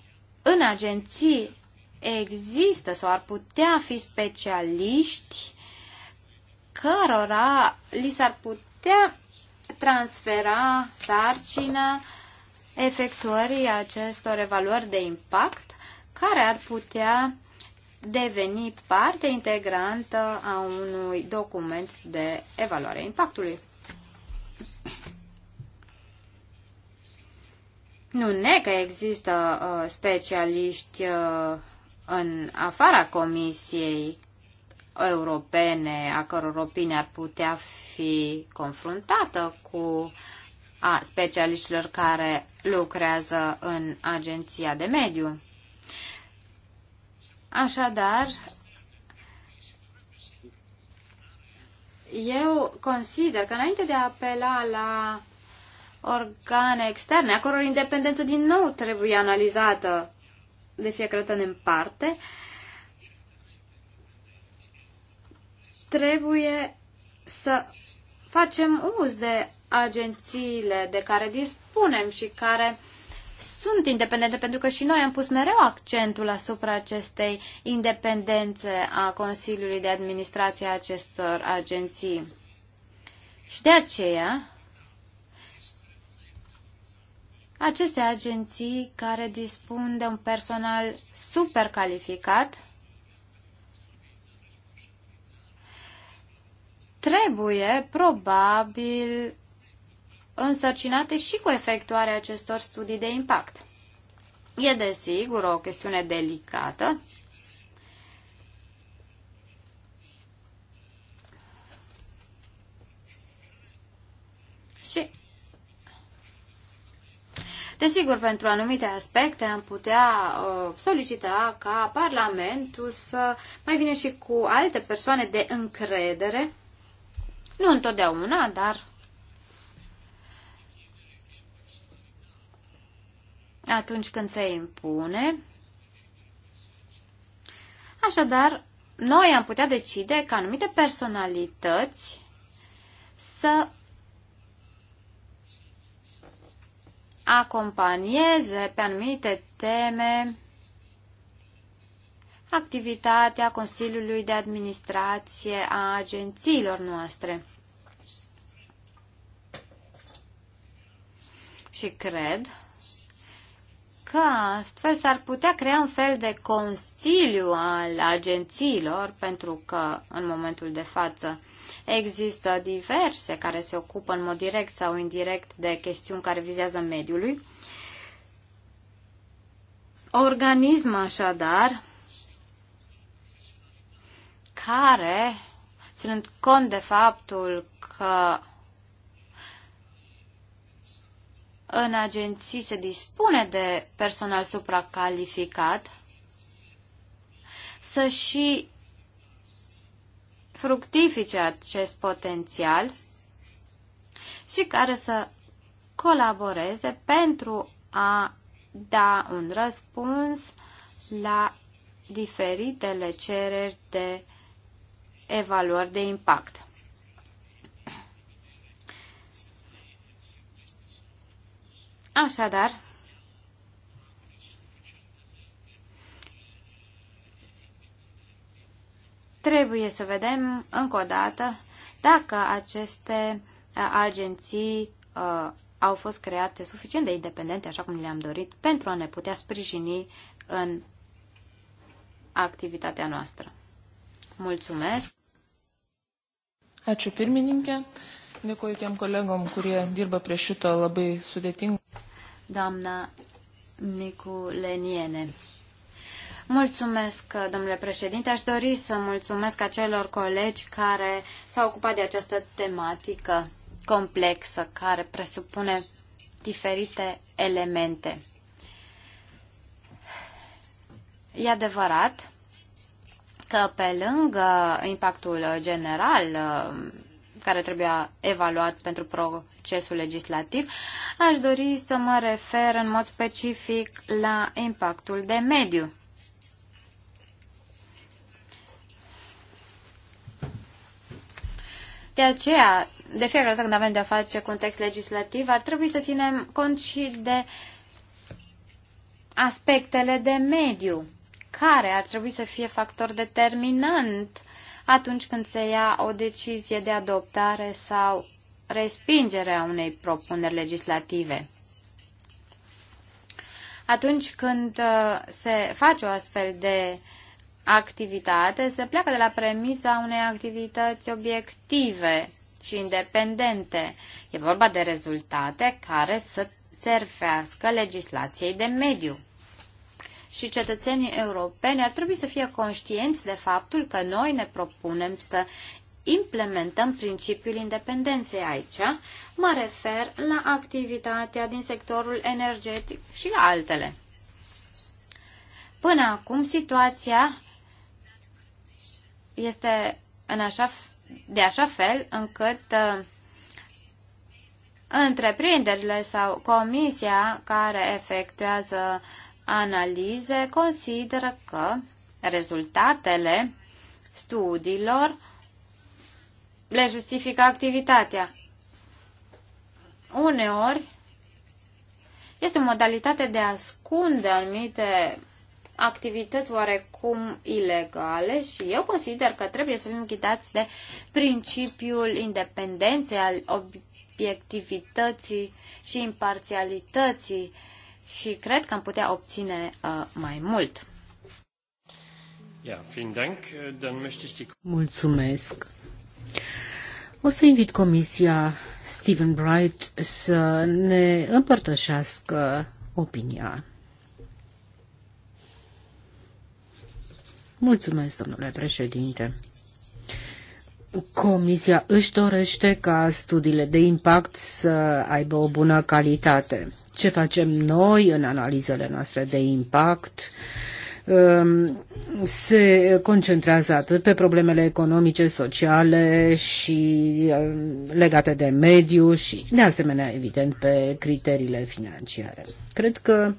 B: în agenții există sau ar putea fi specialiști cărora li s-ar putea transfera sarcina efectuării acestor evaluări de impact care ar putea deveni parte integrantă a unui document de evaluare a impactului. Nu ne că există uh, specialiști uh, în afara comisiei europene a căror opinie ar putea fi confruntată cu a specialiștilor care lucrează în agenția de mediu. Așadar, eu consider că înainte de a apela la organe externe, a căror independență din nou trebuie analizată de fiecare dată în parte, uh, trebuie să facem uz de agențiile de care dispunem și care sunt independente, pentru că și noi am pus mereu accentul asupra acestei independențe a Consiliului de Administrație a acestor agenții. Și de aceea, aceste agenții care dispun de un personal super calificat trebuie probabil însărcinate și cu efectuarea acestor studii de impact. E desigur o chestiune delicată. Și Desigur, pentru anumite aspecte am putea uh, solicita ca Parlamentul să mai vine și cu alte persoane de încredere nu întotdeauna, dar atunci când se impune. Așadar, noi am putea decide ca anumite personalități să acompanieze pe anumite teme activitatea Consiliului de Administrație a agențiilor noastre. Și cred că astfel s-ar putea crea un fel de consiliu al agențiilor, pentru că în momentul de față există diverse care se ocupă în mod direct sau indirect de chestiuni care vizează mediului. Organism așadar care, ținând cont de faptul că în agenții se dispune de personal supracalificat, să și fructifice acest potențial și care să colaboreze pentru a da un răspuns la diferitele cereri de evaluări de impact. Așadar, trebuie să vedem încă o dată dacă aceste agenții uh, au fost create suficient de independente, așa cum le-am dorit, pentru a ne putea sprijini în activitatea noastră. Mulțumesc!
C: Ačiū pirmininkė, dėkuoju tiem kolegom, kurie dirba prie šito labai sudėtingo.
B: Doamna Nicu Leniene. Mulțumesc, domnule președinte. Aș dori să mulțumesc acelor colegi care s-au ocupat de această tematică complexă, care presupune diferite elemente. E adevărat că pe lângă impactul general uh, care trebuia evaluat pentru procesul legislativ, aș dori să mă refer în mod specific la impactul de mediu. De aceea, de fiecare dată când avem de-a face cu un text legislativ, ar trebui să ținem cont și de aspectele de mediu care ar trebui să fie factor determinant atunci când se ia o decizie de adoptare sau respingere a unei propuneri legislative. Atunci când uh, se face o astfel de activitate, se pleacă de la premisa unei activități obiective și independente. E vorba de rezultate care să servească legislației de mediu și cetățenii europeni ar trebui să fie conștienți de faptul că noi ne propunem să implementăm principiul independenței aici. Mă refer la activitatea din sectorul energetic și la altele. Până acum, situația este în așa, de așa fel încât uh, întreprinderile sau comisia care efectuează analize consideră că rezultatele studiilor le justifică activitatea. Uneori este o modalitate de a ascunde anumite activități oarecum ilegale și eu consider că trebuie să fim ghidați de principiul independenței, al obiectivității și imparțialității și cred că am putea obține uh, mai mult. Mulțumesc. O să invit Comisia
C: Stephen Bright să ne împărtășească opinia. Mulțumesc, domnule președinte. Comisia își dorește ca studiile de impact să aibă o bună calitate. Ce facem noi în analizele noastre de impact? Um, se concentrează atât pe problemele economice, sociale și um, legate de mediu și, de asemenea, evident, pe criteriile financiare. Cred că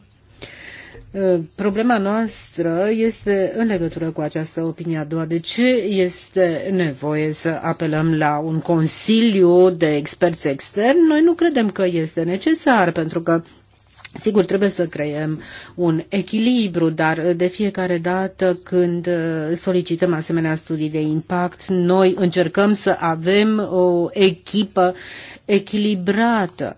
C: Uh, problema noastră este în legătură cu această opinie a doua. De ce este nevoie să apelăm la un consiliu de experți extern. Noi nu credem că este necesar, pentru că Sigur, trebuie să creăm un echilibru, dar de fiecare dată când uh, solicităm asemenea studii de impact, noi încercăm să avem o echipă echilibrată.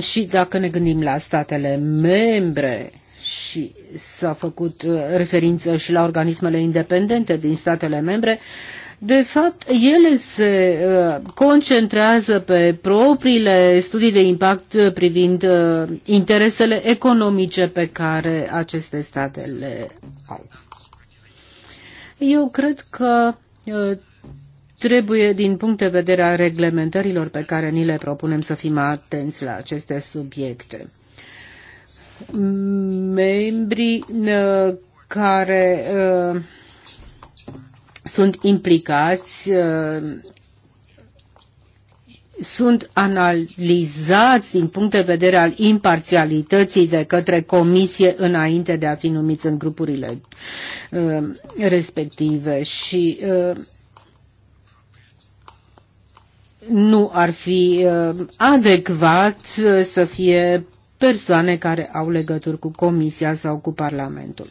C: Și dacă ne gândim la statele membre și s-a făcut uh, referință și la organismele independente din statele membre, de fapt, ele se uh, concentrează pe propriile studii de impact uh, privind interesele economice pe care aceste state le au. Eu cred că Trebuie, din punct de vedere al reglementărilor pe care ni le propunem, să fim atenți la aceste subiecte. Membrii uh, care uh, sunt implicați uh, sunt analizați din punct de vedere al imparțialității de către comisie înainte de a fi numiți în grupurile uh, respective și uh, nu ar fi uh, adecvat uh, să fie persoane care au legături cu Comisia sau cu Parlamentul.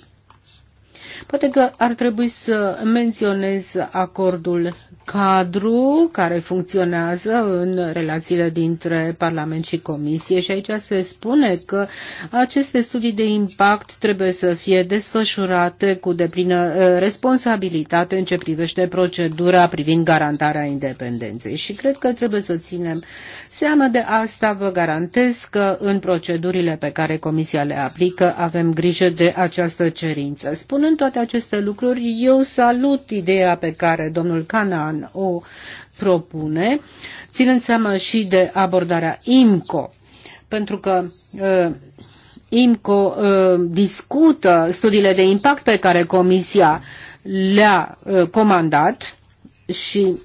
C: Poate că ar trebui să menționez acordul cadru care funcționează în relațiile dintre Parlament și Comisie și aici se spune că aceste studii de impact trebuie să fie desfășurate cu deplină uh, responsabilitate în ce privește procedura privind garantarea independenței și cred că trebuie să ținem seama de asta. Vă garantez că în procedurile pe care Comisia le aplică avem grijă de această cerință. Spunând toate aceste lucruri, eu salut ideea pe care domnul Canan o propune, ținând seama și de abordarea IMCO, pentru că uh, IMCO uh, discută studiile de impact pe care Comisia le-a uh, comandat și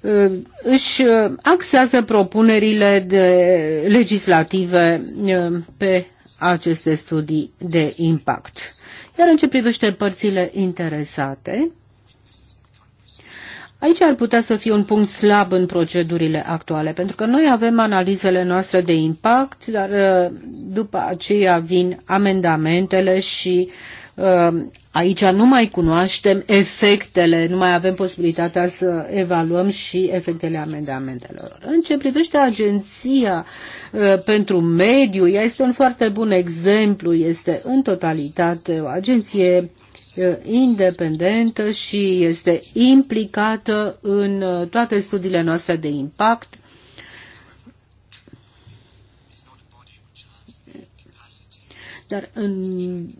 C: uh, își uh, axează propunerile de legislative uh, pe aceste studii de impact. Iar în ce privește părțile interesate, Aici ar putea să fie un punct slab în procedurile actuale, pentru că noi avem analizele noastre de impact, dar uh, după aceea vin amendamentele și Um, aici nu mai cunoaștem efectele, nu mai avem posibilitatea să evaluăm și efectele amendamentelor. În ce privește agenția uh, pentru mediu, ea este un foarte bun exemplu, este în totalitate o agenție uh, independentă și este implicată în uh, toate studiile noastre de impact dar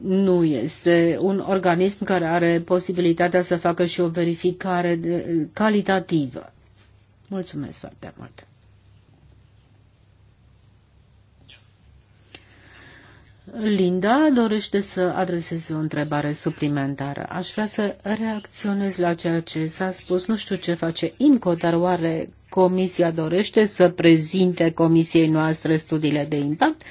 C: nu este un organism care are posibilitatea să facă și o verificare calitativă. Mulțumesc foarte mult! Linda dorește să adreseze o întrebare suplimentară. Aș vrea să reacționez la ceea ce s-a spus. Nu știu ce face INCO, dar oare Comisia dorește să prezinte Comisiei noastre studiile de impact,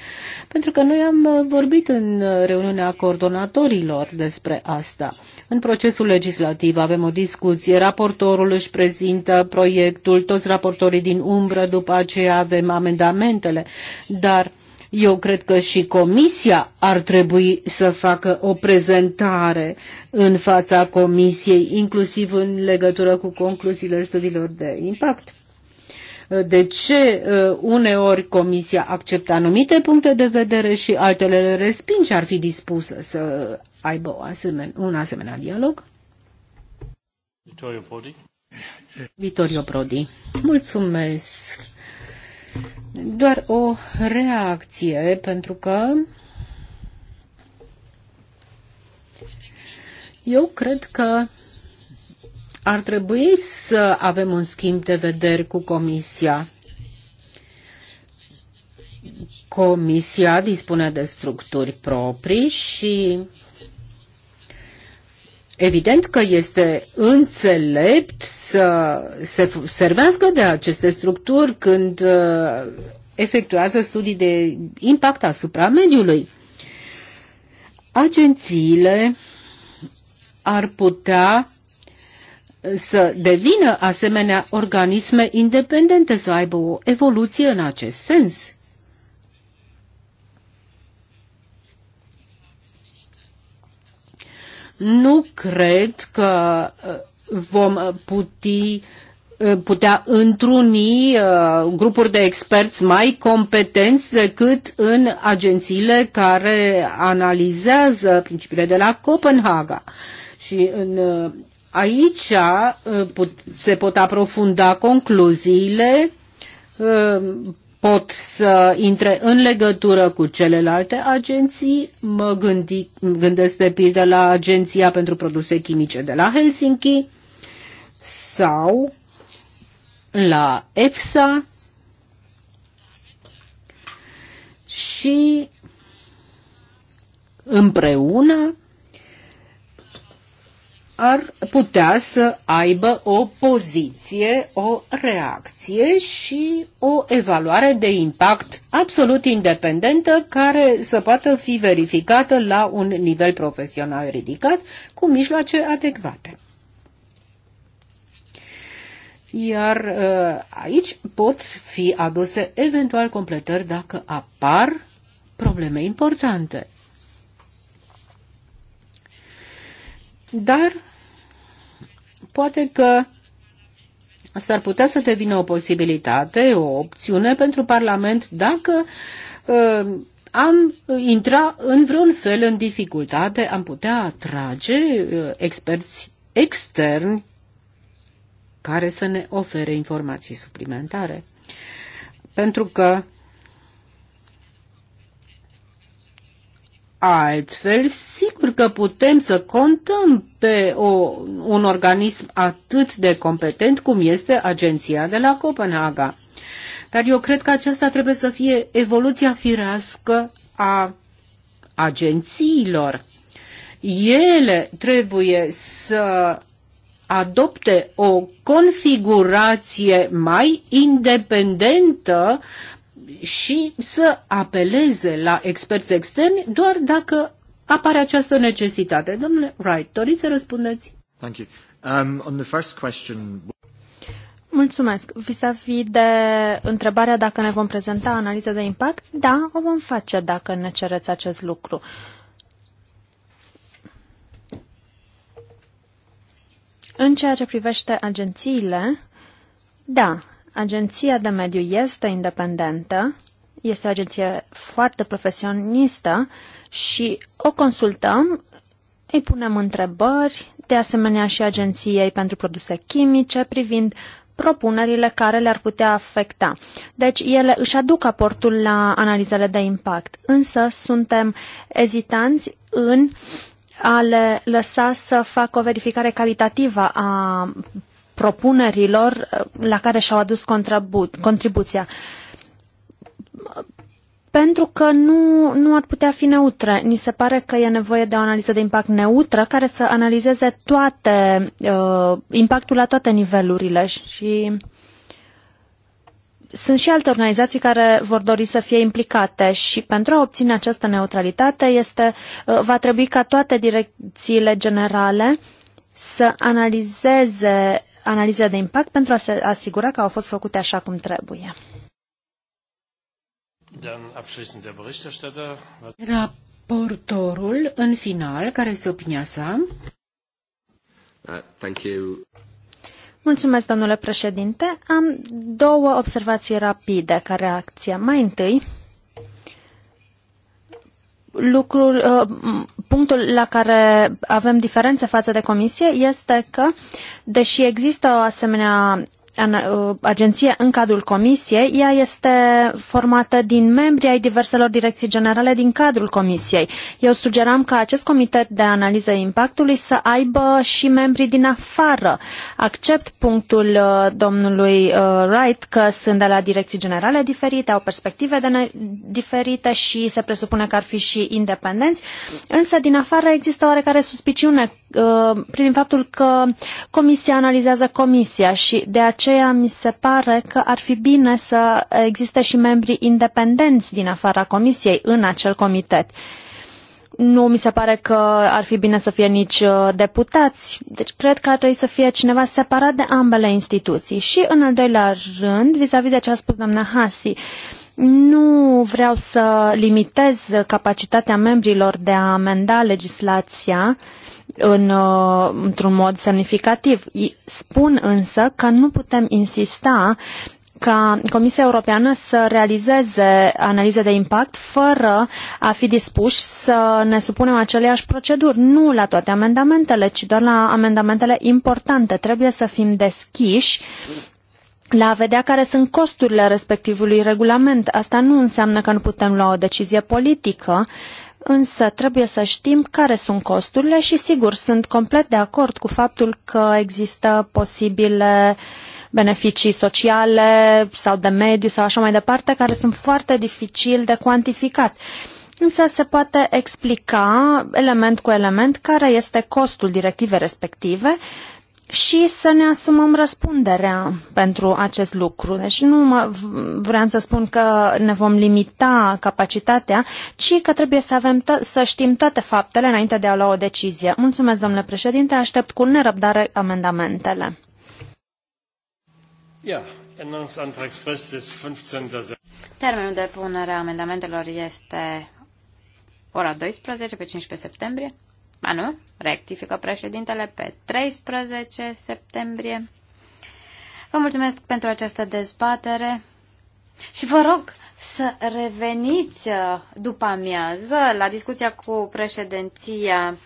C: pentru că noi am vorbit în reuniunea coordonatorilor despre asta. În procesul legislativ avem o discuție, raportorul își prezintă proiectul, toți raportorii din umbră, după aceea avem amendamentele, dar eu cred că și Comisia ar trebui să facă o prezentare în fața Comisiei, inclusiv în legătură cu concluziile studiilor de impact. Uh, de ce uh, uneori Comisia acceptă anumite puncte de vedere și altele le respinge, ar fi dispusă să aibă o asemen, un asemenea dialog?
A: Vittorio Prodi.
C: Vittorio Prodi. Mulțumesc. Doar o reacție, pentru că eu cred că ar trebui să avem un schimb de vederi cu Comisia. Comisia dispune de structuri proprii și Evident că este înțelept să se servească de aceste structuri când uh, efectuează studii de impact asupra mediului. Agențiile ar putea să devină asemenea organisme independente, să aibă o evoluție în acest sens. Nu cred că uh, vom uh, puti, uh, putea întruni grupuri de experți mai competenți decât în agențiile care analizează principiile de la Copenhaga și în Aici uh, se pot aprofunda concluziile, uh, pot să intre în legătură cu celelalte agenții. Mă gândi, gândesc de pildă la Agenția pentru Produse Chimice de la Helsinki sau la EFSA și împreună ar putea să aibă o poziție, o reacție și o evaluare de impact absolut independentă care să poată fi verificată la un nivel profesional ridicat cu mijloace adecvate. Iar uh, aici pot fi aduse eventual completări dacă apar probleme importante. Dar Poate că s-ar putea să devină o posibilitate, o opțiune pentru Parlament dacă uh, am intra în vreun fel în dificultate, am putea atrage uh, experți externi care să ne ofere informații suplimentare. Pentru că altfel, sigur că putem să contăm pe o, un organism atât de competent cum este Agenția de la Copenhaga. Dar eu cred că aceasta trebuie să fie evoluția firească a agențiilor. Ele trebuie să adopte o configurație mai independentă și să apeleze la experți externi doar dacă apare această necesitate. Domnule Wright, doriți să răspundeți?
D: Thank you. Um, on the first question... Mulțumesc. Vis-a-vis de întrebarea dacă ne vom prezenta analiză de impact, da, o vom face dacă ne cereți acest lucru. În ceea ce privește agențiile, da, Agenția de mediu este independentă, este o agenție foarte profesionistă și o consultăm, îi punem întrebări, de asemenea și agenției pentru produse chimice privind propunerile care le-ar putea afecta. Deci ele își aduc aportul la analizele de impact, însă suntem ezitanți în a le lăsa să facă o verificare calitativă a propunerilor uh, la care și-au adus contribuția. Pentru că nu, nu ar putea fi neutre. Ni se pare că e nevoie de o analiză de impact neutră care să analizeze toate, uh, impactul la toate nivelurile și sunt și alte organizații care vor dori să fie implicate și pentru a obține această neutralitate este, uh, va trebui ca toate direcțiile generale să analizeze analize de impact pentru a se asigura că au fost făcute așa cum trebuie. Raportorul, în final, care
C: este opinia sa? Uh, thank you.
D: Mulțumesc, domnule președinte. Am două observații rapide ca reacție. Mai întâi, lucrul, uh, punctul la care avem diferențe față de comisie este că, deși există o asemenea Uh, agenție în cadrul comisiei, ea este formată din membri ai diverselor direcții generale din cadrul comisiei. Eu sugeram ca acest comitet de analiză impactului să aibă și membri din afară. Accept punctul uh, domnului uh, Wright că sunt de la direcții generale diferite, au perspective de diferite și se presupune că ar fi și independenți, însă din afară există oarecare suspiciune prin faptul că comisia analizează comisia și de aceea aceea mi se pare că ar fi bine să existe și membri independenți din afara Comisiei în acel comitet. Nu mi se pare că ar fi bine să fie nici uh, deputați, deci cred că ar trebui să fie cineva separat de ambele instituții. Și în al doilea rând, vis-a-vis -vis de ce a spus doamna Hasi, nu vreau să limitez capacitatea membrilor de a amenda legislația, în, uh, într-un mod semnificativ. Spun însă că nu putem insista ca Comisia Europeană să realizeze analize de impact fără a fi dispuși să ne supunem aceleași proceduri, nu la toate amendamentele, ci doar la amendamentele importante. Trebuie să fim deschiși la a vedea care sunt costurile respectivului regulament. Asta nu înseamnă că nu putem lua o decizie politică, uh, însă trebuie să știm care sunt costurile și sigur sunt complet de acord cu faptul că există posibile beneficii sociale sau de mediu sau așa mai departe care sunt foarte dificil de cuantificat. Însă se poate explica element cu element care este costul directivei respective și să ne asumăm răspunderea pentru acest lucru. Deci nu mă vreau să spun că ne vom limita capacitatea, ci că trebuie să, avem to- să știm toate faptele înainte de a lua o decizie. Mulțumesc, domnule președinte, aștept cu nerăbdare amendamentele.
A: Yeah.
B: Termenul de punere a amendamentelor este ora 12 pe 15 septembrie. A, nu? Rectifică președintele pe 13 septembrie. Vă mulțumesc pentru această dezbatere și vă rog să reveniți uh, după amiază la discuția cu președinția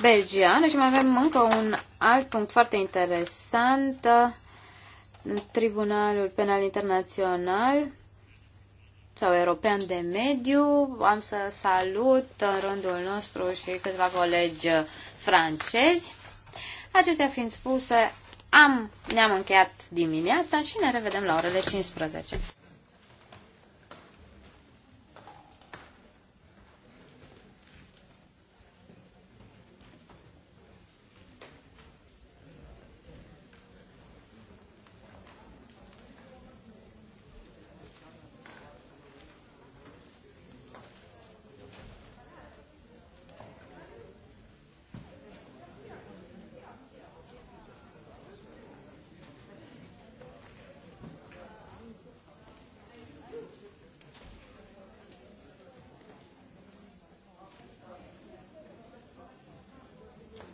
B: belgiană și mai avem încă un alt punct foarte interesant, uh, Tribunalul Penal Internațional sau european de mediu. Am să salut în rândul nostru și câțiva colegi francezi. Acestea fiind spuse, am, ne-am încheiat dimineața și ne revedem la orele 15.